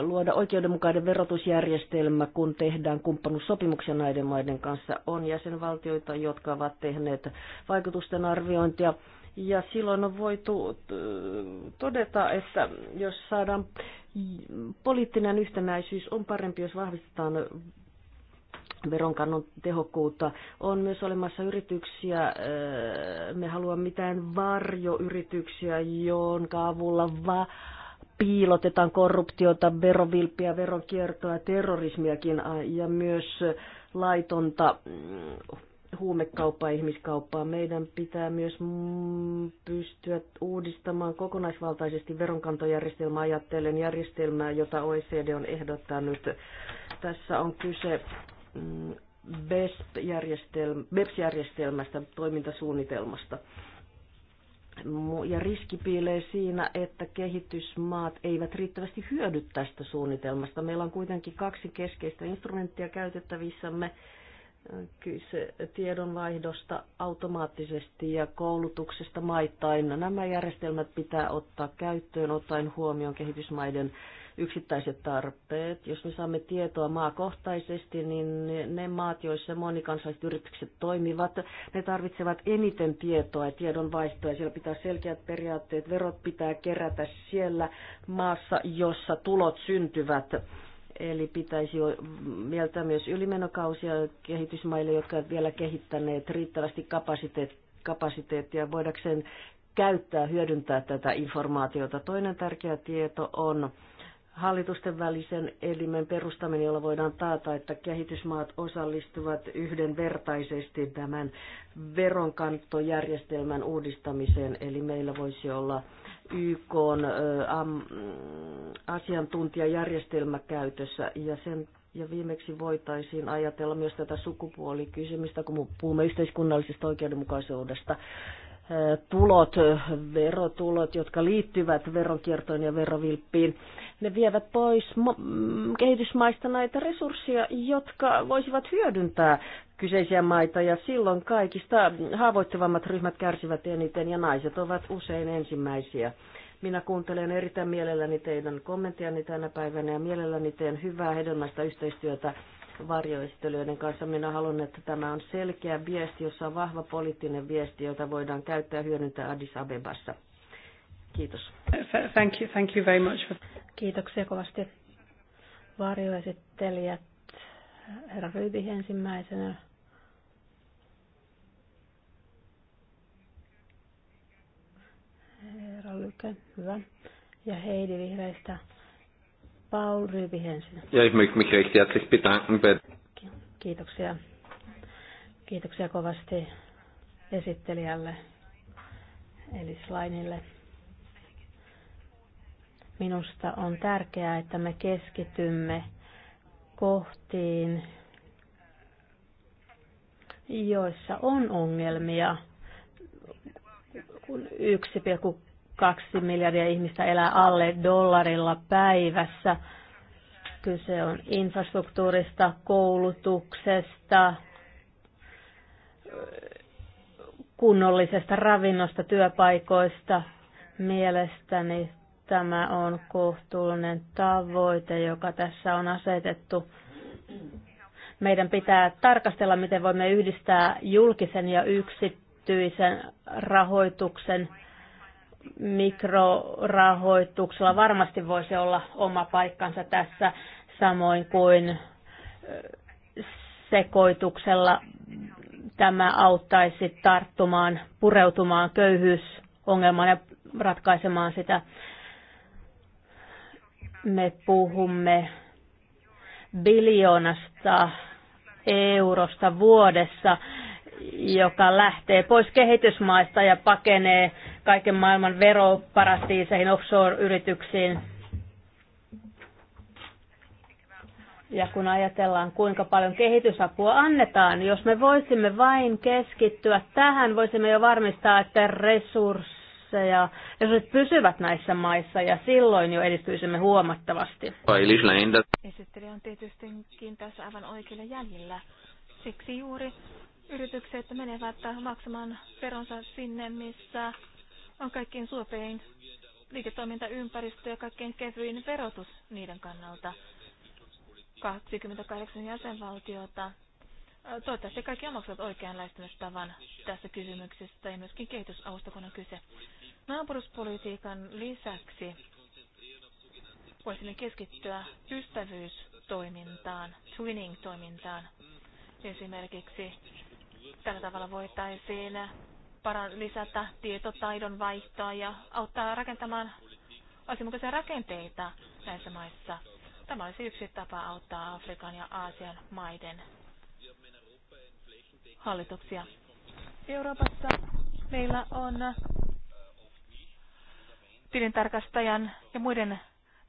luoda oikeudenmukainen verotusjärjestelmä, kun tehdään kumppanuussopimuksia näiden maiden kanssa. On jäsenvaltioita, jotka ovat tehneet vaikutusten arviointia ja silloin on voitu todeta, että jos saadaan poliittinen yhtenäisyys on parempi, jos vahvistetaan veronkannon tehokkuutta. On myös olemassa yrityksiä, me haluamme mitään varjoyrityksiä, jonka avulla va- piilotetaan korruptiota, verovilppiä, veronkiertoa, terrorismiakin ja myös laitonta mm, huumekauppaa ihmiskauppaa. Meidän pitää myös pystyä uudistamaan kokonaisvaltaisesti veronkantojärjestelmää ajattelen järjestelmää, jota OECD on ehdottanut. Tässä on kyse BEPS-järjestelmästä, toimintasuunnitelmasta. Ja riski piilee siinä, että kehitysmaat eivät riittävästi hyödy tästä suunnitelmasta. Meillä on kuitenkin kaksi keskeistä instrumenttia käytettävissämme kyse tiedonvaihdosta automaattisesti ja koulutuksesta maittain. Nämä järjestelmät pitää ottaa käyttöön ottaen huomioon kehitysmaiden yksittäiset tarpeet. Jos me saamme tietoa maakohtaisesti, niin ne maat, joissa monikansalliset yritykset toimivat, ne tarvitsevat eniten tietoa ja tiedonvaihtoa. Siellä pitää selkeät periaatteet. Verot pitää kerätä siellä maassa, jossa tulot syntyvät Eli pitäisi mieltää myös ylimenokausia kehitysmaille, jotka ovat vielä kehittäneet riittävästi kapasiteet, kapasiteettia voidakseen käyttää, hyödyntää tätä informaatiota. Toinen tärkeä tieto on hallitusten välisen elimen perustaminen, jolla voidaan taata, että kehitysmaat osallistuvat yhdenvertaisesti tämän veronkantojärjestelmän uudistamiseen. Eli meillä voisi olla YK on, am, mm, asiantuntijajärjestelmä käytössä ja sen ja viimeksi voitaisiin ajatella myös tätä sukupuolikysymystä, kun puhumme yhteiskunnallisesta oikeudenmukaisuudesta. Tulot, verotulot, jotka liittyvät veronkiertoon ja verovilppiin, ne vievät pois mm, kehitysmaista näitä resursseja, jotka voisivat hyödyntää kyseisiä maita ja silloin kaikista haavoittuvammat ryhmät kärsivät eniten ja naiset ovat usein ensimmäisiä. Minä kuuntelen erittäin mielelläni teidän kommenttianne tänä päivänä ja mielelläni teen hyvää hedelmästä yhteistyötä varjoistelijoiden kanssa. Minä haluan, että tämä on selkeä viesti, jossa on vahva poliittinen viesti, jota voidaan käyttää ja hyödyntää Addis Abebassa. Kiitos. Thank you, thank you very much. For... Kiitoksia kovasti varjoesittelijät. Herra Ryyvi ensimmäisenä. Eero Lykke, hyvä. Ja Heidi Vihreistä. Paul Ryby Ja ich möchte mich recht Kiitoksia. Kiitoksia kovasti esittelijälle, eli Slainille. Minusta on tärkeää, että me keskitymme kohtiin, joissa on ongelmia – kun 1,2 miljardia ihmistä elää alle dollarilla päivässä. Kyse on infrastruktuurista, koulutuksesta, kunnollisesta ravinnosta, työpaikoista. Mielestäni tämä on kohtuullinen tavoite, joka tässä on asetettu. Meidän pitää tarkastella, miten voimme yhdistää julkisen ja yksityisen yksityisen rahoituksen mikrorahoituksella varmasti voisi olla oma paikkansa tässä, samoin kuin sekoituksella tämä auttaisi tarttumaan, pureutumaan köyhyysongelmaan ja ratkaisemaan sitä. Me puhumme biljoonasta eurosta vuodessa joka lähtee pois kehitysmaista ja pakenee kaiken maailman veroparatiiseihin, offshore-yrityksiin. Ja kun ajatellaan, kuinka paljon kehitysapua annetaan, jos me voisimme vain keskittyä tähän, voisimme jo varmistaa, että resursseja, resurssit pysyvät näissä maissa ja silloin jo edistyisimme huomattavasti. Esittely on tietystikin tässä aivan oikeilla jäljillä. Siksi juuri yritykset menevät maksamaan veronsa sinne, missä on kaikkein suopein liiketoimintaympäristö ja kaikkein kevyin verotus niiden kannalta. 28 jäsenvaltiota. Toivottavasti kaikki omaksuvat oikean lähestymistavan tässä kysymyksessä ja myöskin kehitysavusta, kun on kyse. Naapuruspolitiikan lisäksi voisimme keskittyä ystävyystoimintaan, twinning-toimintaan. Esimerkiksi Tällä tavalla voitaisiin paran lisätä tietotaidon vaihtoa ja auttaa rakentamaan asianmukaisia rakenteita näissä maissa. Tämä olisi yksi tapa auttaa Afrikan ja Aasian maiden hallituksia. Euroopassa meillä on tilintarkastajan ja muiden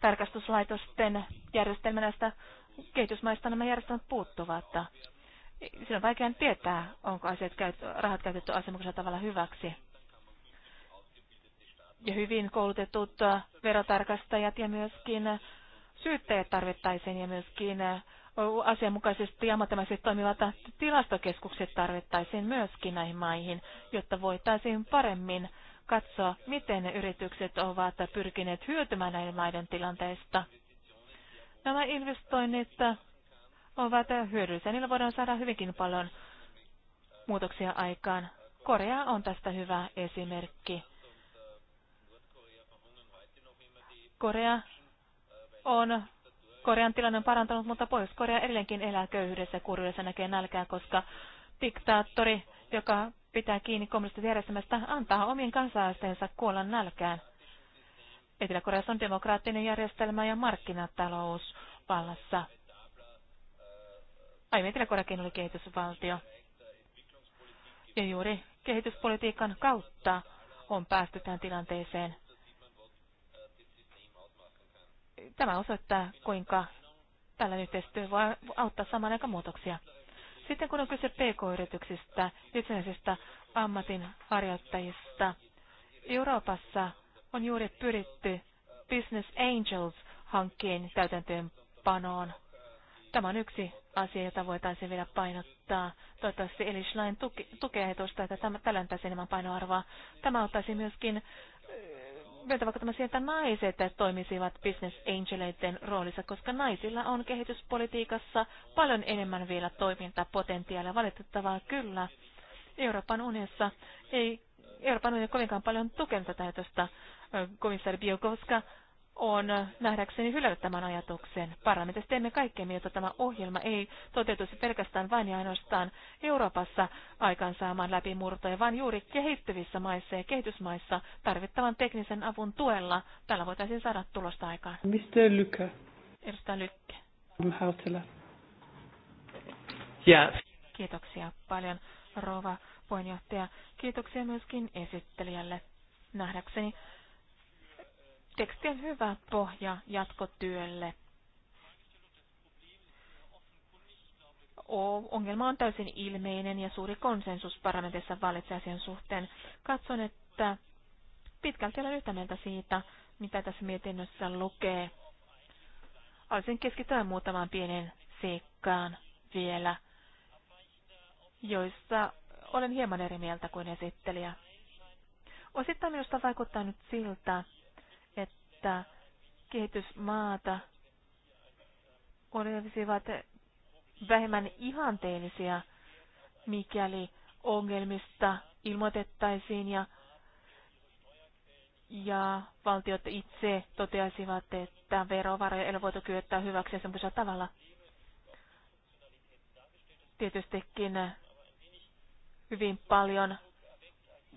tarkastuslaitosten järjestelmä näistä kehitysmaista nämä järjestelmät puuttuvat silloin on vaikea tietää, onko asiat käyt, rahat käytetty asianmukaisella tavalla hyväksi. Ja hyvin koulutetut verotarkastajat ja myöskin syyttäjät tarvittaisiin ja myöskin asianmukaisesti ja ammattimaisesti toimivat tilastokeskukset tarvittaisiin myöskin näihin maihin, jotta voitaisiin paremmin katsoa, miten yritykset ovat pyrkineet hyötymään näiden maiden tilanteesta. Nämä investoinnit ovat hyödyllisiä. Niillä voidaan saada hyvinkin paljon muutoksia aikaan. Korea on tästä hyvä esimerkki. Korea on, Korean tilanne on parantanut, mutta Pohjois-Korea edelleenkin elää köyhyydessä ja kurjuudessa näkee nälkää, koska diktaattori, joka pitää kiinni kommunistisesta järjestelmästä, antaa omien kansalaistensa kuolla nälkään. Etelä-Koreassa on demokraattinen järjestelmä ja markkinatalous vallassa. Aiemmin Etelä-Koreakin oli kehitysvaltio. Ja juuri kehityspolitiikan kautta on päästy tähän tilanteeseen. Tämä osoittaa, kuinka tällä yhteistyö voi auttaa saman aikaan muutoksia. Sitten kun on kyse pk-yrityksistä, itsenäisistä ammatinharjoittajista, Euroopassa on juuri pyritty Business Angels-hankkeen täytäntöönpanoon. Tämä on yksi asia, jota voitaisiin vielä painottaa. Toivottavasti Elishline tuki, tukee ajatusta, että tämä, tällä antaisi enemmän painoarvoa. Tämä ottaisi myöskin äh, myötä vaikka tämmöisiä, että naiset toimisivat business angeleiden roolissa, koska naisilla on kehityspolitiikassa paljon enemmän vielä toimintapotentiaalia. Valitettavaa kyllä. Euroopan unionissa ei Euroopan unioni kovinkaan paljon tukenut tätä äh, komissaari Biokovska on nähdäkseni hylännyt tämän ajatuksen. Parlamentissa teemme kaikkemme, jotta tämä ohjelma ei toteutuisi pelkästään vain ja ainoastaan Euroopassa aikaansaamaan läpimurtoja, vaan juuri kehittyvissä maissa ja kehitysmaissa tarvittavan teknisen avun tuella. Tällä voitaisiin saada tulosta aikaan. Mr. Lykke. Edustaja Lykke. Hautala. Kiitoksia paljon, rouva puheenjohtaja. Kiitoksia myöskin esittelijälle. Nähdäkseni teksti on hyvä pohja jatkotyölle. Ongelma on täysin ilmeinen ja suuri konsensus parlamentissa vallitsee asian suhteen. Katson, että pitkälti olen yhtä mieltä siitä, mitä tässä mietinnössä lukee. Olisin keskittyä muutamaan pienen seikkaan vielä, joissa olen hieman eri mieltä kuin esittelijä. Osittain minusta vaikuttaa nyt siltä, että kehitysmaata olisivat vähemmän ihanteellisia, mikäli ongelmista ilmoitettaisiin ja, ja valtiot itse toteaisivat, että verovaroja ei voitu kyettää hyväksi semmoisella tavalla. Tietystikin hyvin paljon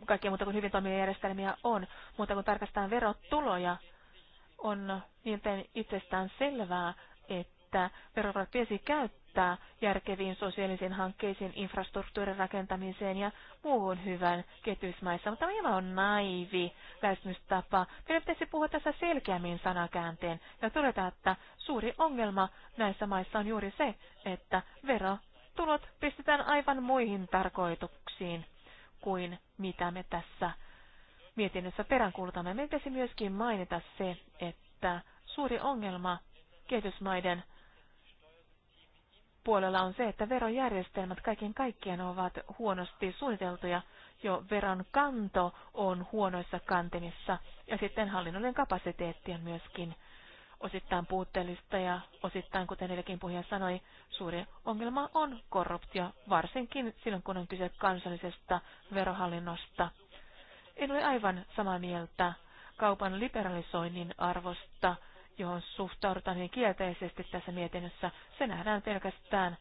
kaikkea muuta kuin hyvin toimivia järjestelmiä on, mutta kun tarkastetaan verotuloja, on miltei itsestään selvää, että verovarat pitäisi käyttää järkeviin sosiaalisiin hankkeisiin, infrastruktuurin rakentamiseen ja muuhun hyvän kehitysmaissa. Mutta meillä on naivi lähestymistapa. Meidän pitäisi puhua tässä selkeämmin sanakäänteen ja todeta, että suuri ongelma näissä maissa on juuri se, että verotulot pistetään aivan muihin tarkoituksiin kuin mitä me tässä mietinnössä peräänkuulutamme. Meidän pitäisi myöskin mainita se, että suuri ongelma kehitysmaiden puolella on se, että verojärjestelmät kaiken kaikkiaan ovat huonosti suunniteltuja. Jo veron kanto on huonoissa kantimissa ja sitten hallinnollinen kapasiteetti on myöskin osittain puutteellista ja osittain, kuten edelläkin puhuja sanoi, suuri ongelma on korruptio, varsinkin silloin kun on kyse kansallisesta verohallinnosta. En ole aivan samaa mieltä kaupan liberalisoinnin arvosta, johon suhtaudutaan niin kielteisesti tässä mietinnössä. Se nähdään pelkästään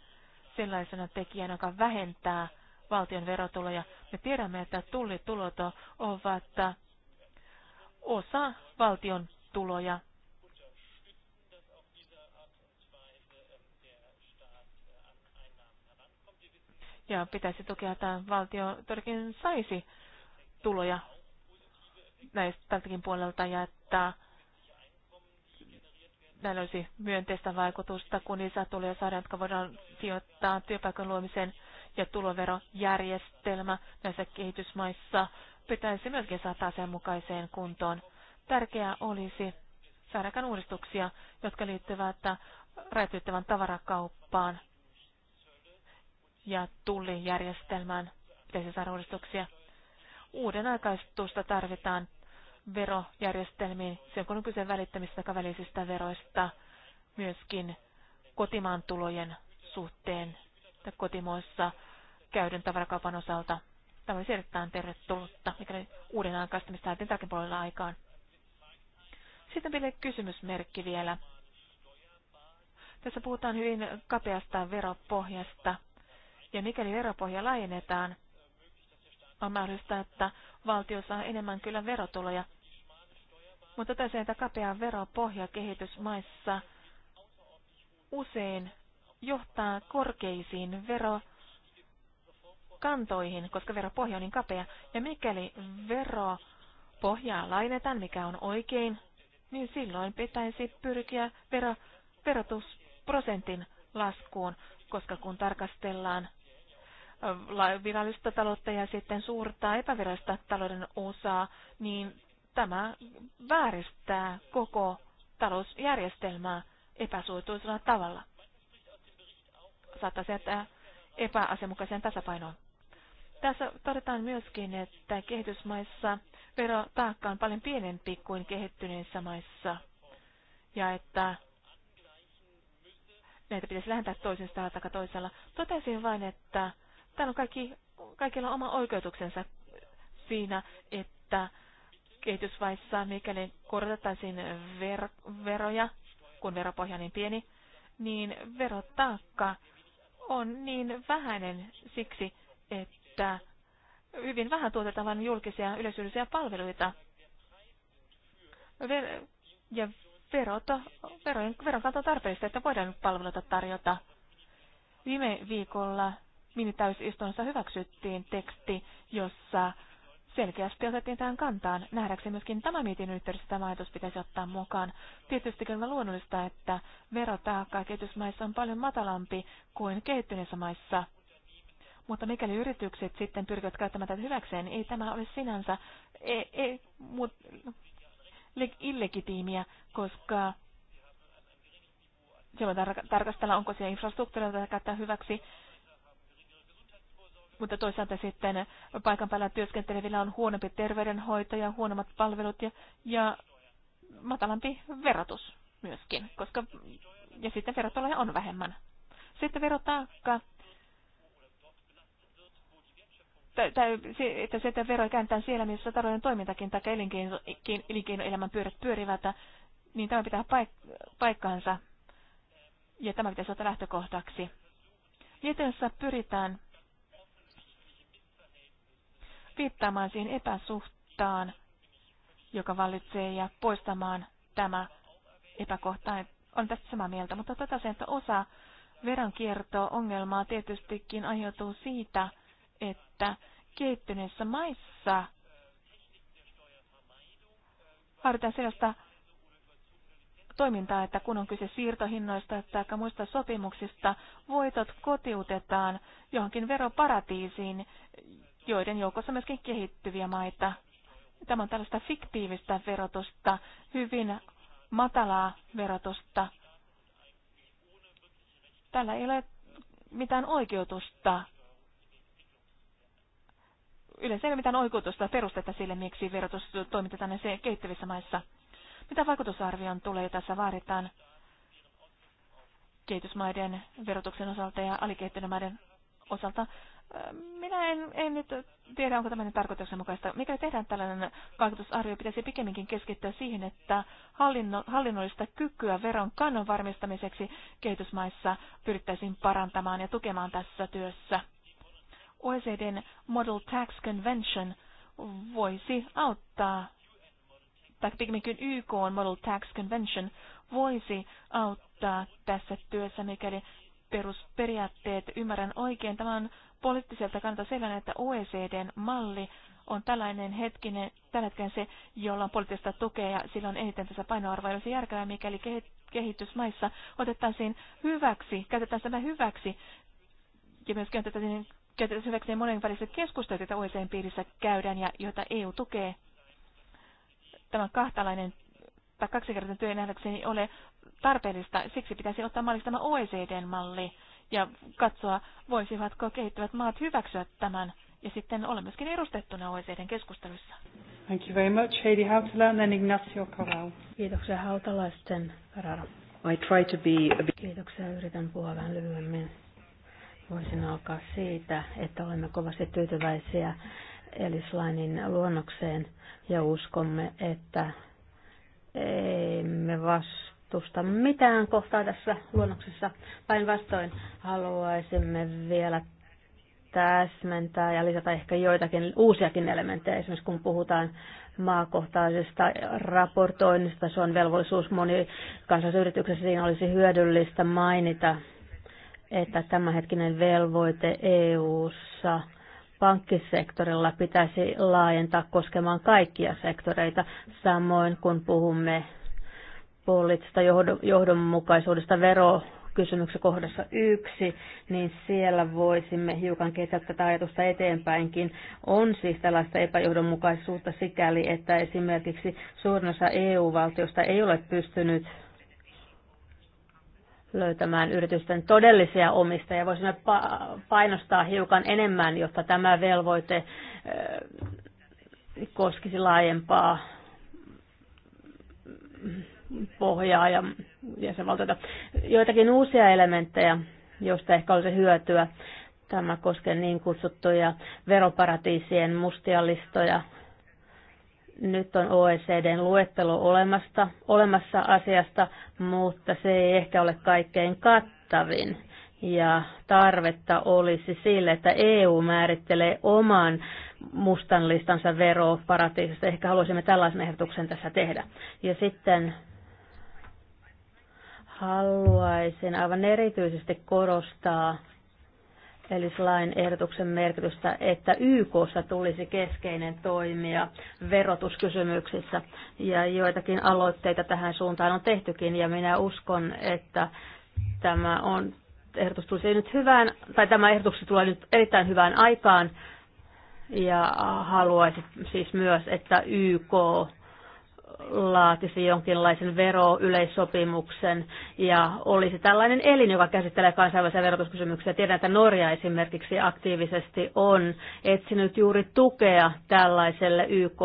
sellaisena tekijänä, joka vähentää valtion verotuloja. Me tiedämme, että tullitulot ovat osa valtion tuloja. Ja pitäisi tukea, että valtio todellakin saisi tuloja näistä tältäkin puolelta ja että näillä olisi myönteistä vaikutusta, kun lisätuloja saadaan, jotka voidaan sijoittaa työpaikan luomisen ja tuloverojärjestelmä näissä kehitysmaissa pitäisi myöskin saattaa sen mukaiseen kuntoon. Tärkeää olisi saada uudistuksia, jotka liittyvät rajoittavan tavarakauppaan ja tullijärjestelmään pitäisi saada uudistuksia uuden aikaistusta tarvitaan verojärjestelmiin, sen kun on kyse välittämistä tai välisistä veroista, myöskin kotimaan tulojen suhteen tai kotimoissa käydyn tavarakaupan osalta. Tämä olisi erittäin tervetullutta, mikäli uuden aikaistamista saatiin puolella aikaan. Sitten vielä kysymysmerkki vielä. Tässä puhutaan hyvin kapeasta veropohjasta. Ja mikäli veropohja laajennetaan, on että valtio saa enemmän kyllä verotuloja. Mutta tässä että kapea veropohja kehitysmaissa usein johtaa korkeisiin verokantoihin, koska veropohja on niin kapea. Ja mikäli veropohjaa lainetaan, mikä on oikein, niin silloin pitäisi pyrkiä vero, verotusprosentin laskuun, koska kun tarkastellaan virallista taloutta ja sitten suurta epävirallista talouden osaa, niin tämä vääristää koko talousjärjestelmää epäsuotuisella tavalla. Saattaa jättää epäasianmukaiseen tasapainoon. Tässä todetaan myöskin, että kehitysmaissa verotaakka on paljon pienempi kuin kehittyneissä maissa ja että näitä pitäisi lähentää toisesta taakka toisella. Totesin vain, että Täällä on kaikki, kaikilla oma oikeutuksensa siinä, että kehitysvaiheessa, mikäli korotettaisiin ver- veroja, kun veropohja on niin pieni, niin verotaakka on niin vähäinen siksi, että hyvin vähän tuotetaan vain julkisia yleisyydellisiä palveluita. Ver- ja verot, verojen, veron kanto on tarpeellista, että voidaan palveluita tarjota. Viime viikolla minitäysistunnossa hyväksyttiin teksti, jossa selkeästi otettiin tähän kantaan. Nähdäkseni myöskin tämä mietin yhteydessä tämä ajatus pitäisi ottaa mukaan. Tietysti on luonnollista, että verotaakka kehitysmaissa on paljon matalampi kuin kehittyneissä maissa. Mutta mikäli yritykset sitten pyrkivät käyttämään tätä hyväkseen, ei tämä ole sinänsä ei, ei, mut, illegitiimiä, koska silloin tar- tarkastella, onko siellä infrastruktuuria tätä käyttää hyväksi mutta toisaalta sitten paikan päällä työskentelevillä on huonompi terveydenhoito ja huonommat palvelut ja, ja matalampi verotus myöskin, koska, ja sitten verotuloja on vähemmän. Sitten verotaakka, tai, tai että se, että veroja kääntää siellä, missä talouden toimintakin tai elinkeino, elinkeinoelämän pyörät pyörivät, niin tämä pitää paik- paikkaansa, ja tämä pitäisi ottaa lähtökohtaksi. Mietinnössä pyritään viittaamaan siihen epäsuhtaan, joka vallitsee ja poistamaan tämä epäkohta. On tästä samaa mieltä, mutta tätä se, että osa veronkierto-ongelmaa tietystikin aiheutuu siitä, että kehittyneissä maissa harjoitetaan sellaista toimintaa, että kun on kyse siirtohinnoista tai muista sopimuksista, voitot kotiutetaan johonkin veroparatiisiin, joiden joukossa myöskin kehittyviä maita. Tämä on tällaista fiktiivistä verotusta, hyvin matalaa verotusta. Tällä ei ole mitään oikeutusta. Yleensä ei ole mitään oikeutusta perustetta sille, miksi verotus toimitetaan näissä kehittyvissä maissa. Mitä vaikutusarvion tulee tässä vaaditaan kehitysmaiden verotuksen osalta ja alikehittyneiden maiden osalta? Minä en, en nyt tiedä, onko tämmöinen tarkoituksenmukaista. Mikä tehdään tällainen vaikutusarvio, pitäisi pikemminkin keskittyä siihen, että hallinno, hallinnollista kykyä veron kannon varmistamiseksi kehitysmaissa pyrittäisiin parantamaan ja tukemaan tässä työssä. OECDn Model Tax Convention voisi auttaa, tai pikemminkin YK on Model Tax Convention voisi auttaa tässä työssä, mikäli perusperiaatteet ymmärrän oikein. Tämä on poliittiselta kannalta sellainen, että OECDn malli on tällainen hetkinen, tällä hetkellä se, jolla on poliittista tukea ja sillä on eniten tässä painoarvoa, olisi järkevää, mikäli kehitysmaissa otettaisiin hyväksi, käytetään tämä hyväksi ja myöskin käytetään, käytetään hyväksi väliset keskustelut, joita OECDn piirissä käydään ja joita EU tukee. Tämä kahtalainen tai kaksikertainen työ ei ole tarpeellista, siksi pitäisi ottaa mallista tämä OECDn malli ja katsoa, voisivatko kehittyvät maat hyväksyä tämän. Ja sitten olen myöskin edustettuna OECDn keskustelussa. Thank you very much, Heidi Hautala and then Ignacio Corral. Kiitoksia Hautalaisten Ferrara. I try to be a bit... Kiitoksia, yritän puhua vähän lyhyemmin. Voisin alkaa siitä, että olemme kovasti tyytyväisiä Elislainin luonnokseen ja uskomme, että emme vastaa tuosta mitään kohtaa tässä luonnoksessa. Päinvastoin haluaisimme vielä täsmentää ja lisätä ehkä joitakin uusiakin elementtejä, esimerkiksi kun puhutaan maakohtaisesta raportoinnista, se on velvollisuus moni kansallisyrityksessä, siinä olisi hyödyllistä mainita, että tämänhetkinen velvoite EU-ssa pankkisektorilla pitäisi laajentaa koskemaan kaikkia sektoreita, samoin kun puhumme poliittisesta johdonmukaisuudesta vero kysymyksen kohdassa yksi, niin siellä voisimme hiukan kehittää tätä ajatusta eteenpäinkin. On siis tällaista epäjohdonmukaisuutta sikäli, että esimerkiksi suurin osa EU-valtiosta ei ole pystynyt löytämään yritysten todellisia omistajia. Voisimme painostaa hiukan enemmän, jotta tämä velvoite koskisi laajempaa pohjaa ja jäsenvaltioita. Joitakin uusia elementtejä, joista ehkä olisi hyötyä. Tämä koskee niin kutsuttuja veroparatiisien mustia listoja. Nyt on OECDn luettelo olemassa, olemassa asiasta, mutta se ei ehkä ole kaikkein kattavin. Ja tarvetta olisi sille, että EU määrittelee oman mustan listansa veroparatiisista. Ehkä haluaisimme tällaisen ehdotuksen tässä tehdä. Ja sitten haluaisin aivan erityisesti korostaa eli lain ehdotuksen merkitystä, että YKssa tulisi keskeinen toimija verotuskysymyksissä. Ja joitakin aloitteita tähän suuntaan on tehtykin, ja minä uskon, että tämä on ehdotus tulisi nyt hyvään, tai tämä ehdotus tulee nyt erittäin hyvään aikaan, ja haluaisin siis myös, että YK laatisi jonkinlaisen veroyleissopimuksen ja olisi tällainen elin, joka käsittelee kansainvälisiä verotuskysymyksiä. Tiedän, että Norja esimerkiksi aktiivisesti on etsinyt juuri tukea tällaiselle YK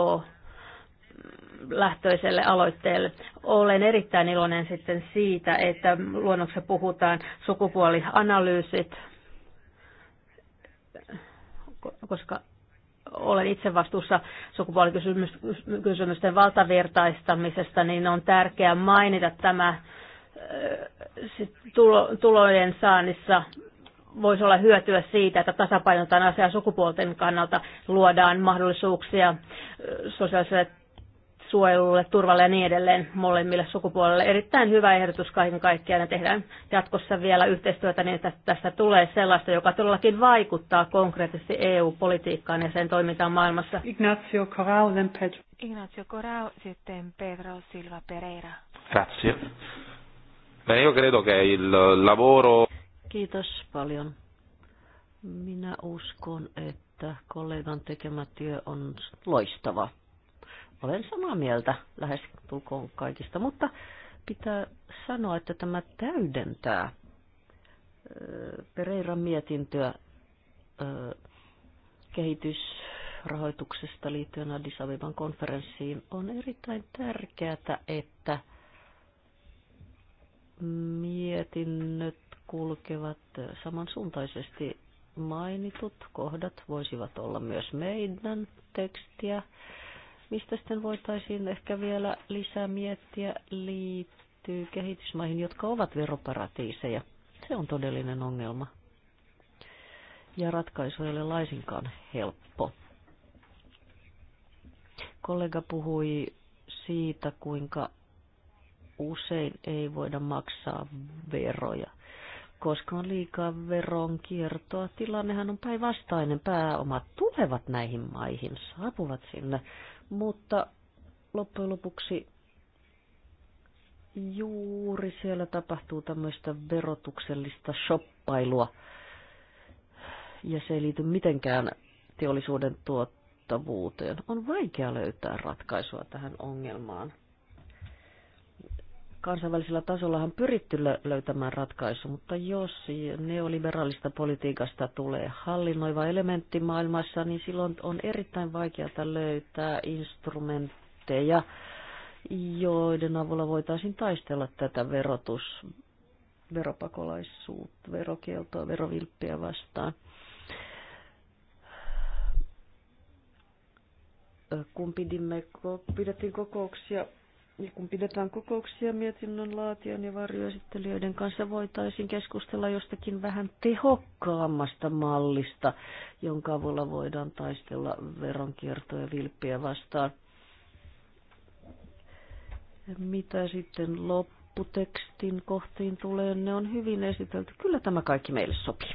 lähtöiselle aloitteelle. Olen erittäin iloinen sitten siitä, että luonnoksessa puhutaan sukupuolianalyysit, koska olen itse vastuussa sukupuolikysymysten valtavirtaistamisesta, niin on tärkeää mainita tämä äh, tulojen saannissa voisi olla hyötyä siitä, että tasapainotetaan asiaa sukupuolten kannalta, luodaan mahdollisuuksia äh, sosiaaliselle suojelulle, turvalle ja niin edelleen molemmille sukupuolille. Erittäin hyvä ehdotus kaiken kaikkiaan ja tehdään jatkossa vielä yhteistyötä niin, että tästä tulee sellaista, joka todellakin vaikuttaa konkreettisesti EU-politiikkaan ja sen toimintaan maailmassa. Ignacio Corral, then Pedro. Ignacio Corral, sitten Pedro Silva Pereira. Grazie. Bene, io credo che il lavoro... Kiitos paljon. Minä uskon, että kollegan tekemä työ on loistava olen samaa mieltä lähes tulkoon kaikista, mutta pitää sanoa, että tämä täydentää Pereiran mietintöä kehitysrahoituksesta liittyen Addis Abeban konferenssiin. On erittäin tärkeää, että mietinnöt kulkevat samansuuntaisesti mainitut kohdat voisivat olla myös meidän tekstiä mistä sitten voitaisiin ehkä vielä lisää miettiä, liittyy kehitysmaihin, jotka ovat veroparatiiseja. Se on todellinen ongelma. Ja ratkaisu ei ole laisinkaan helppo. Kollega puhui siitä, kuinka usein ei voida maksaa veroja, koska on liikaa veronkiertoa. Tilannehan on päinvastainen. Pääomat tulevat näihin maihin, saapuvat sinne, mutta loppujen lopuksi juuri siellä tapahtuu tämmöistä verotuksellista shoppailua. Ja se ei liity mitenkään teollisuuden tuottavuuteen. On vaikea löytää ratkaisua tähän ongelmaan. Kansainvälisellä tasollahan pyritty löytämään ratkaisu, mutta jos neoliberaalista politiikasta tulee hallinnoiva elementti maailmassa, niin silloin on erittäin vaikeaa löytää instrumentteja, joiden avulla voitaisiin taistella tätä verotus, veropakolaisuutta, verokieltoa, verovilppiä vastaan. Kun pidimme, pidettiin kokouksia ja kun pidetään kokouksia mietinnön laatijan ja varjoesittelijöiden kanssa, voitaisiin keskustella jostakin vähän tehokkaammasta mallista, jonka avulla voidaan taistella veronkiertoa ja vilppiä vastaan. Mitä sitten lopputekstin kohtiin tulee, ne on hyvin esitelty. Kyllä tämä kaikki meille sopii.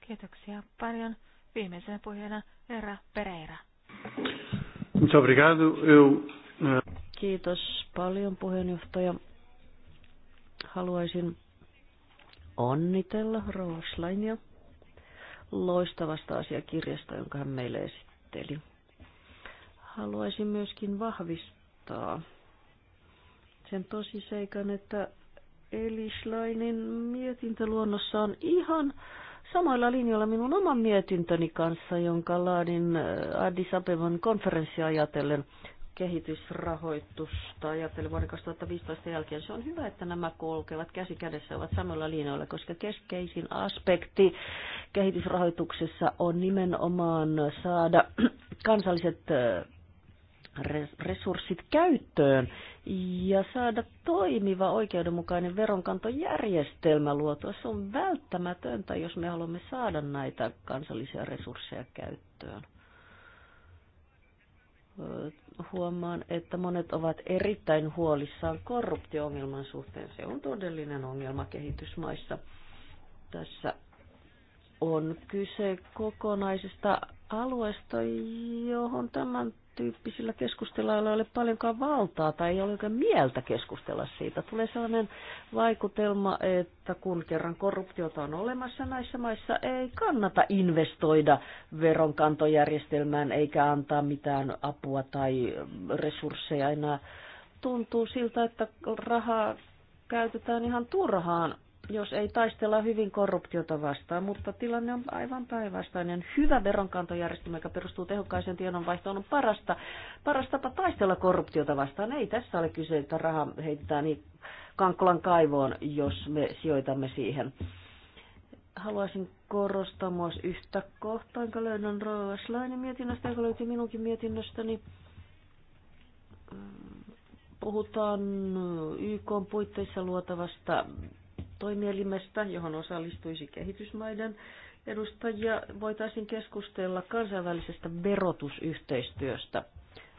Kiitoksia paljon. Viimeisenä puheena Herra Pereira. Muito obrigado. Eu eh, Kiitos paljon puheenjohtaja. Haluaisin onnitella Roslainia loistavasta asiakirjasta, jonka hän meille esitteli. Haluaisin myöskin vahvistaa sen tosiseikan, että Elislainin mietintöluonnossa on ihan samoilla linjoilla minun oman mietintöni kanssa, jonka laadin äh, Addis Abevan konferenssia ajatellen kehitysrahoitusta ajatellen vuoden 2015 jälkeen. Se on hyvä, että nämä kulkevat käsi kädessä ovat samalla linjoilla, koska keskeisin aspekti kehitysrahoituksessa on nimenomaan saada kansalliset resurssit käyttöön ja saada toimiva oikeudenmukainen veronkantojärjestelmä luotua. Se on välttämätöntä, jos me haluamme saada näitä kansallisia resursseja käyttöön huomaan, että monet ovat erittäin huolissaan korruptioongelman suhteen. Se on todellinen ongelma kehitysmaissa. Tässä on kyse kokonaisesta alueesta, johon tämän tyyppisillä keskusteluilla ei ole paljonkaan valtaa tai ei ole oikein mieltä keskustella siitä. Tulee sellainen vaikutelma, että kun kerran korruptiota on olemassa näissä maissa, ei kannata investoida veronkantojärjestelmään eikä antaa mitään apua tai resursseja enää. Tuntuu siltä, että rahaa käytetään ihan turhaan jos ei taistella hyvin korruptiota vastaan, mutta tilanne on aivan päinvastainen. Hyvä veronkantojärjestelmä, joka perustuu tehokkaiseen tiedonvaihtoon, on parasta, paras tapa taistella korruptiota vastaan. Ei tässä ole kyse, että raha heittää niin kankkulan kaivoon, jos me sijoitamme siihen. Haluaisin korostaa myös yhtä kohtaa, jonka löydän Roa mietinnöstä, joka löytyy minunkin mietinnöstäni mm, puhutaan YK puitteissa luotavasta toimielimestä, johon osallistuisi kehitysmaiden edustajia, voitaisiin keskustella kansainvälisestä verotusyhteistyöstä.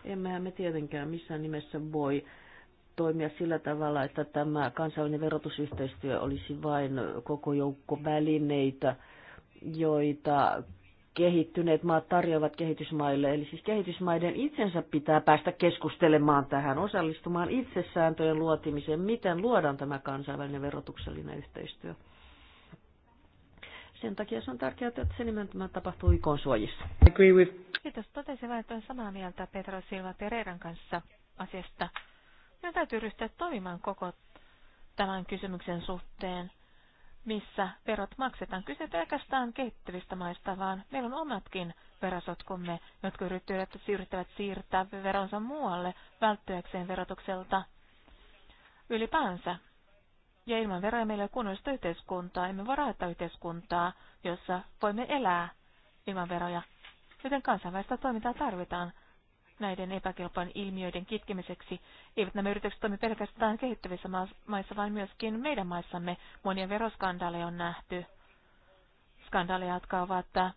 Emmehän me tietenkään missään nimessä voi toimia sillä tavalla, että tämä kansainvälinen verotusyhteistyö olisi vain koko joukko välineitä, joita kehittyneet maat tarjoavat kehitysmaille. Eli siis kehitysmaiden itsensä pitää päästä keskustelemaan tähän, osallistumaan itsesääntöjen luotimiseen, miten luodaan tämä kansainvälinen verotuksellinen yhteistyö. Sen takia se on tärkeää, että se nimenomaan tapahtuu ikon suojissa. Kiitos. Totesin vain, että olen samaa mieltä Petra Silva Pereiran kanssa asiasta. Meidän täytyy ryhtyä toimimaan koko tämän kysymyksen suhteen missä verot maksetaan. Kyse pelkästään kehittyvistä maista, vaan meillä on omatkin verosotkumme, jotka yrittävät, yrittävät siirtää veronsa muualle välttyäkseen verotukselta ylipäänsä. Ja ilman veroja meillä on kunnollista yhteiskuntaa, emme voi rahoittaa yhteiskuntaa, jossa voimme elää ilman veroja. Joten kansainvälistä toimintaa tarvitaan näiden epäkelpojen ilmiöiden kitkemiseksi. Eivät nämä yritykset toimi pelkästään kehittyvissä maissa, vaan myöskin meidän maissamme monia veroskandaaleja on nähty. Skandaaleja, jotka ovat äh,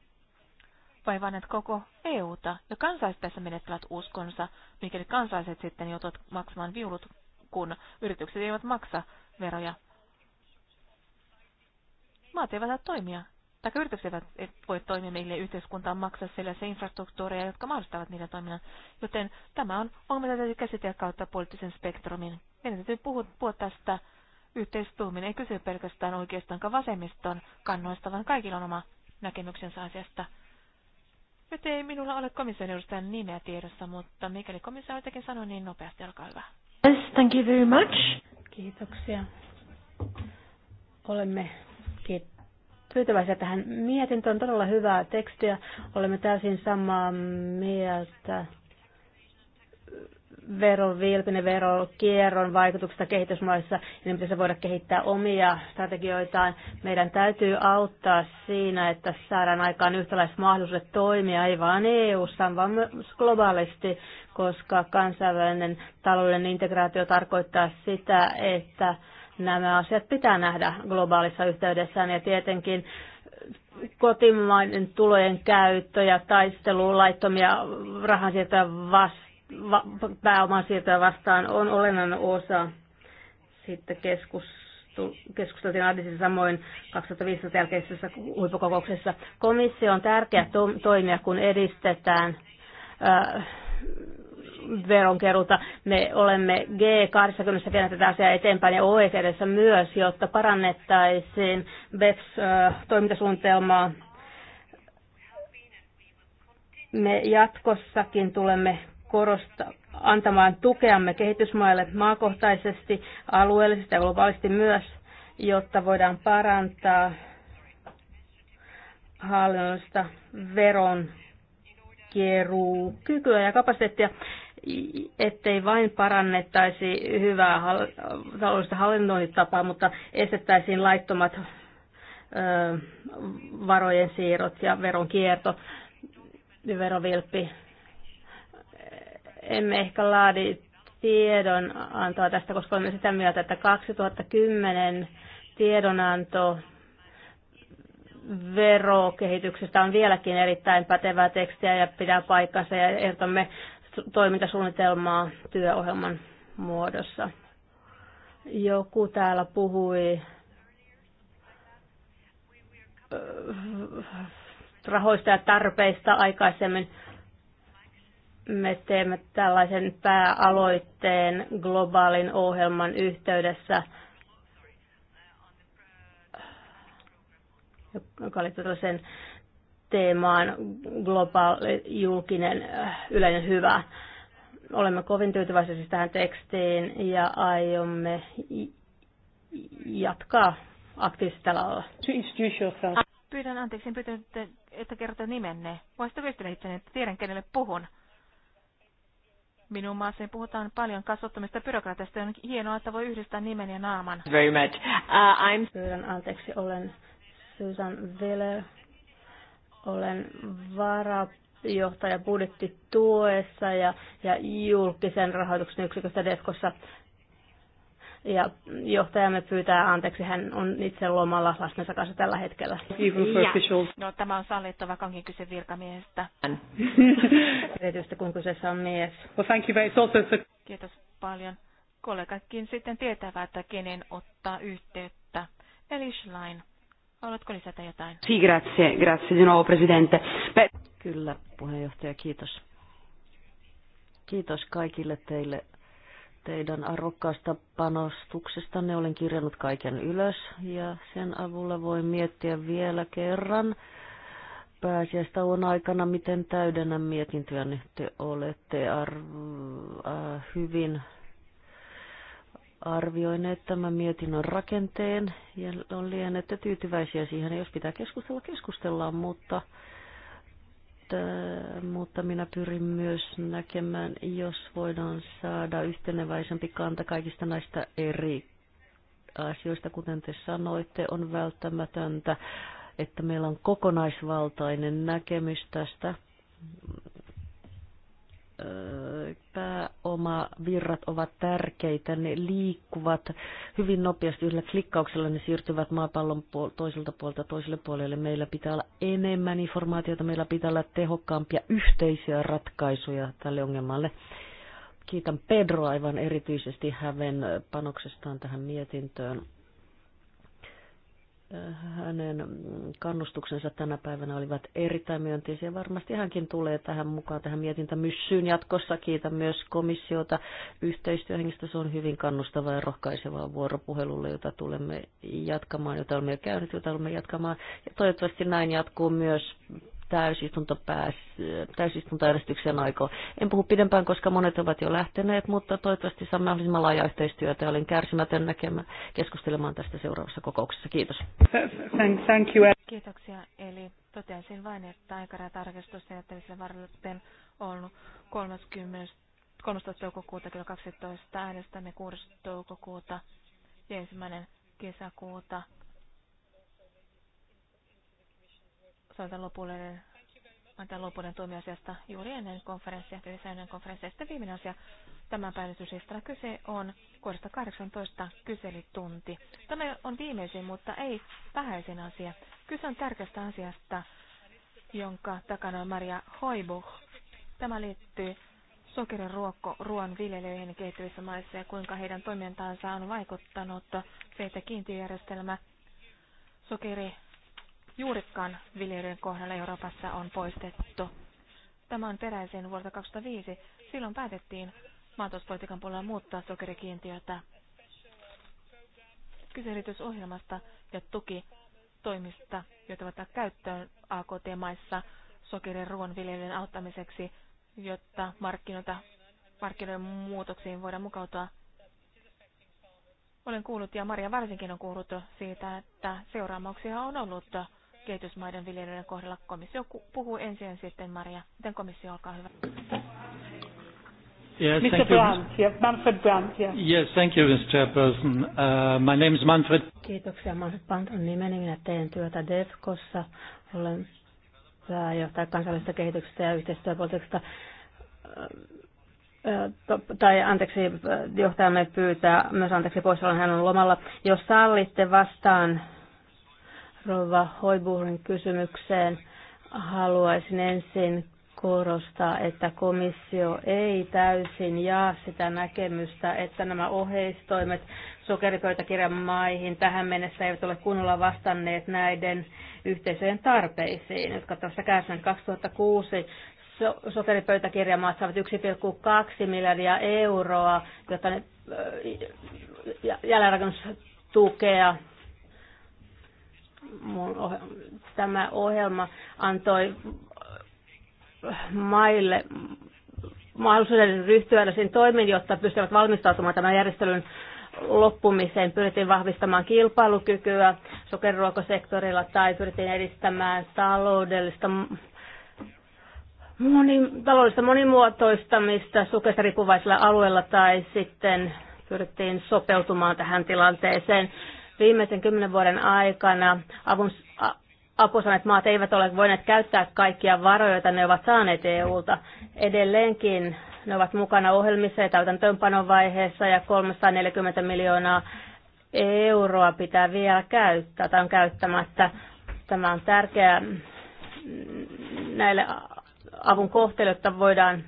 vaivanneet koko EUta, ja kansalaiset tässä menettävät uskonsa, mikäli kansalaiset sitten joutuvat maksamaan viulut, kun yritykset eivät maksa veroja. Maat eivät saa toimia tai yritykset eivät voi toimia meille yhteiskuntaan maksaa sellaisia infrastruktuureja, jotka mahdollistavat niiden toiminnan. Joten tämä on ongelma, täytyy käsitellä kautta poliittisen spektrumin. Meidän täytyy puhua, puhua tästä yhteistuuminen Ei kysy pelkästään oikeastaan vasemmiston kannoista, vaan kaikilla on oma näkemyksensä asiasta. Nyt ei minulla ole komission edustajan nimeä tiedossa, mutta mikäli komissio jotenkin sanoo, niin nopeasti alkaa hyvä. Yes, thank you very much. Kiitoksia. Olemme tyytyväisiä tähän mietintöön. Todella hyvää tekstiä. Olemme täysin samaa mieltä veron verokierron vaikutuksesta kehitysmaissa, niin pitäisi voida kehittää omia strategioitaan. Meidän täytyy auttaa siinä, että saadaan aikaan yhtäläiset mahdollisuudet toimia, ei vain eu vaan myös globaalisti, koska kansainvälinen taloudellinen integraatio tarkoittaa sitä, että Nämä asiat pitää nähdä globaalissa yhteydessään ja tietenkin kotimainen tulojen käyttö ja taistelu laittomia rahansiirtoja vastaan va- vastaan on olennainen osa. Sitten keskustu, keskusteltiin Addisissa samoin 2015 jälkeisessä huippukokouksessa. Komissio on tärkeä to- toimija, kun edistetään veronkeruuta. Me olemme G20 vienä tätä asiaa eteenpäin ja OECDssä myös, jotta parannettaisiin BEPS-toimintasuunnitelmaa. Me jatkossakin tulemme korostaa antamaan tukeamme kehitysmaille maakohtaisesti, alueellisesti ja globaalisti myös, jotta voidaan parantaa hallinnollista veron kykyä ja kapasiteettia ettei vain parannettaisi hyvää taloudellista hallinnointitapaa, mutta estettäisiin laittomat varojen siirrot ja veronkierto ja verovilppi. Emme ehkä laadi tiedonantoa tästä, koska olemme sitä mieltä, että 2010 tiedonanto verokehityksestä on vieläkin erittäin pätevää tekstiä ja pitää paikkansa ja ehdotamme toimintasuunnitelmaa työohjelman muodossa. Joku täällä puhui äh, rahoista ja tarpeista aikaisemmin. Me teemme tällaisen pääaloitteen globaalin ohjelman yhteydessä, joka oli tällaiseen teemaan globaali julkinen äh, yleinen hyvä. Olemme kovin tyytyväisiä siis tähän tekstiin ja aiomme jatkaa aktiivisesti tällä alalla. Pyydän anteeksi, en pyytänyt, että kerrotte nimenne. Voisitteko ystävä että tiedän, kenelle puhun? Minun maassani puhutaan paljon kasvattamista byrokratiasta, on hienoa, että voi yhdistää nimen ja naaman. Very much. Uh, I'm... Pyydän anteeksi, olen Susan Veller olen varajohtaja budjettituessa ja, ja julkisen rahoituksen yksiköstä Defkossa. Ja johtajamme pyytää anteeksi, hän on itse lomalla lastensa kanssa tällä hetkellä. No tämä on sallittava kankin kyse virkamiehestä. Erityisesti kun kyseessä on mies. Well, thank you very much. Kiitos paljon. Kollegatkin sitten tietävät, että kenen ottaa yhteyttä. Eli Schlein. Oletko lisätä jotain? Si, grazie, grazie di nuovo, presidente. Pe- Kyllä, puheenjohtaja, kiitos. Kiitos kaikille teille teidän arvokkaasta panostuksesta. Ne Olen kirjannut kaiken ylös ja sen avulla voi miettiä vielä kerran pääsiäistä on aikana, miten täydennä nyt te olette arv- äh, hyvin arvioineet tämän mietinnön rakenteen ja on liian, että tyytyväisiä siihen. Jos pitää keskustella, keskustellaan, mutta, mutta minä pyrin myös näkemään, jos voidaan saada yhteneväisempi kanta kaikista näistä eri asioista, kuten te sanoitte, on välttämätöntä, että meillä on kokonaisvaltainen näkemys tästä virrat ovat tärkeitä. Ne liikkuvat hyvin nopeasti yhdellä klikkauksella, ne siirtyvät maapallon puol- toiselta puolelta toiselle puolelle. Meillä pitää olla enemmän informaatiota, meillä pitää olla tehokkaampia yhteisiä ratkaisuja tälle ongelmalle. Kiitän Pedro aivan erityisesti häven panoksestaan tähän mietintöön hänen kannustuksensa tänä päivänä olivat erittäin myönteisiä. Varmasti hänkin tulee tähän mukaan tähän mietintämyssyyn jatkossa. Kiitän myös komissiota yhteistyöhengistä. Se on hyvin kannustavaa ja rohkaisevaa vuoropuhelulle, jota tulemme jatkamaan, jota olemme jo käyneet, jota olemme jatkamaan. Ja toivottavasti näin jatkuu myös täysistunto pääs, täysistuntoäänestyksen aikoo. En puhu pidempään, koska monet ovat jo lähteneet, mutta toivottavasti saamme mahdollisimman laajaa yhteistyötä. Olen kärsimätön näkemään keskustelemaan tästä seuraavassa kokouksessa. Kiitos. Thank you. Kiitoksia. Eli totesin vain, että aikarajatarkistusten jättämisen varten on 30 13. toukokuuta kello 12 äänestämme 6. toukokuuta ja ensimmäinen kesäkuuta saatan lopullinen antaa lopullinen toimiasiasta juuri ennen konferenssia, töissä ennen konferenssia. Sitten viimeinen asia tämän päivän kyse on kohdasta 18 kyselytunti. Tämä on viimeisin, mutta ei vähäisin asia. Kyse on tärkeästä asiasta, jonka takana on Maria Hoibuh. Tämä liittyy sokerin ruokko ruoan viljelijöihin kehittyvissä maissa ja kuinka heidän toimintaansa on vaikuttanut se, että kiintiöjärjestelmä sokeri juurikkaan viljelyjen kohdalla Euroopassa on poistettu. Tämä on peräisin vuodelta 2005. Silloin päätettiin maatalouspolitiikan puolella muuttaa sokerikiintiötä. Kyselytysohjelmasta ja tuki toimista, joita ottaa käyttöön AKT-maissa sokerin ruoan viljelyjen auttamiseksi, jotta markkinoita, markkinoiden muutoksiin voidaan mukautua. Olen kuullut, ja Maria varsinkin on kuullut siitä, että seuraamuksia on ollut kehitysmaiden viljelijöiden kohdalla. Komissio puhuu ensin sitten Maria. Miten komissio, olkaa hyvä. Yes, thank you. Manfred Brandt, yeah. Yes, thank you, Mr. Chairperson. Uh, my name is Manfred. Kiitoksia, Manfred Brandt on nimeni. Minä teen työtä DEFCOssa. Olen pääjohtaja kansallisesta kehityksestä ja yhteistyöpolitiikasta. Tai anteeksi, johtajamme pyytää myös anteeksi pois, hän on lomalla. Jos sallitte vastaan Rova Hoiburin kysymykseen haluaisin ensin korostaa, että komissio ei täysin jaa sitä näkemystä, että nämä oheistoimet sokeripöytäkirjan maihin tähän mennessä eivät ole kunnolla vastanneet näiden yhteisöjen tarpeisiin, jotka tässä käsin 2006 sokeripöytäkirjamaat saavat 1,2 miljardia euroa, jotta ne jälleenrakennustukea tämä ohjelma antoi maille mahdollisuuden ryhtyä sen toimiin, jotta pystyvät valmistautumaan tämän järjestelyn loppumiseen. Pyrittiin vahvistamaan kilpailukykyä sokeruokosektorilla tai pyrittiin edistämään taloudellista moni, taloudellista monimuotoistamista sukesta riippuvaisilla alueilla tai sitten pyrittiin sopeutumaan tähän tilanteeseen. Viimeisen kymmenen vuoden aikana avun, apusanet maat eivät ole voineet käyttää kaikkia varoja, joita ne ovat saaneet EUlta. Edelleenkin ne ovat mukana ohjelmissa ja täytäntöönpanon vaiheessa ja 340 miljoonaa euroa pitää vielä käyttää tai on käyttämättä. Tämä on tärkeää näille avun kohteille, jotta voidaan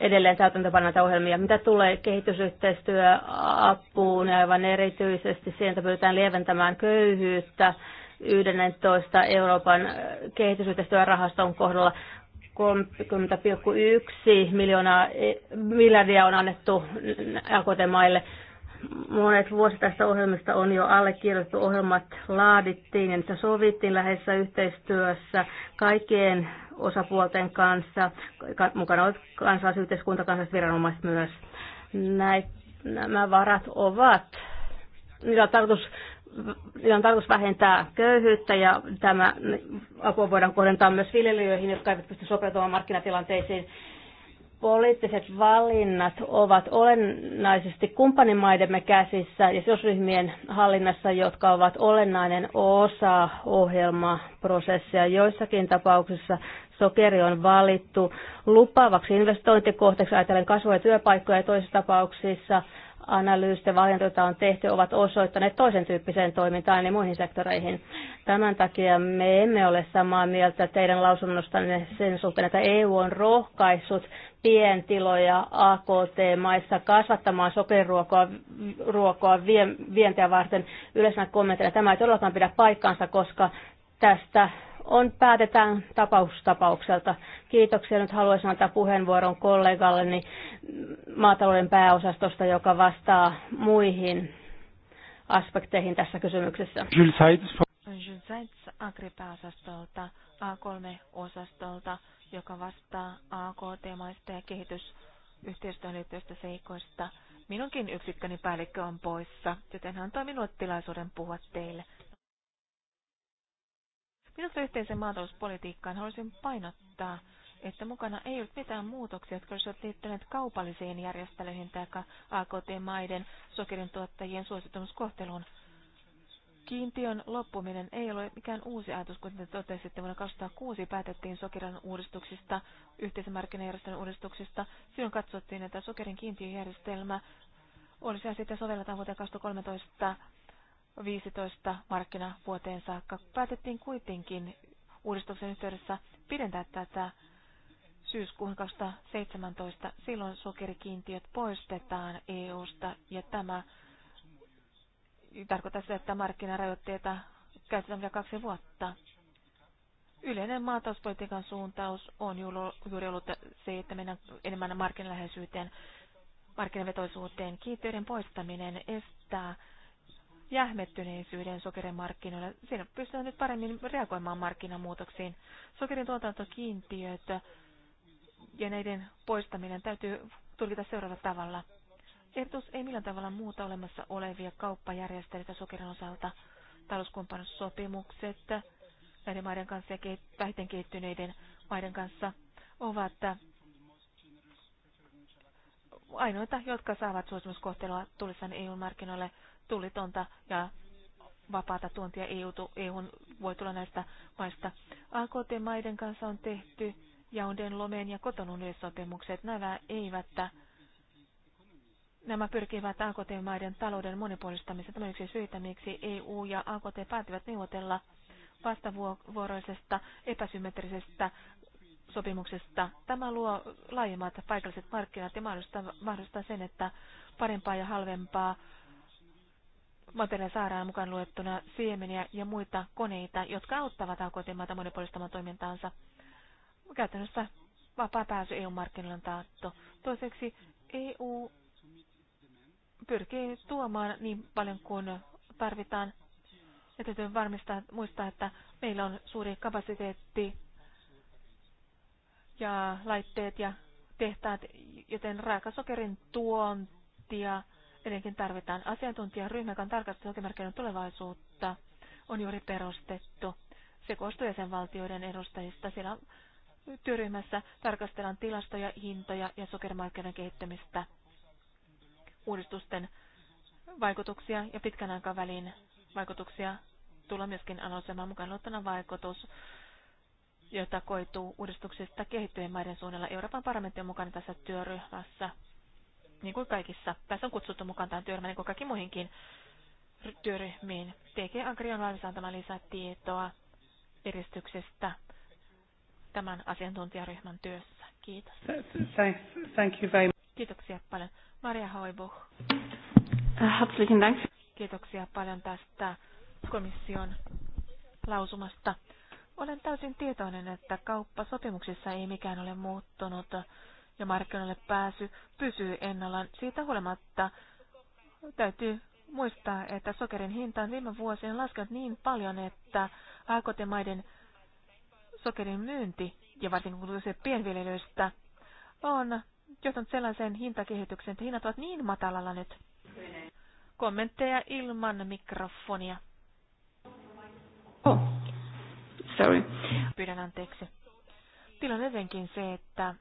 edelleen täytäntöpannata ohjelmia. Mitä tulee kehitysyhteistyöapuun ja aivan erityisesti siihen, että pyritään lieventämään köyhyyttä 11 Euroopan kehitysyhteistyörahaston kohdalla 30,1 miljoonaa, e, miljardia on annettu AKT-maille. Monet vuosi tästä ohjelmista on jo allekirjoitettu, ohjelmat laadittiin ja sovittiin läheisessä yhteistyössä kaikkien osapuolten kanssa, mukana olet kansalaisyhteiskunta, kansalaiset viranomaiset myös. Näit, nämä varat ovat, niillä on tarkoitus Niillä on tarkoitus vähentää köyhyyttä ja tämä apua voidaan kohdentaa myös viljelijöihin, jotka eivät pysty sopeutumaan markkinatilanteisiin poliittiset valinnat ovat olennaisesti kumppanimaidemme käsissä ja sidosryhmien hallinnassa, jotka ovat olennainen osa ohjelmaprosessia. Joissakin tapauksissa sokeri on valittu lupaavaksi investointikohteeksi ajatellen kasvua ja työpaikkoja ja toisissa tapauksissa analyysit ja valinnat, joita on tehty, ovat osoittaneet toisen tyyppiseen toimintaan ja muihin sektoreihin. Tämän takia me emme ole samaa mieltä teidän lausunnostanne sen suhteen, että EU on rohkaissut pientiloja AKT-maissa kasvattamaan sokeriruokoa ruokoa vientiä varten yleisenä kommenttina. Tämä ei todellakaan pidä paikkaansa, koska tästä on päätetään tapaustapaukselta. Kiitoksia. Nyt haluaisin antaa puheenvuoron kollegalleni maatalouden pääosastosta, joka vastaa muihin aspekteihin tässä kysymyksessä. Jules Seitz Agri-pääosastolta, A3-osastolta, joka vastaa AKT-maista ja kehitysyhteistyön liittyvistä seikoista. Minunkin yksikköni päällikkö on poissa, joten hän antoi minulle tilaisuuden puhua teille Minusta yhteisen maatalouspolitiikkaan haluaisin painottaa, että mukana ei ollut mitään muutoksia, jotka olisivat liittyneet kaupallisiin järjestelyihin tai AKT-maiden sokerin tuottajien suositumuskohteluun. Kiintiön loppuminen ei ole mikään uusi ajatus, kuten totesitte, vuonna 2006 päätettiin sokerin uudistuksista, yhteisen markkinajärjestelmän uudistuksista. Silloin katsottiin, että sokerin kiintiöjärjestelmä olisi sitten sovelletaan vuoteen 2013 2015 markkinavuoteen saakka. Päätettiin kuitenkin uudistuksen yhteydessä pidentää tätä syyskuun 2017. Silloin sokerikiintiöt poistetaan EUsta ja tämä tarkoittaa sitä, että markkinarajoitteita käytetään vielä kaksi vuotta. Yleinen maatalouspolitiikan suuntaus on juuri ollut se, että mennään enemmän markkinaläheisyyteen, markkinavetoisuuteen. Kiintiöiden poistaminen estää jähmettyneisyyden sokerin markkinoilla. Siinä pystytään nyt paremmin reagoimaan markkinamuutoksiin. Sokerin tuotantokiintiöt ja näiden poistaminen täytyy tulkita seuraavalla tavalla. Ehdotus ei millään tavalla muuta olemassa olevia kauppajärjestelmiä sokerin osalta. Talouskumppanuussopimukset näiden maiden kanssa ja vähiten kehittyneiden maiden kanssa ovat ainoita, jotka saavat suosimuskohtelua tullessaan EU-markkinoille tullitonta ja vapaata tuontia EU, e voi tulla näistä maista. AKT-maiden kanssa on tehty Jauden, Lomeen ja Kotonun yleissopimukset. Nämä eivät Nämä pyrkivät AKT-maiden talouden monipuolistamiseen. Tämä on yksi syitä, miksi EU ja AKT päättivät neuvotella vastavuoroisesta epäsymmetrisestä sopimuksesta. Tämä luo laajemmat paikalliset markkinat ja mahdollistaa, mahdollistaa sen, että parempaa ja halvempaa materiaalia saadaan mukaan luettuna siemeniä ja muita koneita, jotka auttavat AKT-maata monipuolistamaan toimintaansa. Käytännössä vapaa pääsy EU-markkinoille on taattu. Toiseksi EU pyrkii tuomaan niin paljon kuin tarvitaan. Ja täytyy varmistaa, muistaa, että meillä on suuri kapasiteetti ja laitteet ja tehtaat, joten raakasokerin tuontia Edelleenkin tarvitaan asiantuntijaryhmä, joka on tarkastettu tulevaisuutta, on juuri perustettu. Se koostuu jäsenvaltioiden edustajista. Siellä työryhmässä tarkastellaan tilastoja, hintoja ja sokerimarkkinoiden kehittämistä, uudistusten vaikutuksia ja pitkän aikavälin vaikutuksia tulla myöskin analysoimaan mukaan ottana vaikutus, jota koituu uudistuksista kehittyvien maiden suunnilla. Euroopan parlamentin mukana tässä työryhmässä niin kuin kaikissa. Tässä on kutsuttu mukaan tämän työryhmän, niin kuin kaikki muihinkin työryhmiin. TG Agri on valmis antamaan lisää tietoa eristyksestä tämän asiantuntijaryhmän työssä. Kiitos. Thank you very much. Kiitoksia paljon. Maria Hoibuch. Äh, herzlichen Dank. Kiitoksia paljon tästä komission lausumasta. Olen täysin tietoinen, että kauppasopimuksissa ei mikään ole muuttunut ja markkinoille pääsy pysyy ennallaan. Siitä huolimatta täytyy muistaa, että sokerin hinta on viime vuosien laskenut niin paljon, että AKT-maiden sokerin myynti, ja varsinkin kun se pienviljelyistä, on johtanut sellaiseen hintakehitykseen, että hinnat ovat niin matalalla nyt. Kommentteja ilman mikrofonia. Oh, sorry. Pyydän anteeksi. Tilanne jotenkin se, että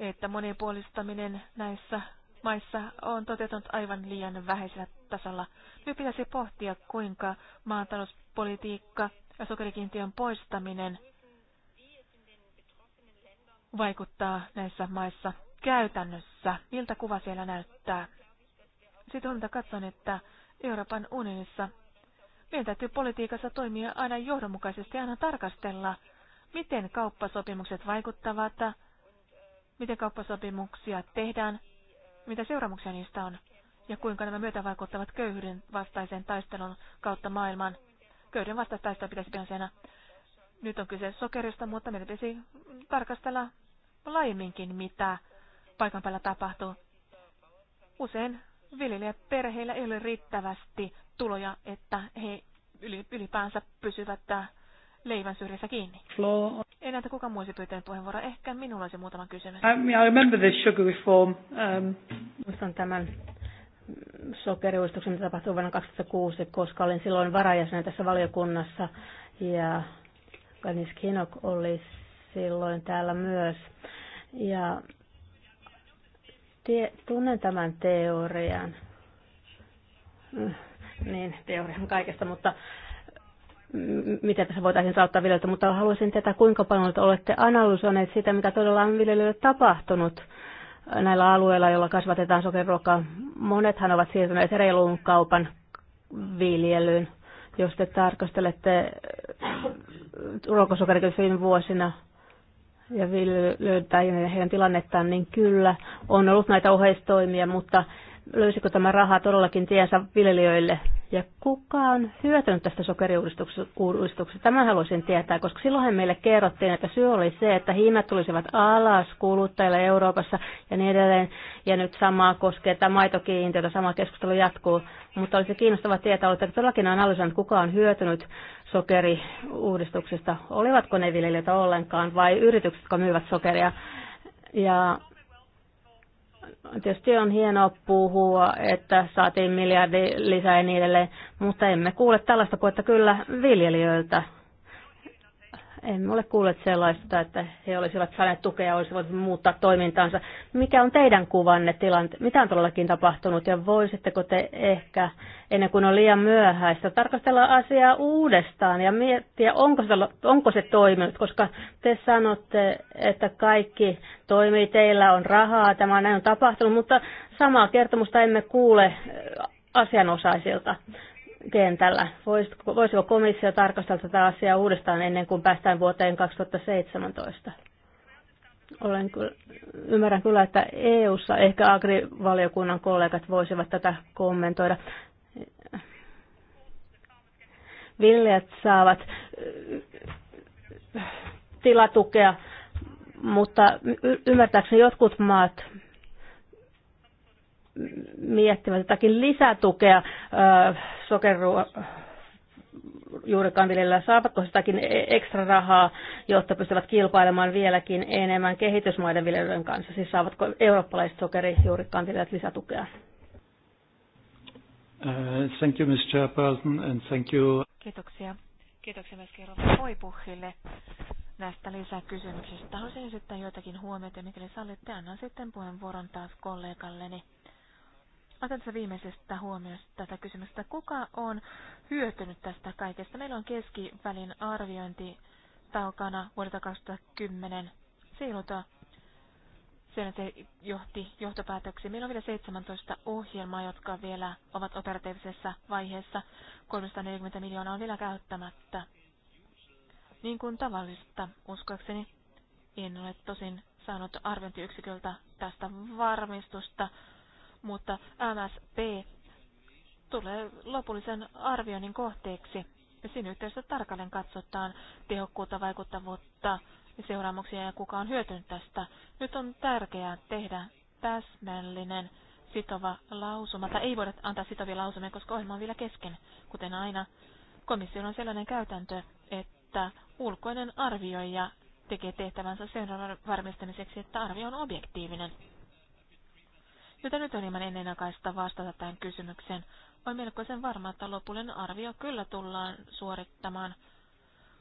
että monipuolistaminen näissä maissa on toteutunut aivan liian vähäisellä tasolla. Nyt pitäisi pohtia, kuinka maatalouspolitiikka ja sokerikiintiön poistaminen vaikuttaa näissä maissa käytännössä, miltä kuva siellä näyttää. Sitten on katson, että Euroopan unionissa meidän täytyy politiikassa toimia aina johdonmukaisesti aina tarkastella, miten kauppasopimukset vaikuttavat miten kauppasopimuksia tehdään, mitä seuraamuksia niistä on ja kuinka nämä myötä vaikuttavat köyhyyden vastaiseen taistelun kautta maailman. Köyhyyden vastaista taistelua pitäisi pian Nyt on kyse sokerista, mutta meidän pitäisi tarkastella laajemminkin, mitä paikan päällä tapahtuu. Usein viljelijäperheillä ei ole riittävästi tuloja, että he ylipäänsä pysyvät leivän syrjässä kiinni. Floor. En näytä kuka muisi pyytänyt puheenvuoroa. Ehkä minulla olisi muutama kysymys. I, um, I remember this sugar reform. Um... Muistan tämän sokeriuudistuksen, mitä tapahtui vuonna 2006, koska olin silloin varajäsenä tässä valiokunnassa. Ja Glenis Kinok oli silloin täällä myös. Ja tie, tunnen tämän teorian. Niin, teorian kaikesta, mutta mitä tässä voitaisiin saattaa viljelijöitä, mutta haluaisin tietää, kuinka paljon olette analysoineet sitä, mitä todella on viljelijöille tapahtunut näillä alueilla, joilla kasvatetaan sokeriruokaa. Monethan ovat siirtyneet reiluun kaupan viljelyyn. Jos te tarkastelette ruokasokerikysymys viime vuosina, ja viljelijöiden ja heidän tilannettaan, niin kyllä on ollut näitä oheistoimia, mutta löysikö tämä raha todellakin tiensä viljelijöille ja kuka on hyötynyt tästä sokeriuudistuksesta? Tämän haluaisin tietää, koska silloin meille kerrottiin, että syy oli se, että hinnat tulisivat alas kuluttajilla Euroopassa ja niin edelleen. Ja nyt samaa koskee tämä jota sama keskustelu jatkuu. Mutta olisi kiinnostava tietää, että todellakin että kuka on hyötynyt sokeriuudistuksesta? Olivatko ne viljelijöitä ollenkaan vai yritykset, jotka myyvät sokeria? Ja Tietysti on hienoa puhua, että saatiin miljardi lisää ja niin edelleen, mutta emme kuule tällaista puhetta kyllä viljelijöiltä. En ole kuullut sellaista, että he olisivat saaneet tukea ja olisivat muuttaa toimintaansa. Mikä on teidän kuvanne tilanteen? Mitä on todellakin tapahtunut ja voisitteko te ehkä, ennen kuin on liian myöhäistä, tarkastella asiaa uudestaan ja miettiä, onko se, onko se toiminut? Koska te sanotte, että kaikki toimii, teillä on rahaa, tämä on näin on tapahtunut, mutta samaa kertomusta emme kuule asianosaisilta kentällä. Voisiko, voisiko komissio tarkastella tätä asiaa uudestaan ennen kuin päästään vuoteen 2017? Olen kyllä, ymmärrän kyllä, että EU-ssa ehkä agrivaliokunnan kollegat voisivat tätä kommentoida. Viljat saavat äh, tilatukea, mutta ymmärtääkseni jotkut maat miettivät jotakin lisätukea sokerijuurikaan viljelijöillä, saavatko jotakin e- ekstra rahaa, jotta pystyvät kilpailemaan vieläkin enemmän kehitysmaiden viljelyyn kanssa, siis saavatko eurooppalaiset sokerijuurikaan viljelijät lisätukea? Uh, thank you, Ms. Chairperson, and thank you. Kiitoksia. Kiitoksia myös Rova Hoipuhille näistä lisäkysymyksistä. Haluaisin esittää joitakin huomioita, mikäli sallitte. Annan sitten puheenvuoron taas kollegalleni otan tässä viimeisestä huomiosta tätä kysymystä. Kuka on hyötynyt tästä kaikesta? Meillä on keskivälin arviointi taukana vuodelta 2010. Siiluta. Siinä sen se johti johtopäätöksiin. Meillä on vielä 17 ohjelmaa, jotka vielä ovat operatiivisessa vaiheessa. 340 miljoonaa on vielä käyttämättä. Niin kuin tavallista, uskoakseni, en ole tosin saanut arviointiyksiköltä tästä varmistusta, mutta MSP tulee lopullisen arvioinnin kohteeksi. Ja siinä yhteydessä tarkalleen katsotaan tehokkuutta, vaikuttavuutta ja seuraamuksia ja kuka on hyötynyt tästä. Nyt on tärkeää tehdä täsmällinen sitova lausuma, tai ei voida antaa sitovia lausumia, koska ohjelma on vielä kesken, kuten aina. Komissiolla on sellainen käytäntö, että ulkoinen arvioija tekee tehtävänsä sen varmistamiseksi, että arvio on objektiivinen. Joten nyt on hieman ennenaikaista vastata tähän kysymykseen. Olen melkoisen varma, että lopullinen arvio kyllä tullaan suorittamaan.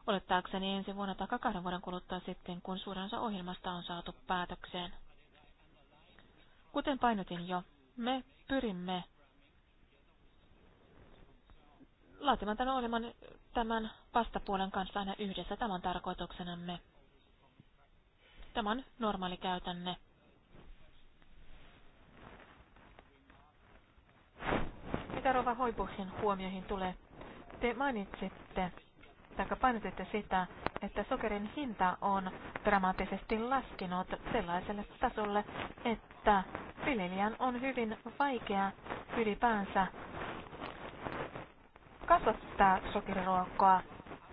Olettaakseni ensi vuonna tai kahden vuoden kuluttua sitten, kun suurin ohjelmasta on saatu päätökseen. Kuten painotin jo, me pyrimme laatimaan tämän ohjelman tämän vastapuolen kanssa aina yhdessä. Tämän tarkoituksenamme. Tämä on normaali käytänne. Mitä Rova Hoibuhin huomioihin tulee? Te mainitsitte, tai painotitte sitä, että sokerin hinta on dramaattisesti laskenut sellaiselle tasolle, että viljelijän on hyvin vaikea ylipäänsä kasvattaa sokeriruokkoa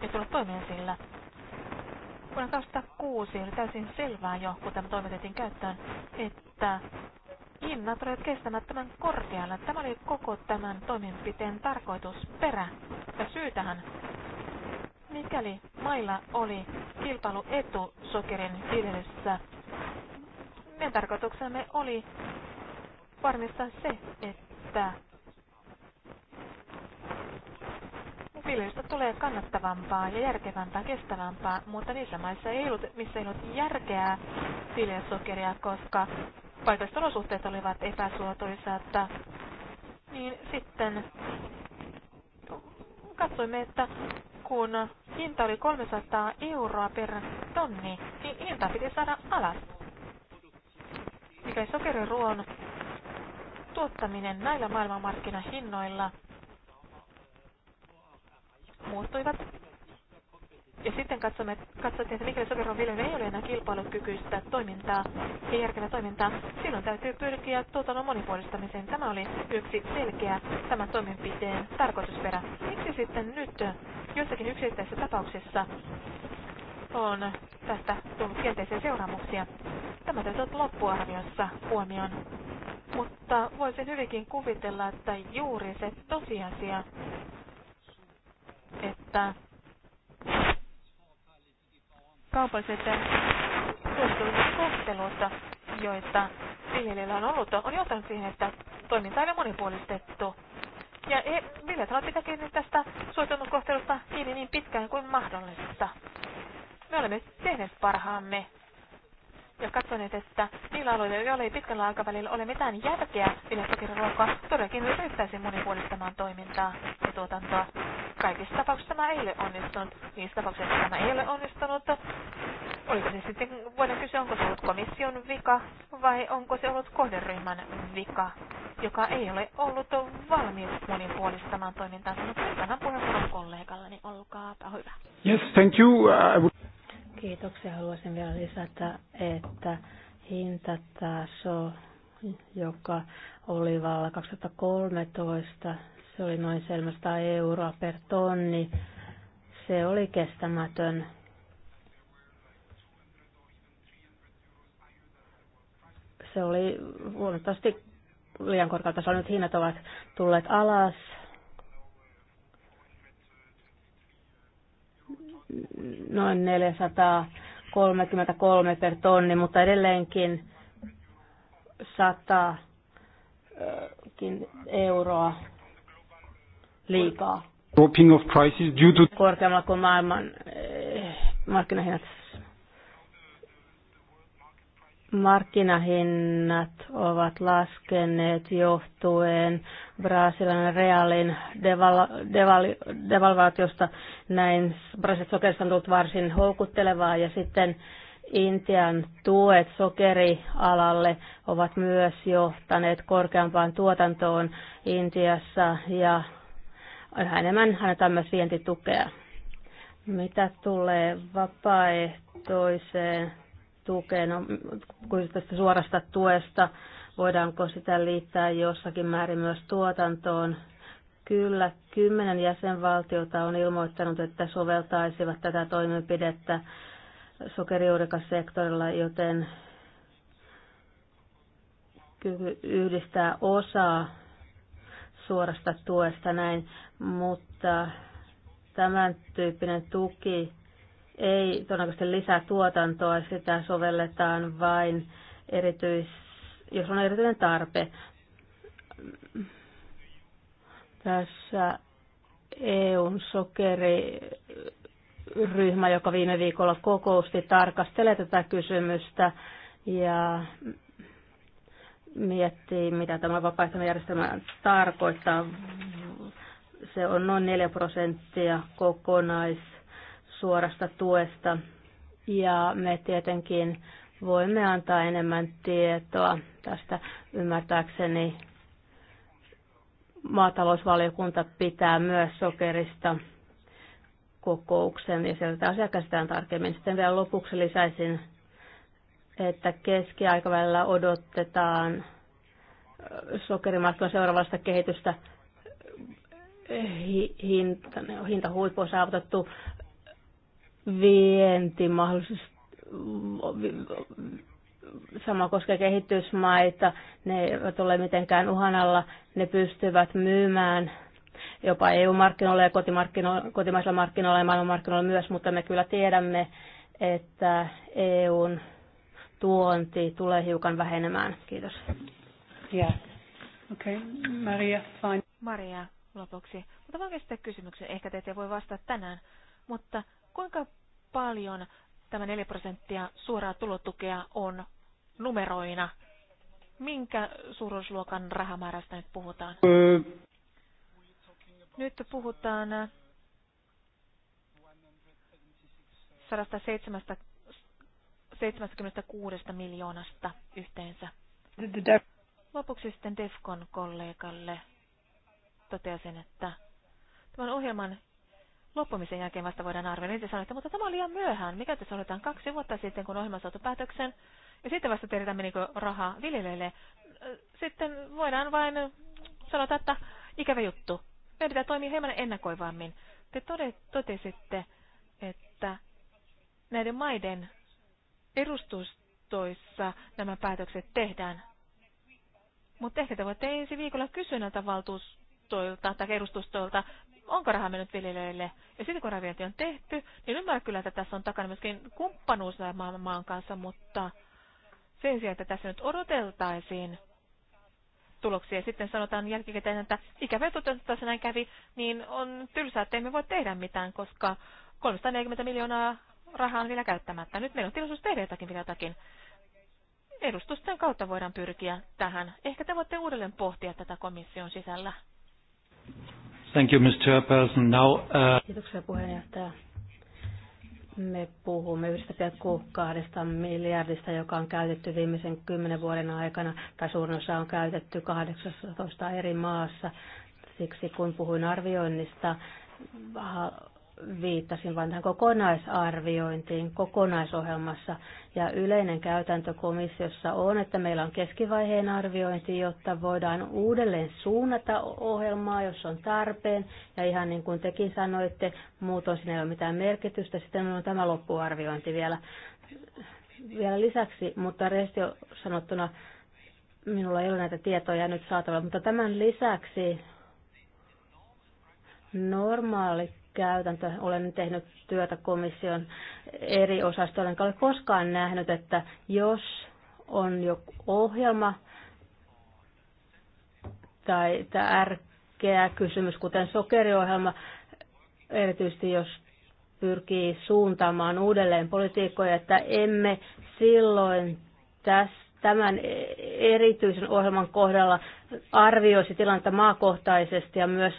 ja tulla toimeen sillä. Vuonna 2006 oli täysin selvää jo, kun tämä toimitettiin käyttöön, että hinnat olivat kestämättömän korkealla. Tämä oli koko tämän toimenpiteen perä ja syytähän. Mikäli mailla oli kilpailuetu sokerin viljelyssä, meidän tarkoituksemme oli varmistaa se, että viljelystä tulee kannattavampaa ja järkevämpää, kestävämpää, mutta niissä maissa ei ollut, missä ei ollut järkeää viljelysokeria, koska paikalliset olosuhteet olivat että niin sitten katsoimme, että kun hinta oli 300 euroa per tonni, niin hinta piti saada alas. Mikä sokeriruon tuottaminen näillä maailmanmarkkinahinnoilla muuttuivat ja sitten katsomme, katsottiin, että mikäli sokeronviljely ei ole enää kilpailukykyistä toimintaa ja järkevää toimintaa, silloin täytyy pyrkiä tuotannon monipuolistamiseen. Tämä oli yksi selkeä tämän toimenpiteen tarkoitusperä. Miksi sitten nyt jossakin yksittäisessä tapauksessa on tästä tullut kielteisiä seuraamuksia? Tämä täytyy olla loppuarviossa huomioon. Mutta voisin hyvinkin kuvitella, että juuri se tosiasia, että kaupalliset suosituimmat kohtelut, joita viljelijöillä on ollut, on johtanut siihen, että toiminta on monipuolistettu. Ja e, tavalla pitää kiinni tästä kohtelusta kiinni niin pitkään kuin mahdollista. Me olemme tehneet parhaamme ja katsoneet, että niillä alueilla, joilla ei pitkällä aikavälillä ole mitään järkeä viljasokeruokaa, todellakin ryhtäisiin monipuolistamaan toimintaa ja tuotantoa. Kaikissa tapauksissa tämä ei ole onnistunut. Niissä tapauksissa tämä ei ole onnistunut. Oliko se sitten, voidaan kysyä, onko se ollut komission vika vai onko se ollut kohderyhmän vika, joka ei ole ollut valmis monipuolistamaan toimintaa. Mutta annan no, puheenvuoron kollegallani, olkaapa hyvä. Yes, thank you. Uh, I would... Kiitoksia. Haluaisin vielä lisätä, että hintataso, joka oli valla 2013, se oli noin 700 euroa per tonni. Se oli kestämätön. Se oli huomattavasti liian korkealta. Nyt hinnat ovat tulleet alas noin 433 per tonni, mutta edelleenkin 100 euroa liikaa. Dropping of prices due to... Korkeammalla kuin maailman eh, markkinahinnat markkinahinnat ovat laskeneet johtuen Brasilian realin deval- deval- devalvaatiosta. Näin Brasilian sokerista on tullut varsin houkuttelevaa ja sitten Intian tuet sokerialalle ovat myös johtaneet korkeampaan tuotantoon Intiassa ja yhä enemmän annetaan myös vientitukea. Mitä tulee vapaaehtoiseen tukeen, no, kun tästä suorasta tuesta, voidaanko sitä liittää jossakin määrin myös tuotantoon. Kyllä, kymmenen jäsenvaltiota on ilmoittanut, että soveltaisivat tätä toimenpidettä sokeriurikasektorilla, joten kyky yhdistää osaa suorasta tuesta näin, mutta tämän tyyppinen tuki ei todennäköisesti lisää tuotantoa, sitä sovelletaan vain erityis, jos on erityinen tarpe. Tässä EUn sokeriryhmä, joka viime viikolla kokousti, tarkastelee tätä kysymystä ja miettii, mitä tämä vapaaehtoinen järjestelmä tarkoittaa. Se on noin 4 prosenttia kokonais suorasta tuesta ja me tietenkin voimme antaa enemmän tietoa tästä ymmärtääkseni. Maatalousvaliokunta pitää myös sokerista kokouksen ja sieltä asiaa käsitään tarkemmin. Sitten vielä lopuksi lisäisin, että keskiaikavälillä odotetaan sokerimarkkinoilla seuraavasta kehitystä hinta, hintahuippu on saavutettu vientimahdollisuus, sama koskee kehitysmaita, ne eivät ole mitenkään uhanalla, ne pystyvät myymään jopa EU-markkinoilla ja kotimarkkino- kotimaisilla markkinoilla ja maailmanmarkkinoilla myös, mutta me kyllä tiedämme, että EUn tuonti tulee hiukan vähenemään. Kiitos. Yeah. Okay. Maria, fine. Maria, lopuksi. Mutta voin kysymyksen. Ehkä te ette voi vastata tänään, mutta Kuinka paljon tämä 4 prosenttia suoraa tulotukea on numeroina? Minkä suuruusluokan rahamäärästä nyt puhutaan? Nyt puhutaan 176 miljoonasta yhteensä. Lopuksi sitten Defcon kollegalle toteasin, että tämän ohjelman loppumisen jälkeen vasta voidaan arvioida. Niitä sanoitte, mutta tämä on liian myöhään. Mikä te sanotaan kaksi vuotta sitten, kun ohjelma saatu päätöksen, ja sitten vasta tiedetään, niin menikö rahaa viljelijöille. Sitten voidaan vain sanoa, että ikävä juttu. Meidän pitää toimia hieman ennakoivammin. Te totesitte, että näiden maiden edustustoissa nämä päätökset tehdään. Mutta ehkä te voitte ensi viikolla kysyä näiltä valtuustoilta tai edustustoilta onko raha mennyt viljelijöille. Ja sitten kun ravienti on tehty, niin ymmärrän kyllä, että tässä on takana myöskin kumppanuus maan, maan kanssa, mutta sen sijaan, että tässä nyt odoteltaisiin tuloksia ja sitten sanotaan jälkikäteen, että ikävä toteuttaa se näin kävi, niin on tylsää, että emme voi tehdä mitään, koska 340 miljoonaa rahaa on vielä käyttämättä. Nyt meillä on tilaisuus tehdä jotakin vielä jotakin. Edustusten kautta voidaan pyrkiä tähän. Ehkä te voitte uudelleen pohtia tätä komission sisällä. Thank you, Chairperson. Now, uh, Kiitoksia puheenjohtaja. Me puhumme 1,2 miljardista, joka on käytetty viimeisen kymmenen vuoden aikana, tai suurin osa on käytetty 18 eri maassa. Siksi kun puhuin arvioinnista, viittasin vain tähän kokonaisarviointiin kokonaisohjelmassa, ja yleinen käytäntö komissiossa on, että meillä on keskivaiheen arviointi, jotta voidaan uudelleen suunnata ohjelmaa, jos on tarpeen. Ja ihan niin kuin tekin sanoitte, muutoin siinä ei ole mitään merkitystä. Sitten on tämä loppuarviointi vielä, vielä lisäksi, mutta on sanottuna minulla ei ole näitä tietoja nyt saatavilla. Mutta tämän lisäksi normaali käytäntö. Olen tehnyt työtä komission eri osastoilla, enkä ole koskaan nähnyt, että jos on joku ohjelma tai tärkeä kysymys, kuten sokeriohjelma, erityisesti jos pyrkii suuntaamaan uudelleen politiikkoja, että emme silloin tässä tämän erityisen ohjelman kohdalla arvioisi tilannetta maakohtaisesti ja myös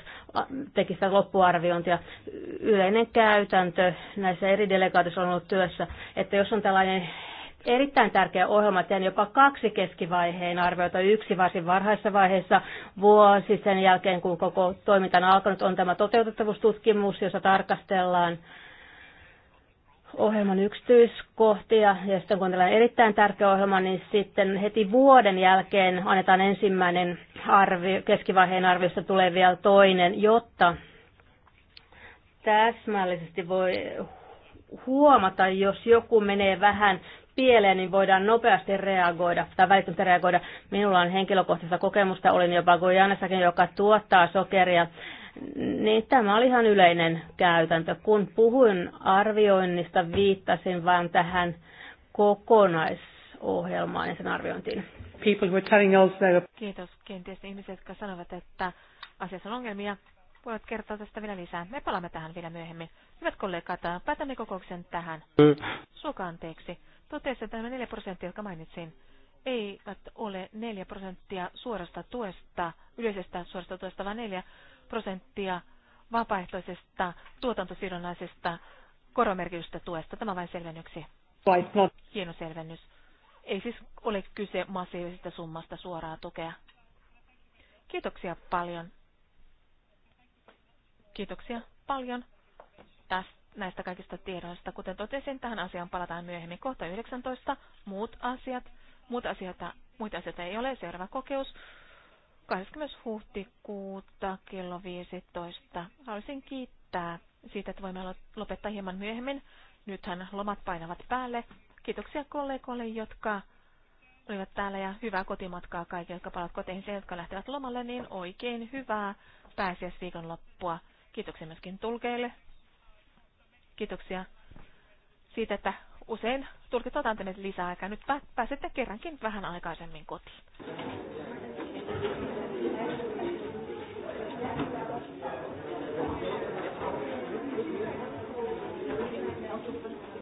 teki sitä loppuarviointia. Yleinen käytäntö näissä eri delegaatioissa on ollut työssä, että jos on tällainen erittäin tärkeä ohjelma, teen jopa kaksi keskivaiheen arviota, yksi varsin varhaisessa vaiheessa vuosi sen jälkeen, kun koko toiminta on alkanut, on tämä toteutettavuustutkimus, jossa tarkastellaan ohjelman yksityiskohtia ja sitten kun tällainen erittäin tärkeä ohjelma, niin sitten heti vuoden jälkeen annetaan ensimmäinen arvio, keskivaiheen arviosta tulee vielä toinen, jotta täsmällisesti voi huomata, jos joku menee vähän pieleen, niin voidaan nopeasti reagoida tai välittömästi reagoida. Minulla on henkilökohtaista kokemusta, olin jopa Gojanessakin, joka tuottaa sokeria niin tämä oli ihan yleinen käytäntö. Kun puhuin arvioinnista, viittasin vain tähän kokonaisohjelmaan ja sen arviointiin. People telling us that... Kiitos. Kenties ihmiset, jotka sanovat, että asiassa on ongelmia, voivat kertoa tästä vielä lisää. Me palaamme tähän vielä myöhemmin. Hyvät kollegat, päätämme kokouksen tähän. Suokaa anteeksi. Totesin, että nämä 4 prosenttia, jotka mainitsin, eivät ole 4 prosenttia suorasta tuesta, yleisestä suorasta tuesta, vaan 4 prosenttia vapaaehtoisesta tuotantosidonnaisesta koromerkitystä tuesta. Tämä vain selvennyksi. Hieno selvennys. Ei siis ole kyse massiivisesta summasta suoraa tukea. Kiitoksia paljon. Kiitoksia paljon tästä, näistä kaikista tiedoista. Kuten totesin, tähän asiaan palataan myöhemmin. Kohta 19. Muut asiat. Muut asioita, muita asioita ei ole. Seuraava kokeus. 20. huhtikuuta kello 15. Haluaisin kiittää siitä, että voimme lopettaa hieman myöhemmin. Nythän lomat painavat päälle. Kiitoksia kollegoille, jotka olivat täällä ja hyvää kotimatkaa kaikille, jotka palat koteihin. Se, jotka lähtevät lomalle, niin oikein hyvää pääsiäisviikon loppua. Kiitoksia myöskin tulkeille. Kiitoksia siitä, että usein tulkit tänne lisää aikaa. Nyt pääsette kerrankin vähän aikaisemmin kotiin.